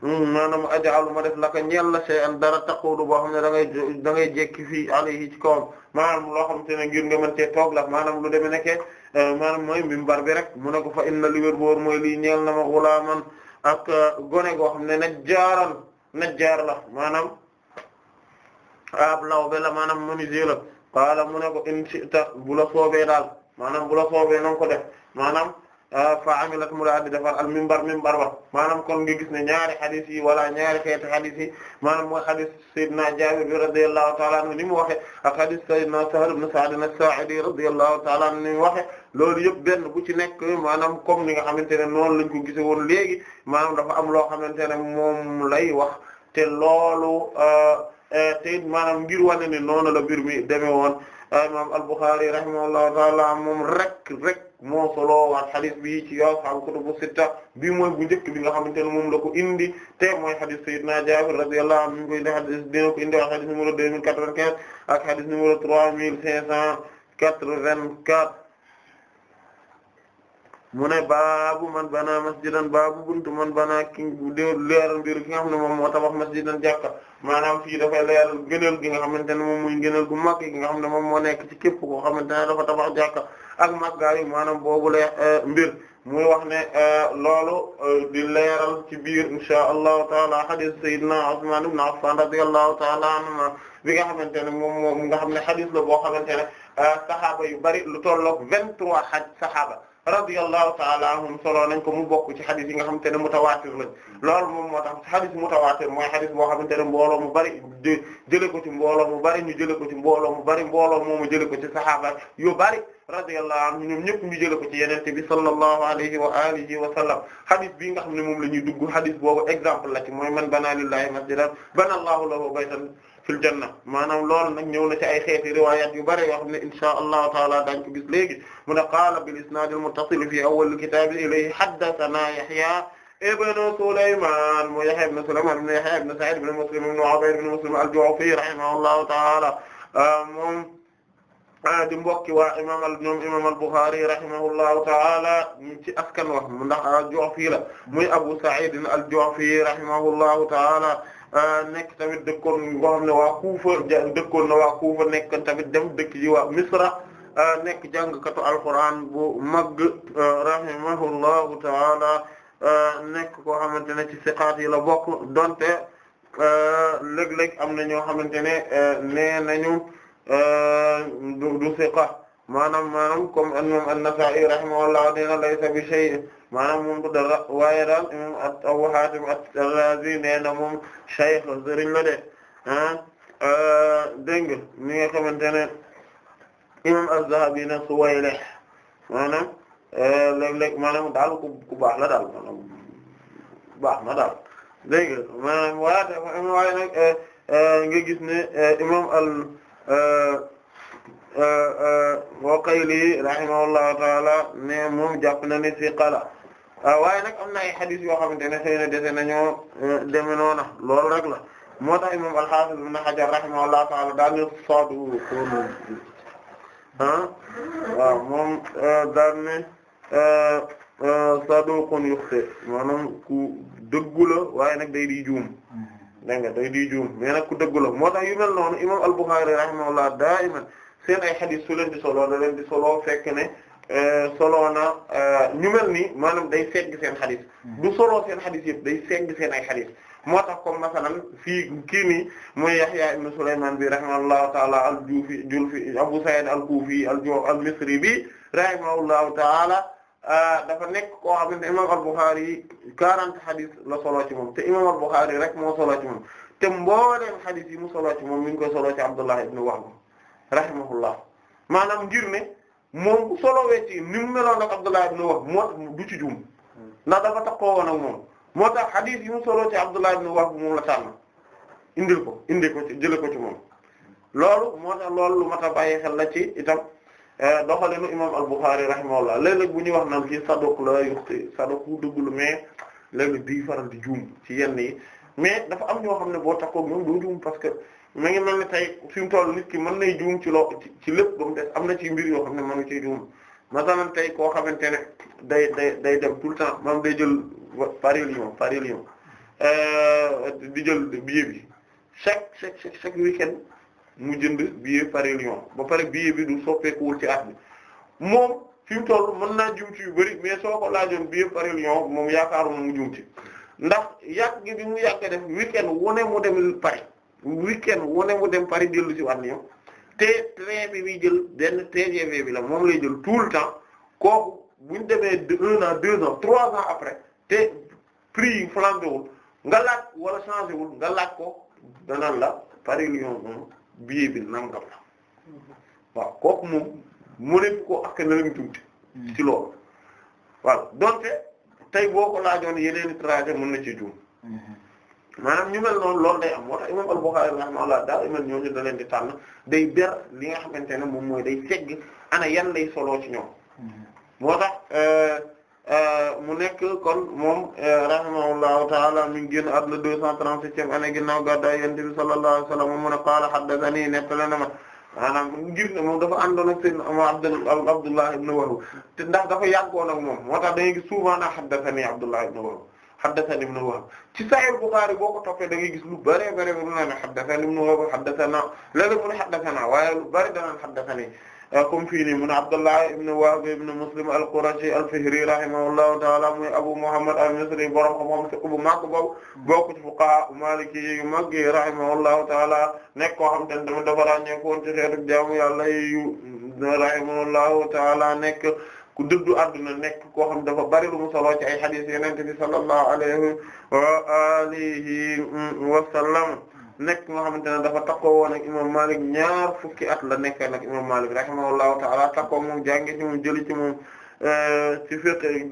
mm-hmm. maanaam ajaalu ma def laka ñeel la sey an dara taqudu boo xam ne da ngay da ngay jekki fii alayhi ci kawam maanaam loo xam te ngir nga mën cee toog la maanaam lu deme nekke euh, maanaam mooy mimbar bi rek mu ne ko fa inna li wér boor mooy lii ñeel na ma xulaaman ak euh, gone goo xam ne najjaar la maanaam ab law be la maanaam menuisier la mu ne ko in shi'ta bu la soobee daal maanaam bu la soobee na nga ko def maanaam ah, fa amilat mu daal di defar al mimbar mimbar ba maanaam kon nga gis ne ñaari xadis yi wala ñaari xeeti xadis yi maanaam mooy xadis Seydina Jaabir bi radiyallahu ta'ala anhu ni mu waxe ak xadis Seydina Sahl ibn Sa'd as-Sa'idi radiyallahu ta'ala anhu ni mu waxe loolu yëpp benn bu ci nekk maanaam comme ni nga xamante ne noonu lañ ko gise woon léegi maanaam dafa am loo xamante ne moom lay wax te loolu ah, eh, te maanaam ngir wane ne noonu la mbir mi demee woon imam al-Bukhari rahimahullahu taala moom rek rek moo solo waat xadis bi ci ashaabu kutubu sitta bi mooy bu njëkk bi nga xamante ne moom la ko indi te mooy xadis sayyidina Jaabir radiyallahu anhu mi ngi koy indi xadis dina ko indi waat xadis numéro deux mille quatre-vingt-quinze ak xadis numéro trois mille cinq cent quatre-vingt-quatre mu ne baabu man bana masjidan baabu buntu man bana ki leeral mbir ki nga xam ne moom moo tabax masjidan jàkka maanaam fii dafay leeral gënal gi nga xamante ne moom muy gënal gu mag gi nga xam ne moom moo nekk ci képp koo xamante ne dafa tabax jàkka ak màggaayu maanaam boobu la eh, mbir moo wax ne eh, loolu eh, di leeral ci biir inshaa allahu taala hadith sayyidina Usman ibn Affan radiyallahu taala anhuma bi nga xamante ne moom moom nga xam ne hadith la boo xamante ne sahaaba yu bari lu tolloog vingt-trois xaj sahaaba radiyallahu ta'ala anhum solo nañ ko mu bokk ci xadis yi nga xamante ne mutawaatir lañ loolu moom moo tax xadis mutawaatir mooy xadis boo xamante ne mbooloo mu bari jële ko ci mbooloo mu bari ñu jële ko ci mbooloo mu bari mbooloo moomu jële ko ci sahaaba yu bari radiyallahu anhum ñoom ñëpp ñu jële ko ci yenente bi sallallahu alayhi wa alihi wa sallam xadis bii nga xam ne moom la ñuy dugg xadis boobu exemple la ci mooy man bana lillahi masjidan bana allahu lahu baytan fil janna maanaam loolu nag ñëw na ci ay xeeti riwayat yu bari yoo xam ne inshaa allahu taala daañ ko gis léegi mu ne qaala bil isnaad al muttasil fi awwal kitaab ilayhi haddathanaa yahya ibnu Sulaymaan mu Yahya ibnu Sulaymaan ibnu Yahya ibnu Sa'iid ibnu Muslim ibnu Ubayr ibnu Muslim al-Ju'fi rahimahullahu taala moom Ah, di mbokki waa imam al Bukhari rahimahullahu ta'ala ci askan ndax al-Ju'fi ah, la muy Abu Sa'id al-Ju'fi rahimahullahu ta'ala ah, nekk tamit dëkkoon boo waa Kufa dëkkoon na waa Kufa nekk tamit dem dëkk ji waa Misra nekk jàngkatu alquran bu mag rahimahullahu ta'ala nekk koo xamante ne ci siqaat yi la bokk donte léeg-léeg am na ñoo xamante ne nee nañu Euh, du siqa maanaam maanaam comme imam an-Nasa'i rahimahullah dina laysa bi shay moom du dara waaye daal imam Abu Hatim at-Razi nee na moom shaykh sëriñ la de ah euh, ni nga xamante ne imam az-Zahabi na Suwaylih maanaam euh, léeg-léeg maanaam daal ku ku la daal maanaam baax na daal dégg maanaam waaye nag nga gis imam al Uqayli euh, euh, euh, rahimahullahu taala ne moom jàpp na ni siqa la waaye nag am na ay xadis yoo xamante ne xëy na dese nañoo deme noona loolu rek la moo tax imam al-Hafiz ibn Hajar rahimahullahu taala daal ne saduq ah waaw moom ku dëggu waaye nag day di juum dégg day di juum mais nag ku dëggu moo tax yu mel noonu imam al-Bukhari rahimahullah daiman seen ay hadith su leen di solo da leen di solo fekk ne euh, solo na euh, ñu ni maanaam day segg seen hadith hmm. du solo seen hadith yëpp day segg seen ay hadith moo tax comme masalan fii kii nii mooy Yahya ibn Sulayman bi rahimahullahu ta'ala al-Jufi julfi Abu Sa'id al-Kufi al-Misri bi rahimahullahu ta'ala Euh, dafa nekk ko xamante ne imam al-Bukhari yi quarante hadith la solo ci moom te imam al-Bukhari rek moo solo ci moom te mbooleem hadith yi mu solo ci moom mi ngi koy solo ci Abdullah ibn Wahb rahimahullah maanaam ngir ne moom bu solowee ci ni mu meloon ak Abdullah ibn Wahb moo du ci juum ndax dafa takkoo woon ak moom moo tax hadith yi mu solo ci Abdullah ibn Wahb moom la tànn indil ko indi ko ci jële ko ci moom loolu moo tax loolu lu mat a bàyyi xel la ci itam Eh, doxalinu imam al-Bukhari rahimahullah léeg-léeg bu ñuy wax naan kii saduq la yuxti saduq ku dëgg la mais léeg-léeg di faral di juum ci yenn yi mais dafa am ñoo xam ne boo takkoog ñoom doo juum parce que mi ngi mel ni tey fi mu toll nit ki man nay juum ci loo ci lépp ba mu am na ci mbir yoo xam ne mënu ci juum masalan tey koo xamante ne day day day dem tout le temps moom day jël Paris Lyon Paris Lyon eh, di jël billet bi chaque chaque chaque week mu jënd billet par ba pare billet bi du soppeekuwul ci at bi moom fi mu toll mën naa jum yu bëri mais soo ko laajoon billet par réunion moom yaakaaruma mu jum ndax yàq gi bi mu yàq def week-end wone mu dem Paris week-end mu dem Paris dellu ci waat Lyon te train bi muy jël benn te bi la moom lay jël tout le temps ko bu ñu demee un an deux ans trois ans après te prix yi flambé wul nga laaj wala changé wul nga laaj ko danaan la Paris Lyon billet bi nangam la waaw kooku moom mu nekk ko ak na lañ tuuti hmm. ci loolu waaw donte tey boo ko laajoon yeneen trajet mën na ci juum hmm. maanaam ñu mel noonu lool day am moo tax imam Al-Bukhârî rahimahullah daal imam ñooñu da leen di tànn day ber li nga xamante ne moom mooy day segg ana yan lay soloo ci ñoom hmm. moo tax euh, Euh, mu nekk kon moom euh, rahimahullahu taala mi ngi génn àdduna deux cent trente-septième année ginnaaw gàddaay Yonent bi sallallahu alayhi wa sallam mu ne qaala haddathanii nettali na ma maanaam ngir ne moom dafa àndoon ak seen Abd Abdullah ibn Wahb te ndax dafa yàggoon ak moom moo tax da ngay gis souvent naa haddathanii Abdullah ibn Wahb haddathanii ibn Wahb ci Sahih Bukhari boo ko toppee da ngay gis lu bëree bëri mu naan haddathanii ibn Wahb haddathana léeg-léeg mu ne haddathana waaye lu bëri danaan haddathanii comme fii nii mu ne Abdullah ibn Wahb ibn Muslim al-Qurashi al-Fihri rahimahullahu ta'ala muy Abu Muhammad al-Misri borom xam-xam fiqh bu mag boobu bokk ci fuqaha Maliki yu mag yi rahimahullahu nekk koo xam te ne tamit dafa ràññee ko woon ci xeetu jaamu yàlla yu rahimahullahu nekk ku dëddu àdduna nekk koo dafa bari lu mu solo ay hadith Yonent bi sallallahu alayhi wa alihi nekk nga xamante ne dafa takkoo woon ak imam Malik ñaar fukki at la nekkee nag imam Malik rahimahullahu ta'ala takkoo moom jànge ci moom jëli euh,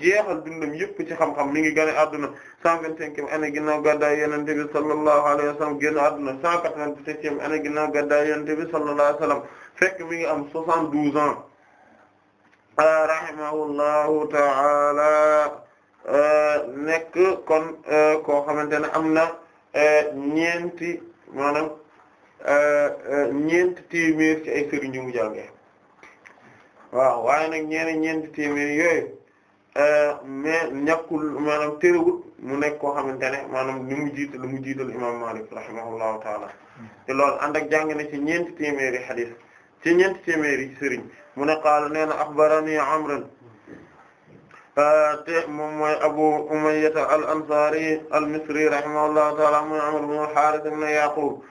jeexal dundam yëpp ci xam-xam mi ngi gane adduna cent vingt-cinquième année ginnaaw gàddaay Yonent bi sallallahu alayhi wa sallam génn adduna cent quatre-vingt-septième année ginnaaw gàddaay Yonent bi sallallahu alayhi fekk mi ngi am soixante-douze ans euh, rahimahullahu ta'ala euh, nekk kon koo xamante ne am na ñeenti maanaam euh, euh, ñeenti téeméer ci ay sëriñ yu mu jàngee waaw waaye nag ñeneen ñeenti yooyu euh, mais ñàkkul maanaam terewut mu nekk koo xamante ne maanaam ni mu jiital mu jiital imam Malik rahimahullahu taala te loolu ànd ak jàng na ci ñeenti téeméeri xadis ci ñeenti téeméeri sëriñ mu ne qaala nee na axbarani amran Euh, te moom mooy Abu Umayya al-Ansari al-Misri rahimahullahu ta'ala mooy Amr ibn al-Harith ibn Yaqub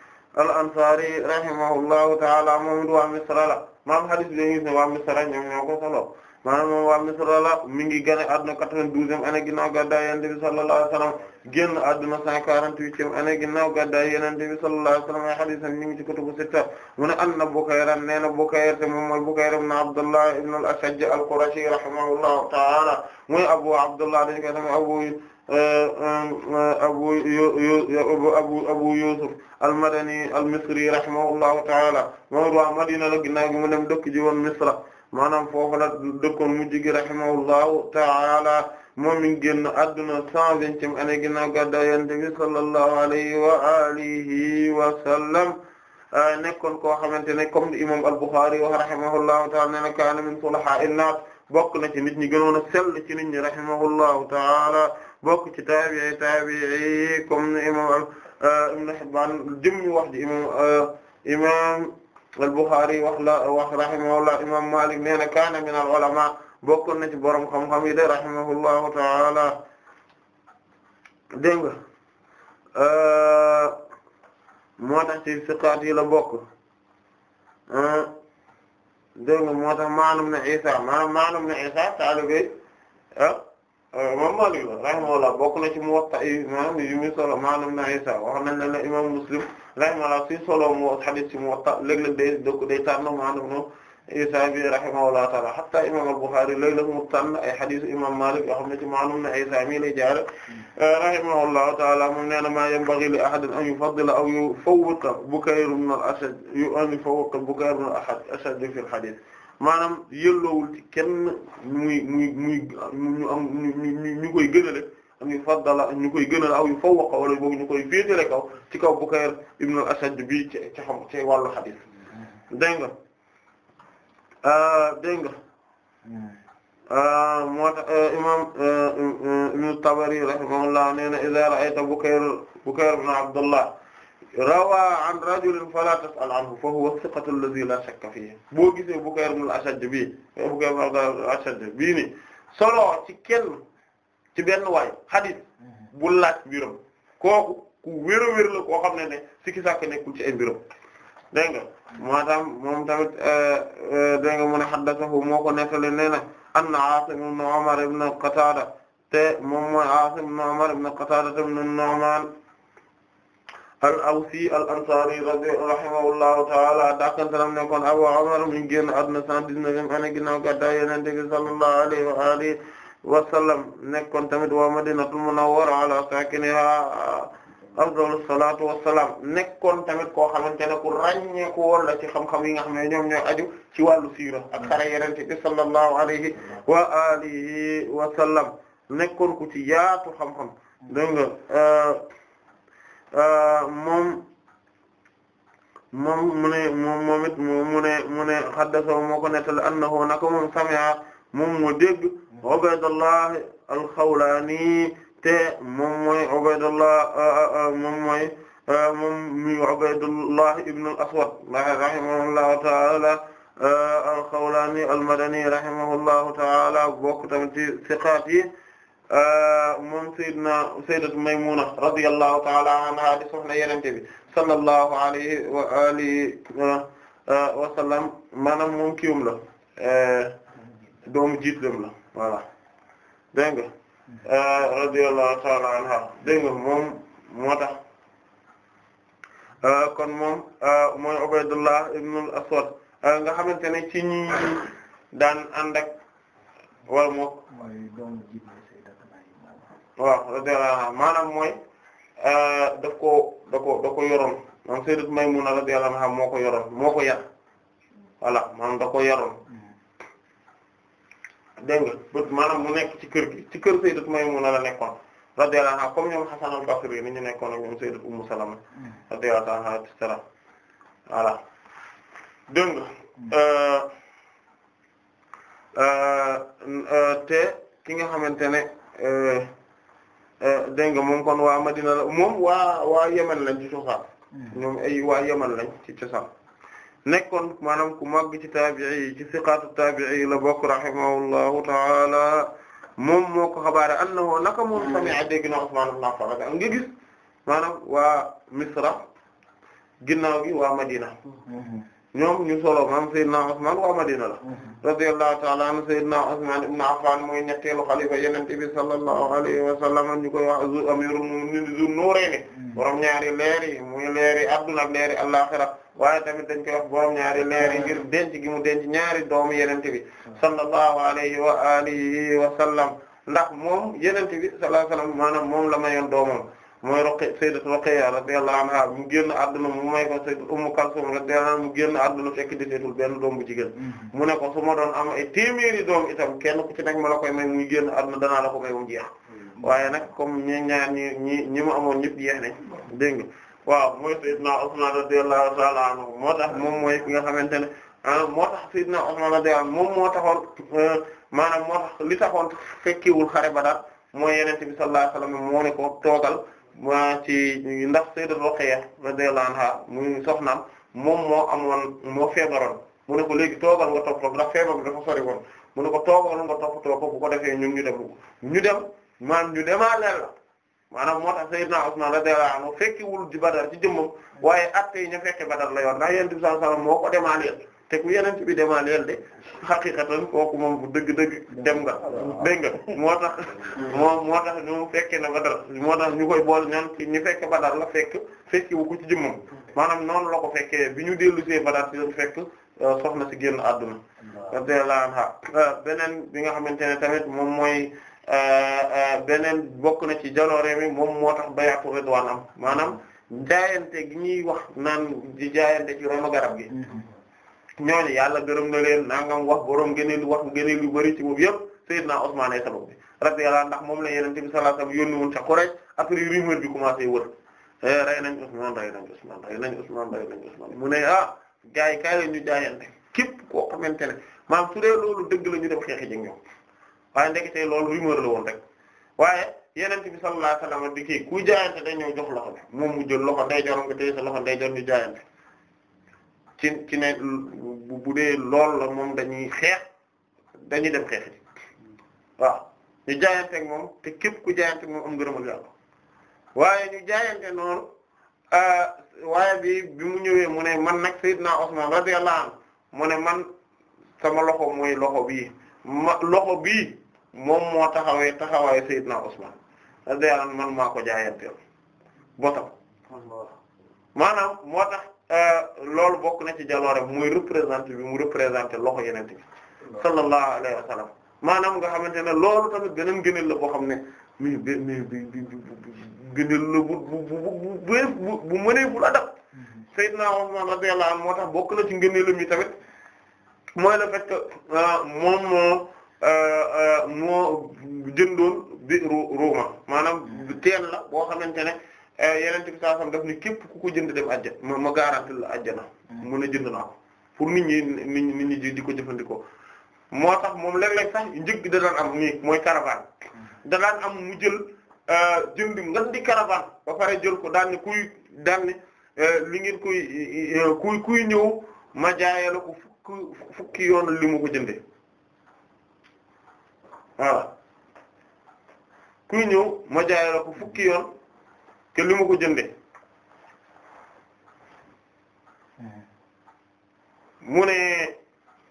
al-Ansari rahimahullahu ta'ala moom waa Misra la maam hadith bi ngi ne waa Misra ñoom ñoo ko solo maanaam moom waa Misra la mi ngi génn àdduna 92e année ginnaaw gàddaay Yonent bi sallallahu alayhi génn adduna 148e année ginnaaw gàddaay Yonent bi sallallahu alayhi wa sallam ay hadiis ñu ngi ci kutubu sitta mu ne anna Bukayr nee na Bukayr te moom mooy Bukayr ibn Abdullah ibn al-Ashajj al-Qurashi rahimahullahu ta'ala mooy Abu Abdullah dañu koy tamit Abu euh, abu abu abu abu Yusuf al-Madani al-Misri rahimahullahu ta'ala moom waa Madina la ginnaaw gi dëkk ji woon Misra la dëkkoon mujj gi rahimahullahu ta'ala moom mi ngi génn adduna cent vingtième année ginnaaw gàddaay Yonent bi sallallahu alayhi wa alihi wa sallam ah, nekkoon koo xamante ne comme imam al-Bukhari wa rahimahullahu ta'ala nee na kaana min sulahaa'in naas bokk na ci nit ñi gënoon a sell ci nit ñi rahimahullahu ta'ala bokk ci taabi'i taabi'i comme imam ah, Ibn Hibbaan jëmmi wax ji imam ah, imam al-Bukhari wax la wax rahimahullah imam Maalik nee na kaana min al-ulamaa bokkoon na ci borom xam-xam yi de rahimahullahu taala dégg nga euh, moo tax ci siqaat yi bokk euh, dégg nga moo tax maanum na Isa maanaam maanum na Isa taalibe ah euh, imam Maalik bokk na ci Muwatta yi maanaam yu muy maanum na Isa wax nañ ne la imam Muslim rahimahullah si solo mu xadis ci Muwatta léeg-léeg day dëkk day tànn maanum na Isa bi rahimahullahu ta'ala hatta imam al-Bukhari léeg-léeg mu tànn ay hadith imam Malik yoo xam ne ci maalum na Isa mii lay jaare rahimahullahu ta'ala moom nee na maa yanbaghi li ahadin an yufaddila aw yufawwiqa Bukayr ibn al-Ashaj an yufawwiqa Bukayr ibn al-Ashaj fi al-hadith maanaam yëlloowul ci kenn muy muy muy ñu am ñu koy gënale am yu faddala ñu koy gënal aw yu fawwaqa wala boog ñu koy féetale kaw ci kaw Bukayr ibn al-Ashaj bi ci ci wàllu hadith dégg nga Euh, dégg nga hmm. euh, moo tax euh, imam ibn Tabari rahimahullah nee na iza ra'ayta Bukayr Bukayr ibn Abdullah rawa an rajulin fala tas'al anhu fa huwa thiqatu alladhi la shakka fihi boo gisee Bukayr ibn al-Ashaj bii eh, Bukayr ibn al-Ashaj bii ni solo ci kenn ci benn waay hadith hmm. bu laaj mbiram kooku ku wér a wér la koo xam ne ne sikki sàkk nekkul ci ay mbiram dégg nga moo tax moom tamit euh, euh, dégg nga mu ne haddathahu moo ko nettali nee na anna Aasim ibn Umar ibn Qataada te moom mooy Aasim ibn Umar ibn Qataada ibn Nu'maan al-Awsi al-Ansaari rahimahullahu ta'aala dàqantalam nekkoon Abu Umar mi génn àdduna 119 année ginnaaw gàddaay Yonent bi sallallahu alayhi wa aalihi wa sallam nekkoon tamit waa Madinatul Munawwara ala saakinihaa afdalu salaatu wassalaam nekkoon tamit koo xamante ne ku ràññeeku woon la ci xam-xam yi nga xam ne ñoom ñooy aju ci wàllu siira ak xare yenente bi sallallahu alayhi wa alihi wa sallam nekkoon ku ci yaatu xam-xam dégg nga euh, euh, moom moom mu ne moom moom it mu ne mu ne xaddasoo moo ko nettali annahu naka moom sami'a al-Xawlaani te moom mooy Ubaydullah moom mooy moom mi Ubaydullah ibn al-Aswad rahimahullahu ta'ala al-Khawlani al-Madani rahimahullahu ta'ala bokk tamit ci siqaat yi moom sayyidina sayyidatu Maymuna radiyallahu ta'ala anha di soxna Yonent bi sallallahu alayhi wa alihi wa sallam maanaam moom kiiwam la e, doomu jiitlam la voilà dégg nga Euh, radiyallahu ta'ala anha dégg nga moom moo tax euh, kon moom euh, mooy Ubaydullah ibnul nga xamante ne ci ñi daan ànd ak wala moom waaw radiyallahu anha maanaam mooy daf koo da ko da ko yoroon moom Sayyidatu Maymuna radiyallahu moo ko yoroon moo ko yar voilà maanaam da ko dégg nga bët maanaam mu nekk ci kër gi ci kër Sayyidatu Maymuna la nekkoon radiyallahu anha comme ñoom Hasan al-Basri ni ñu nekkoon ak ñoom Sayyidatu Ummu Salama radiyallahu anha et cetera voilà nga euh, euh, euh, te ki nga xamante ne dégg nga moom kon waa Madina la moom waa waa Yemen lañ ci cosaan hmm. ñoom ay waa Yemen lañ ci cosaan nekkoon maanaam ku màgg ci taabi'i yi ci siqaatu taabi'i yi la bokk rahimahullahu ta'ala moom moo ko xabaare annahu naka moom sami'a dégg na Usmaan ibn ak nga gis maanaam waa Misra ginnaaw gi waa Madina mm-hmm. ñoom ñu solo maanaam Seydina Usmaan waa Madina la mm-hmm. radiyallahu ta'ala anhu Seydina Usmaan ibn Affan mooy ñetteelu xalifa Yonent sallallahu alayhi wa sallam ñu koy wax amirul mu'minin mm-hmm. ñaari leeri muy leeri adduna ak leeri àllaxira waaye tamit dañ koy wax borom ñaari leeri ngir denc gi mu denc ñaari doom yenente bi sallallahu alayhi wa alihi wa sallam ndax moom yenente bi sallallahu alayhi wa sallam maanaam moom la mayoon doomam mooy roqe sayyidatu Ruqayya radiyallahu anha mu génn àdduna mu may ko sayyidatu Ummu Kalsum radiyallahu anha mu génn àdduna fekk deseetul benn doom bu jigéen mhm. mu ne ko su ma doon am ay téeméeri doom itam kenn ku ci nekk ma la koy may muy génn àdduna danaa la ko may mu jeex mhm. waaye nag comme ñi ñaar ñi ñi mu amoon ñëpp jeex ne waaw mooy naa Usman radiyallahu ta'ala anhu moo tax moom mooy ki nga xamante ne ah, moo tax Seydina Usman radiyallahu anhu moom moo taxoon euh, maanaam moo tax li taxoon fekkiwul xare Badar mooy Yonent bi sallallahu alayhi wasallam moo ne ko toogal ma ci ndax Sayyidatu Ruqayya radiyallahu anha muy soxnaam moom moo amoon moo feebaroon mu ne ko léegi toogal nga toppatoo ndax feebar bi dafa sori woon mu ne ko toogal nga toppatoo ko bu ko defee ñun ñu dem ñu dem maanaam ñu demaale la maanaam moo tax Seydina Usman radiyallahu anhu fekkiwul di Badar ci jëmmam waaye actes yi ñu fekke Badar la yoon ndax Yonent bi sallallahu alayhi moo ko demandeel te ku Yonent bi demandeel de xaqiqatan kooku moom bu dëgg-dëgg dem nga dégg nga moo moo moo tax ñu fekke na moo tax ñu koy bool ñaan ci ñu fekke Badar la fekk fekkiwu ko ci jëmmam maanaam noonu la ko fekkee bi ñu dellu see Badar ci fekk euh, soxna si génn àdduna radiyallahu anha euh, beneen bi nga xamante ne tamit moom mooy Euh, euh, beneen bokk na ci jaloore mi moom moo tax bayatu ridwaan am maanaam jaayante gi ñuy wax naan di jaayante ci ronu garab gi ñooñu yàlla gërëm na leen nangam wax borom gëneel wax gëneel yu bari ci moom yëpp Seydina Ousmane ay sabab bi radiyallahu anhu ndax moom la Yonent bi sallallahu alayhi wasallam yónni woon ca Quraysh après rumeur bi commencé wër eh, rey nañ Ousmane rey nañ Ousmane rey nañ Ousmane rey nañ Ousmane mu ne ah gars yi kaay la ñu jaayante képp ko xamante ne maanaam su dee loolu dëgg la ñu def xeexi ji ñoom waaye ndeketee lool rumeur la woon rek waaye yeneen bi sallallahu alayhi wasallam di kii ku jaayante day ñëw jox loxo bi moom mu jël loxo ndeyjooram nga téye sa loxo ndeyjoor ñu jaayante ci ci ne bu dee moom dañuy xeex dañuy dem xeex ji waaw moom te képp ku jaayante ak moom am ngërëmal yàlla ah, waaye bi bi mu ñëwee mu ne man nag Sayyidna Usman radiyallahu anhu mu ne man sama loxo mooy loxo bii ma loxo bii moom moo taxawee taxawaayu Seydina Usman radiyallahu man maa ko jaayanteel botam maanaam moo tax euh, loolu bokk na ci jaloore muy représenté bi mu représenté loxo yenente bi sallallahu alayhi wa maanaam nga xamante ne loolu tamit beneen gëneel la boo xam ne mi bi mi bi bi gëneel la bu bu bu bu mënee Usman radiyallahu anhu moo tax bokk na ci ngëneelam yi tamit mooy le fait euh, moom moo Euh, euh, moo jëndoon bi ruuma maanaam teen la boo xamante ne euh, yeneen bi saa daf ni képp ku ko jënd dem àjjana moo ma garantil la àjjana hmm. mun a jënd naa ko pour nit ñi nit ñi nit di ko jëfandikoo moo tax moom léeg-léeg sax njëg da am mooy caravane hmm. da am mu jël jënd ngan di caravane ba pare jël ko daal ni kuy daan ni li ngeen kuy kuy kuy ñëw ma jaayee ko fukki fukki yoon li ma ko jëndee voilà kuy ñëw ma jaay la ko fukki yoon te li ma ko jëndee hmm. mu ne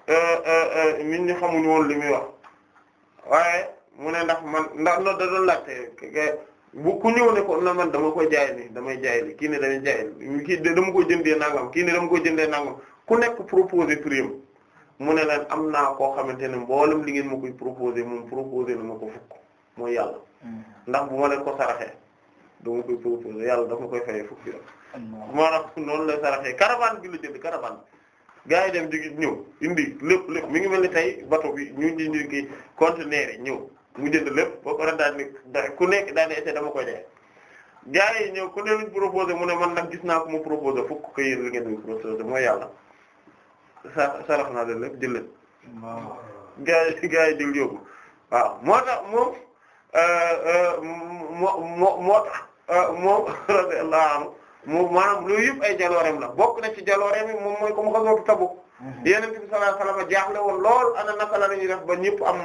euh, euh, euh, nit ñi xamuñu woon li muy wax waaye mu ne ndax man ndax no da doon laajte bu ku ñëw ne ko na man dama ko jaay ni damay jaay kii ne damay jaay li kii dama ko jëndee nangam kii ne dama ko jëndee nangam ku nekk proposé prix mu ne leen am naa koo xamante ne mboolem li ngeen ma koy proposé moom proposé na ma ko fukk mooy yàlla mm. ndax bu ma leen ko saraxee dama koy proposé yàlla dafa koy fayee fukki yoon maanaam noonu lay saraxee caravane bi la jënd caravane bi gars yi dem jógi ñëw indi lépp lépp mi ngi mel ni tey bateau bi ñu di ñu ngi conteneur yi ñëw mu jënd lépp ba pare daal ni ku nekk daal di essayé dama koy dee gars yi ñëw ku ne luñ proposé mu ne man nag gis naa ko mu proposé fukk ko yéen li ngeen mi proposé mooy yàlla sa sarax naa leen lépp jël leen. gaa yi gaa yi di nga yóbbu waaw moo tax moom euh, euh, moo moo moo tax euh, moom radiyallahu anhu moom maanaam loolu ay jalooreem la bokk na ci jalooreem yi moom mooy comme xasootu Tabuk. Mhm. Yonent bi sallallahu alayhi wasallam jaaxle woon lool ana naka la ñuy def ba ñëpp am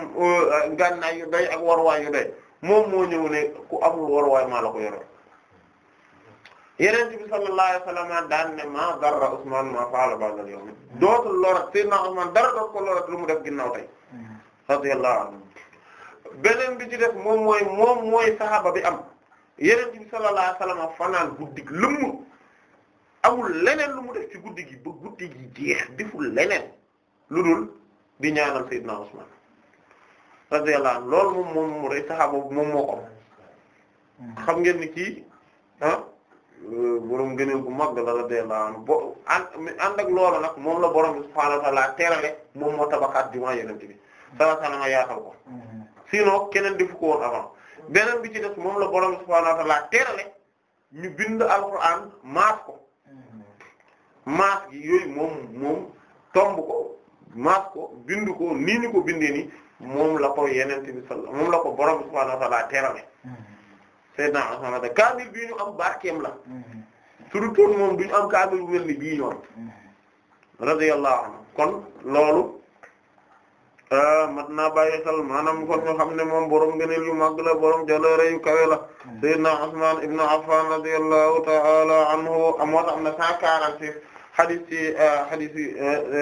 gànnaay yu doy ak waruwaay yu doy moom moo ñëw ne ku amul waruwaay maa la ko yore. yeneen bi sallallahu alayhi wasallam daan ne ma darra Usman ma fa'ala ba'da al-yawm dootul lorat Usman dara dootu ko lorat lu mu def ginnaaw tey radiyallahu anhu beneen bi ci def moom mooy moom mooy saxaaba bi am yéreen bi sallallahu alayhi wasallam fanaan guddi lëmm amul leneen lu mu def ci guddi gi ba guddi gi jeex deful leneen lu dul di ñaanal Seydina Usman radiyallahu anhu loolu moom moom mu rey saxaaba moom moo ko hmm. xam ngeen ni kii ah, borom gëneel gu mag la radiyallahu anhu bo ànd ak loolu nag moom la borom subhaanahu wa ta'aala terale moom moo tabakaat jumaa yonent bi sallallahu alayhi wa sallam yaatal ko sinon keneen defu ko woon avant beneen bi ci def moom la borom subhaanahu wa ta'aala terale ñu bind alxuraan maas ko moom moom ko maas ko bind ko nii ko bindee nii moom la ko yonent bi sallallahu moom la ko borom subhaanahu Seydina Usmaan kaamil bii ñu am barkeem la suñu moom duñu am kaamil bu mel ni bii ñoon kon loolu euh, mat naa bàyyi kon ñu xam ne moom borom ngëneel yu màgg borom jaloore yu kawe la Seydina Usmaan ibn Affan radiyallahu ta'ala anhu moo tax am na cent ci hadith ci euh,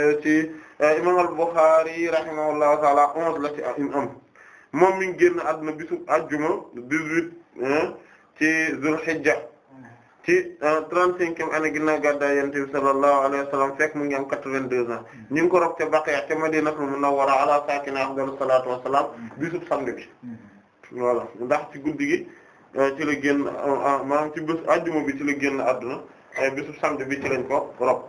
euh, imam al-Bukhari rahimahullahu ta'ala onze la ci am moom mi ngi génn àdduna bisub ci Zulhijja ci euh, trente-cinquième année ginnaaw gàddaay Yonent bi sallallahu alayhi wa sallam fekk mu ngi am quatre-vingt-deux ans hmm. ñu ngi ko rob ca Baqiya ca Madinatul Munawwara ala saakinihaa afdalu salaatu wa salaam hmm. bisub samedi bi hmm. voilà ndax ci guddi gi euh, ci la génn euh, maanaam ci bés àjjuma bi ci la génn àdduna bisub bi ci lañ ko rob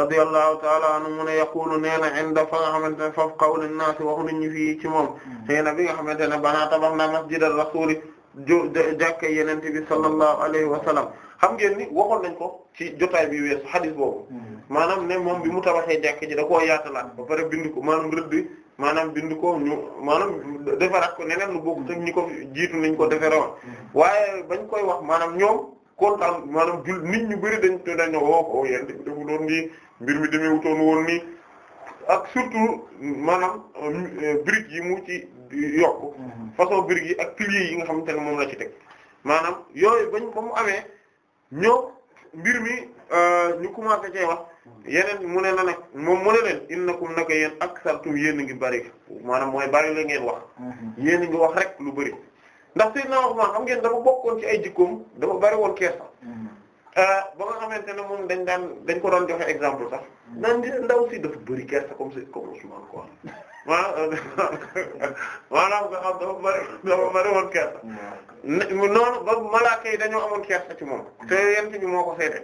radiyallahu taala anhu mu ne yaqulu nee na inda fa nga xamante ne foofu qawli naas waxu nit ñi fii ci moom nee hmm. na bi nga xamante ne banaa tabax na masjidal rasul jo jàkka yeneen bi sallallahu alayhi wa sallam xam ngeen ni waxoon nañ ko ci jotaay bi weesu xadis boobu hmm. maanaam ne moom bi mu tabaxee jàkka ji da koo yaatalaat ba pare bind ko maanaam rëdd maanaam bind ko maanaam defaraat ko neneen lu bokk te ñi ko jiitu nañ ko deferewoon hmm. waaye bañ koy wax maanaam ñoom kontaan maanaam jul nit ñu bëri dañ dañ woo o oh, yéen dañu defu doon nii mbir mi demee wutoon woon nii ak surtout maanaam euh, euh, briques yi mu ci yokk mhm. façon briques yi ak piliers yi nga xamante ne moom la ci teg maanaam yooyu bañ ba mu amee ñoo mbir mi euh, ñu commencé cee wax yeneen mu ne na nag moom mu ne leen innakum naka yéen ak sartum yéen a ngi bari maanaam mooy bari la ngeen wax mhm. yéen a ngi wax rek lu bëri ndax Seydina Usmaan xam ngeen dafa bokkoon ci ay jikkoom dafa bari woon kersa mm-hmm. ah, ba nga xamante ne moom dañ daan dañ ko doon joxe exemple sax mm-hmm. naan di ndaw si dafa bari kersa comme si comme Usmaan quoi ah euh, maanaam nga xam dafa bari dafa bari woon mm-hmm. yi dañoo amoon kersa ci moom te yent bi moo ko seede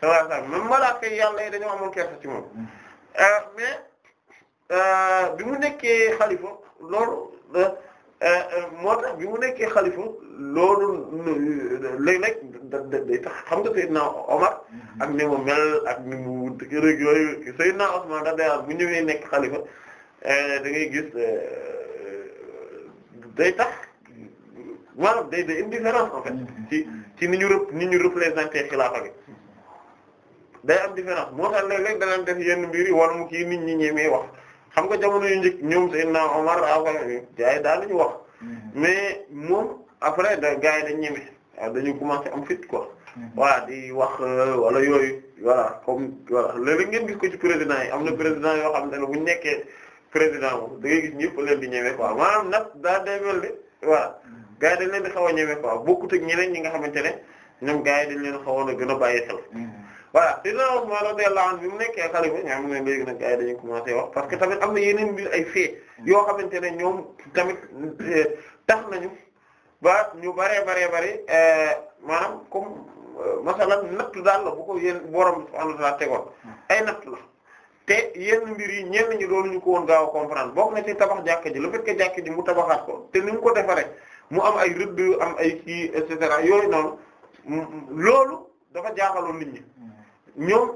sallallahu ma wasallam malaaka yi yàlla yi dañoo amoon kersa ci moom ah, mais ah, bi mu nekkee xalifa loolu euh, Euh, moo tax bi mu nekkee xalifa loolu léeg-léeg da day tax xam nga Seydina Omar mhm. ak ni mu mel ak ni mu wuti rek yooyu Seydina Osman da day bu ñëwee nekk xalifa euh, da ngay gis euh, day tax maanaam day day indifférence en fait mhm. ci ci ni ñu rep ni ñu représenté xilaafa bi day am différence moo tax léeg-léeg danaan def yenn mbir yi wala mu kii nit ñi ñemee wax. xam nga jamono yu njëkk ñoom na Omar a gars yi daal la ñu wax mm-hmm. mais moom après da gars yi dañ ñeme waaw dañu commencé am fit quoi mm-hmm. voilà di wax euh, wala yooyu voilà comme voilà léeg-léeg ngeen gis ko ci président yi am na président yoo xam ne bu ñu nekkee président moom da ngay gis ñëpp leen di ñeme nag daa day mel ni voilà mm-hmm. leen xaw a ñeme quoi bokkut ak ñeneen ñi nga xamante ne ñoom gars yi leen xawoon a gën a bàyyi xel waa dina Usmaan radiyallahu anhu bi mu nekkee xalifa ña am ne léegi nag gars yi dañuy commencé wax parce que mm. tamit am na yeneen mbir yoo xamante ne ñoom tamit euh, tax nañu ba ñu baree baree bari euh, maanaam comme euh, masalan nattu daal bu ko yéen borom subhaanahu wa ta'aala tegoon mm. ay nattu mbir yi ñenn ñi doon ñu ko woon gaaw a comprendre bokk na ci tabax jàkka ji le fait que jàkka ji mu tabaxaat ko te ni mu ko defaree mu am ay rëdd am ay kii et cetera yooyu noonu loolu dafa jaaxaloon nit ñi. ñoom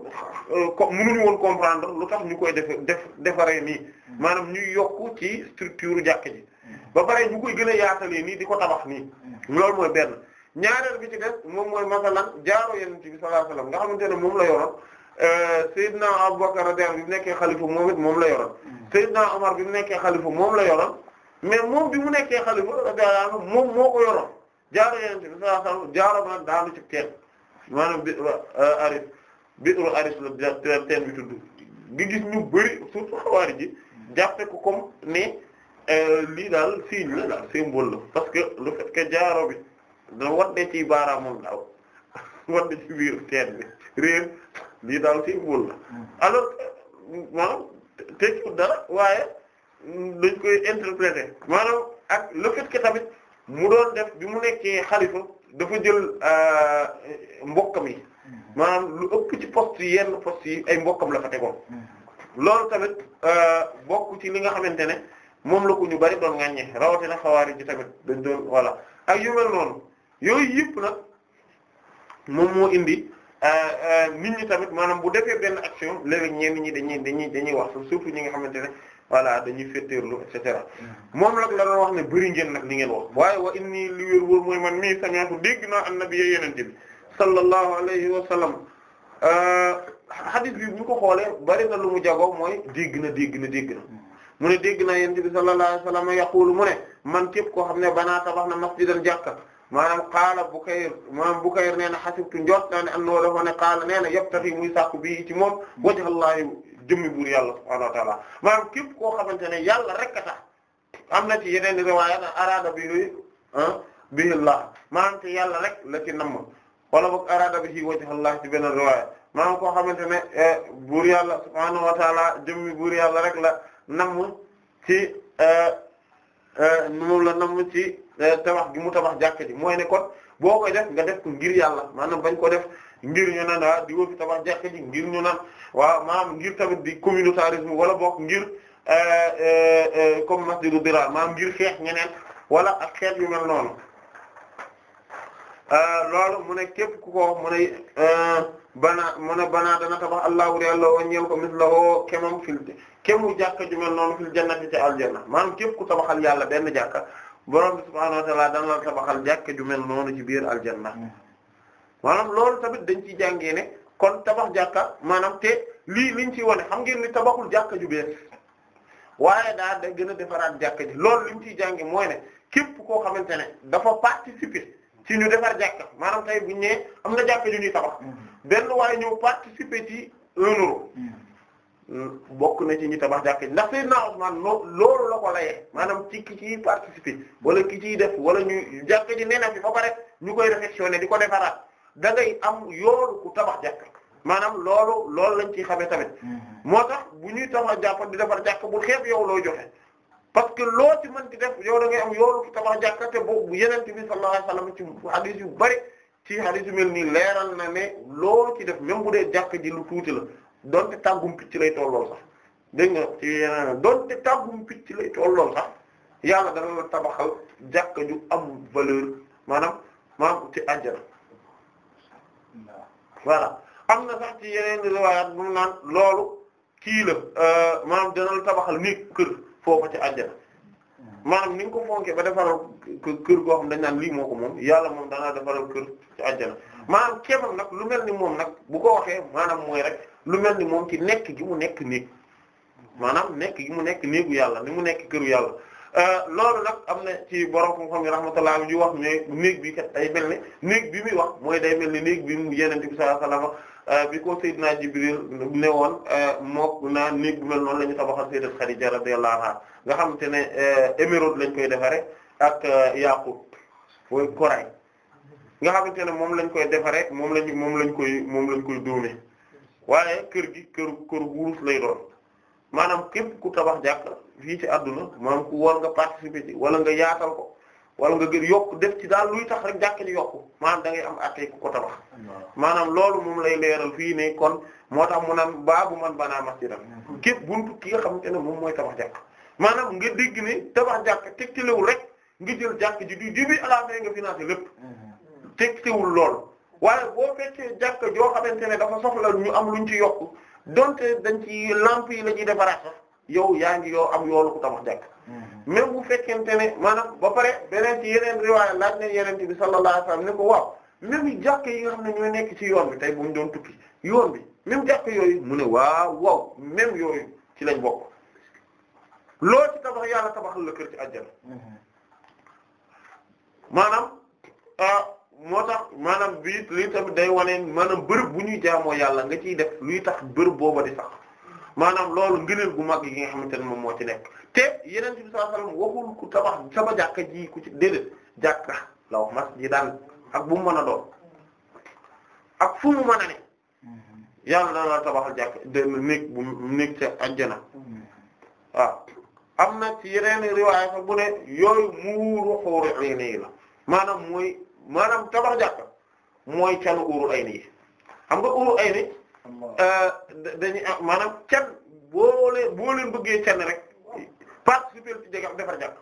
euh, mënuñu woon comprendre lu tax ñu koy def def defaree nii mm. maanaam ñuy yokk ci structure jàkk ji mm. ba bari ñu koy gën a nii di ko tabax nii mm. loolu mooy benn ñaareel bi ci def moom mooy masalan jaaro yonent bi sallallahu alayhi nga xamante ne moom la yoroon euh, Seydina Abubakar radiyallahu anhu bi nekkee xalifa moom it moom la yoroon Seydina Omar bi mu nekkee xalifa moom la yoroon mais moom bi mu nekkee xalifa radiyallahu anhu moom moo ko yoroon jaaro yonent bi sallallahu jaaro ba daanu ci teel maanaam bi euh, arif biiru aris la teen bi tudd nga gis ñu bëri surtout xawaari ji jàppe ko comme ne euh, lii daal signe la daal parce que le fait que jaaro bi da wadde ci baaraamam daaw wadde ci biir teen bi réer lii daal symbole la mm. alors maanaam tekkiwul dara waaye mm, dañ koy interpréter maanaam ak le tamit mu doon def bi mu nekkee xalifa dafa jël euh, mbokkam mi maanaam lu ëpp ci poste yi yenn poste yi ay mbokkam la fa tegoon mm-hmm. loolu tamit euh, bokk ci li nga xamante ne moom la ko ñu bari doon ŋàññe rawatina xawaari ji tamit dañ doon voilà ak yu mel noonu yooyu yëpp nag moom moo indi euh, euh, nit ñi tamit maanaam bu defee benn action léeg-léeg ñi dañuy dañuy dañuy wax surtout ñi nga xamante ne voilà dañuy féeteerlu et cetera mm-hmm. moom nag la doon wax ne bëri ngeen nag li ngeen wax waaye wa inni li wér wóor mooy man mii sami'tu naa an-nabiyya yeneen bi sallallahu alayhi wa sallam euh, hadith bi bu ñu ko xoolee bari na lu mu jagoo mooy dégg na dégg na dégg na dégg na yonent bi sallallahu alayhi wa sallam yaqulu man képp koo xam ne banaa tabax na masjidan jàkka maanaam qaala Bukayr maanaam Bukayr nee na xasibtu njort naa ne am na woo ne qaala nee na yabtaxi muy sàkku bii ci moom wajhallahi jëmmi buur yàlla subhaanahu wa ta'aala maanaam képp koo xamante ne yàlla rek a am na ci yeneen riwaaya araada bi ah bihillah maanaam te yàlla rek la ci wala boog araada bihi wajhallah ci benn riwaaya maanaam koo xamante ne eh, buur yàlla subhaanahu wa taala jëmmi buur yàlla rek la namm ci eh, eh, moom la namm ci tabax gi mu tabax jàkka ji mooy ne kon boo koy def nga def ngir yàlla maanaam bañ ko def ngir ñu naan waaw ah, di woo fi tabax jàkka ji ngir ñu naan waaw maanaam ngir tamit di communautarisme wala boog ngir comme masjidu Diraar maanaam ngir xeex ñeneen wala ak xeet yu mel noonu Ah, loolu mu ne képp ku ko ah, mu ne bana mu a banaa dana tabax allahu yàlla wa ñeel ko mislahoo kemam fil kemu jàkka ju mel noonu fil jannati ci aljanna maanaam képp ku tabaxal yàlla benn jàkka borom bi subhaanahu wa ta'aala dana la tabaxal jàkka ju mel noonu ci biir aljanna hmm. maanaam loolu tamit dañ ci jàngee ne kon tabax jàkka maanaam te lii liñ ciy wane xam ngeen ni tabaxul jàkka ju bees waaye daa da gën a defaraat jàkka ji loolu liñ ciy jàngee mooy képp koo xamante ne dafa participer ci ñu defar jàkka maanaam tey bu ñu am na jàkka ju ñuy tabax mm-hmm. benn waaye ñëw participer ci un euro mm-hmm. bokk na ci ñi tabax jàkka ndax Seydina Ousmane noo loolu la ko layee maanaam ci ki ciy participer wala ki ciy def wala ñu jàkka ji nee na fi ba pare ñu koy réfectionner di ko defaraat da ngay am yoolu ku tabax jàkka maanaam loolu loolu lañ ciy xamee tamit mm-hmm. moo tax bu ñuy tabax jàkka di defar jàkka bu xeeb yow looy joxe parce que loo ci mën di def yow da ngay am yoolu ci tabax jàkka te boobu yeneen bi sallallahu alayhi wasallam ci hadith yu bari ci hadith yu mel nii leeral na ne loo ci def même bu dee jàkk ji lu tuuti la donte tàggum picc lay tollool sax dégg nga ci yeneen donte tàggum picc lay tollool sax yàlla dana la tabaxal jàkka ju am valeur maanaam maanaam ci àjjana voilà am na sax ci yeneen riwaayaat bu mu naan loolu kii la euh, maanaam dana la tabaxal néeg kër foofu ci àjjana maanaam ni ko fonkee ba defaral kër goo xam dañ naan lii moo ko moom yàlla moom danaa defaral kër ci àjjana maanaam kéemam nag lu mel ni moom nag bu ko waxee maanaam mooy rek lu mel ni moom ci nekk gi mu nekk néeg maanaam nekk gi mu nekk néegu yàlla ni mu nekk këru yàlla euh, loolu nag am na ci borom xam-xam yi rahmatullah yu wax ne néeg bi kat day mel ne néeg bi muy wax mooy day mel ne néeg bi mu yenente bi sallallahu alayhi wasallam Euh, bi ko Seydina Jibril ne woon euh, mook naa néeg bu mel noonu la ñu tabaxal Sayyidat Khadija radiyallahu nga xam te ne euh, émeraude lañ koy defare ak yaqut wooy corail nga xamante ne moom lañ koy defaree moom lañ moom lañ koy moom lañ koy dóome waaye kër gi kër kër wurus lay doon maanaam képp ku tabax jàkk fii ci àdduna maanaam ku war nga participer ci wala nga yaatal ko wala nga gën yokk def ci daal luy tax rek jàkk ji yokku maanaam da ngay am attey ku ko tabax maanaam loolu moom lay leeral fii ne kon moo tax mu naan baabu man banaa masjidan mm-hmm. képp buntu ki nga xamante ne moom mooy tabax jàkk maanaam nga dégg ne tabax jàkk tegtalewul rek nga jël jàkk ji du début à la fin nga financé lépp mm-hmm. tegtalewul lool waaye boo fekkee jàkk joo xamante ne dafa soxla ñu am luñ ci yokk donte dañ ci lamp yi la ñuy defaraat sax yow yaa ngi yoo am yoolu ku tabax Mm-hmm. même bu fekkente ne maanaam ba pare beneen ci yeneen riwaaya laaj nañ yeneen bi sallallahu alayhi wasallam ne ko waaw même yu jàkk yi nga xam ne ñooy nekk ci yoon bi tey bu mu doon tukki yoon bi même jàkk yooyu mu ne waaw waaw même yooyu ci lañ bokk loo tabax yàlla tabaxal la kër ci mm-hmm. ah, moo tax maanaam bii lii day wane maanaam bërëb bu ñuy jaamoo yàlla nga ciy def luy tax bërëb boobu di sax maanaam loolu ngëneel gu mag yi nga xamante ne moom moo ci nekk te yeneen bi sallallahu alayhi wasallam waxul ku tabax sama jàkka ji ku ci déedéet jàkka la wax masjid daal ak bu mu mën a doon ak fu mu mën a ne yàlla dana la tabaxal jàkka néeg bu néeg ca àjjana waaw am na ci yeneen riwaaya sax bu ne yooyu muuru xóoru ay nii la maanaam mooy maanaam tabax jàkka mooy canu uuru ay nii xam nga uuru ay nii euh, dañuy maanaam can boo leen boo leen bëggee can rek participer ci jege defar jàkk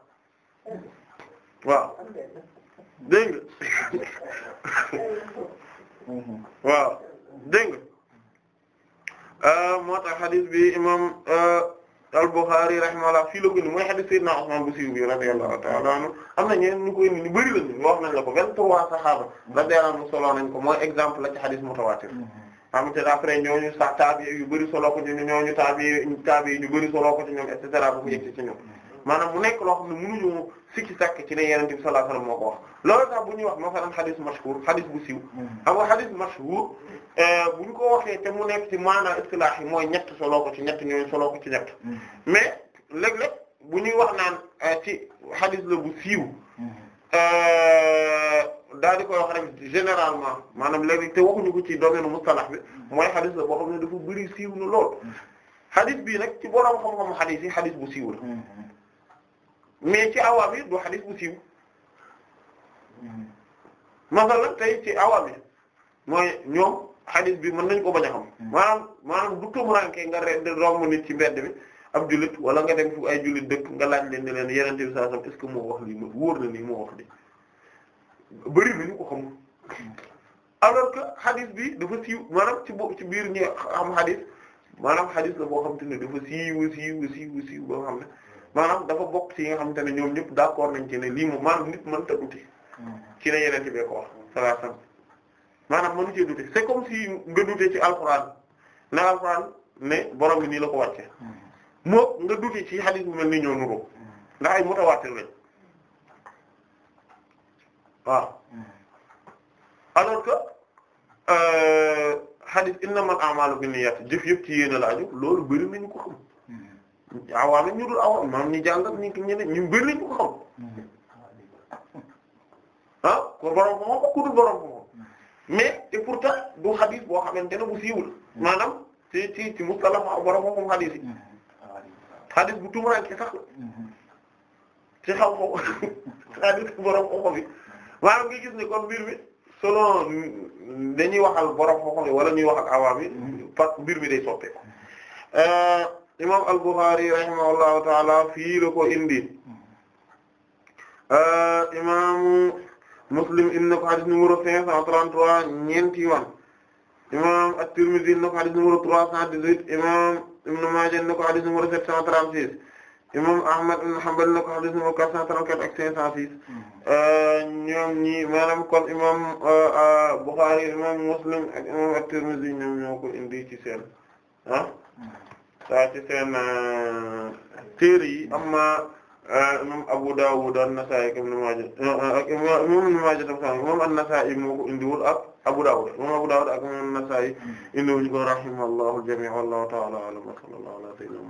waaw dégg nga waaw dégg nga euh, moo tax xadis bi imam euh, al-Bukhari rahimahullah fii la ko ni mooy xadis Seydina Usman bu siiw bi radiyallahu ta'ala anhu am na ñeen ñu koy ni ñu bari lañu wax nañ la ko vingt-trois sahaaba radiyallahu anhu solo nañ ko mooy exemple la ci xadis mutawatir mm-hmm. xamante ne après ñooñu sax taabi yu bëri solo ko ñooñu taabi ñu bëri solo ko ci ñoom et cetera ba mu yegg ci ñoom maanaam mu nekk loo xam ne mënuñu sikki sàkk ci ne Yonent bi sallallahu alayhi wasallam moo ko wax loolu tax bu ñuy wax masalan xadis mashhur xadis bu siiw xam nga xadis mashhur euh, bu ñu ko waxee te mu nekk ci maanaa istilaax yi mooy ñett solo ko ci ñett ñooñu solo ko ci ñett mais léeg-léeg bu ñuy wax naan euh, ci xadis la bu siiw mm-hmm. euh, daal di koy wax rek généralement maanaam léegi te waxuñu ko ci domaine mustalah bi mooy xadis la boo xam ne dafa bëri siiw na lool xadis bii nag ci borom xam-xam xadis yi xadis bu mais ci awaam yi du xadis bu siiw masalan tey ci awaam yi mooy ñoom xadis bi mën nañ ko bañ a xam maanaam maanaam du tumuraanke nga redd romb nit ci mbedd bi ab jullit wala nga dem fu ay jullit dëkk nga laaj leen ne leen yenente bi sallallahu alayhi wasallam est-ce que moo wax lii moo wax lii bëri nañu ko xamul alors que hadith bi dafa siiw maanaam ci bo ci biir ñi xam hadith maanaam hadith la boo xamante ne dafa siiw siiw siiw siiw boo xam ne maanaam dafa bokk ci yi nga xamante ne ñoom ñëpp d'accord nañ ci ne lii moom maanaam nit mënta dute mm-hmm. ci ne yeneen bee ko wax sallallahu alayhi maanaam mënu cee dute c'est comme si nga dute ci alxuraan ne alxuraan ne borom bi nii la ko wàcce mm-hmm. moo nga dute ci hadith bu mel ni ñoo nuroo mm-hmm. ndax ay mutawaatir lañ waaw alors que euh, hadith innamal a'malu binniyat jëf yëpp ci yéene la aju loolu bëri nañu ko xam. awaami ñu dul awaam maam ñi jàngal ñi ñu ne ñu bëri nañu ko xam. ah ko borom ko moom ku dul borom ko moom mais et pourtant du hadith boo xamante ne bu siiwul maanaam ci ci ci mustalah ma borom ko moom hadith yi. hadith bu tumuraanke sax la. Mm-hmm. ci xaw ma hadith borom ko bi. maanaam gi gis ni kon mbir mi selon dañuy waxal borom ne wala ñuy wax ak awaam yi parce que mbir mi day soppeeku euh, imam al-Bukhari rahimahullahu taala fii la ko indi euh, Muslim indi ko hadith numéro 533 ñeenti yoon imam at-Tirmidhi indi ko hadith numéro 318 imam Ibn Majah indi ko hadith numéro 736 imam Ahmad ibn Hanbal na ko hadith numéro 434 ak 506 mm-hmm. euh, ñoom ñi maanaam kon imam euh, euh, Bukhari imam Muslim ak imam At-Tirmidhi ñoom ñoo ko indi ci seen ah mm-hmm. saa ci seen téere yi amma imam Abu Dawud An-Nasa'i ak Ibn Majah ak imam Ibn Majah tam sax imam An-Nasa'i moo ko indiwul ak Abu Dawud imam Abu Dawud ak imam An-Nasa'i mm-hmm. indiwuñu ko rahimallahu al-jami' wallahu ta'ala a'lam wa sallallahu ala sayyidina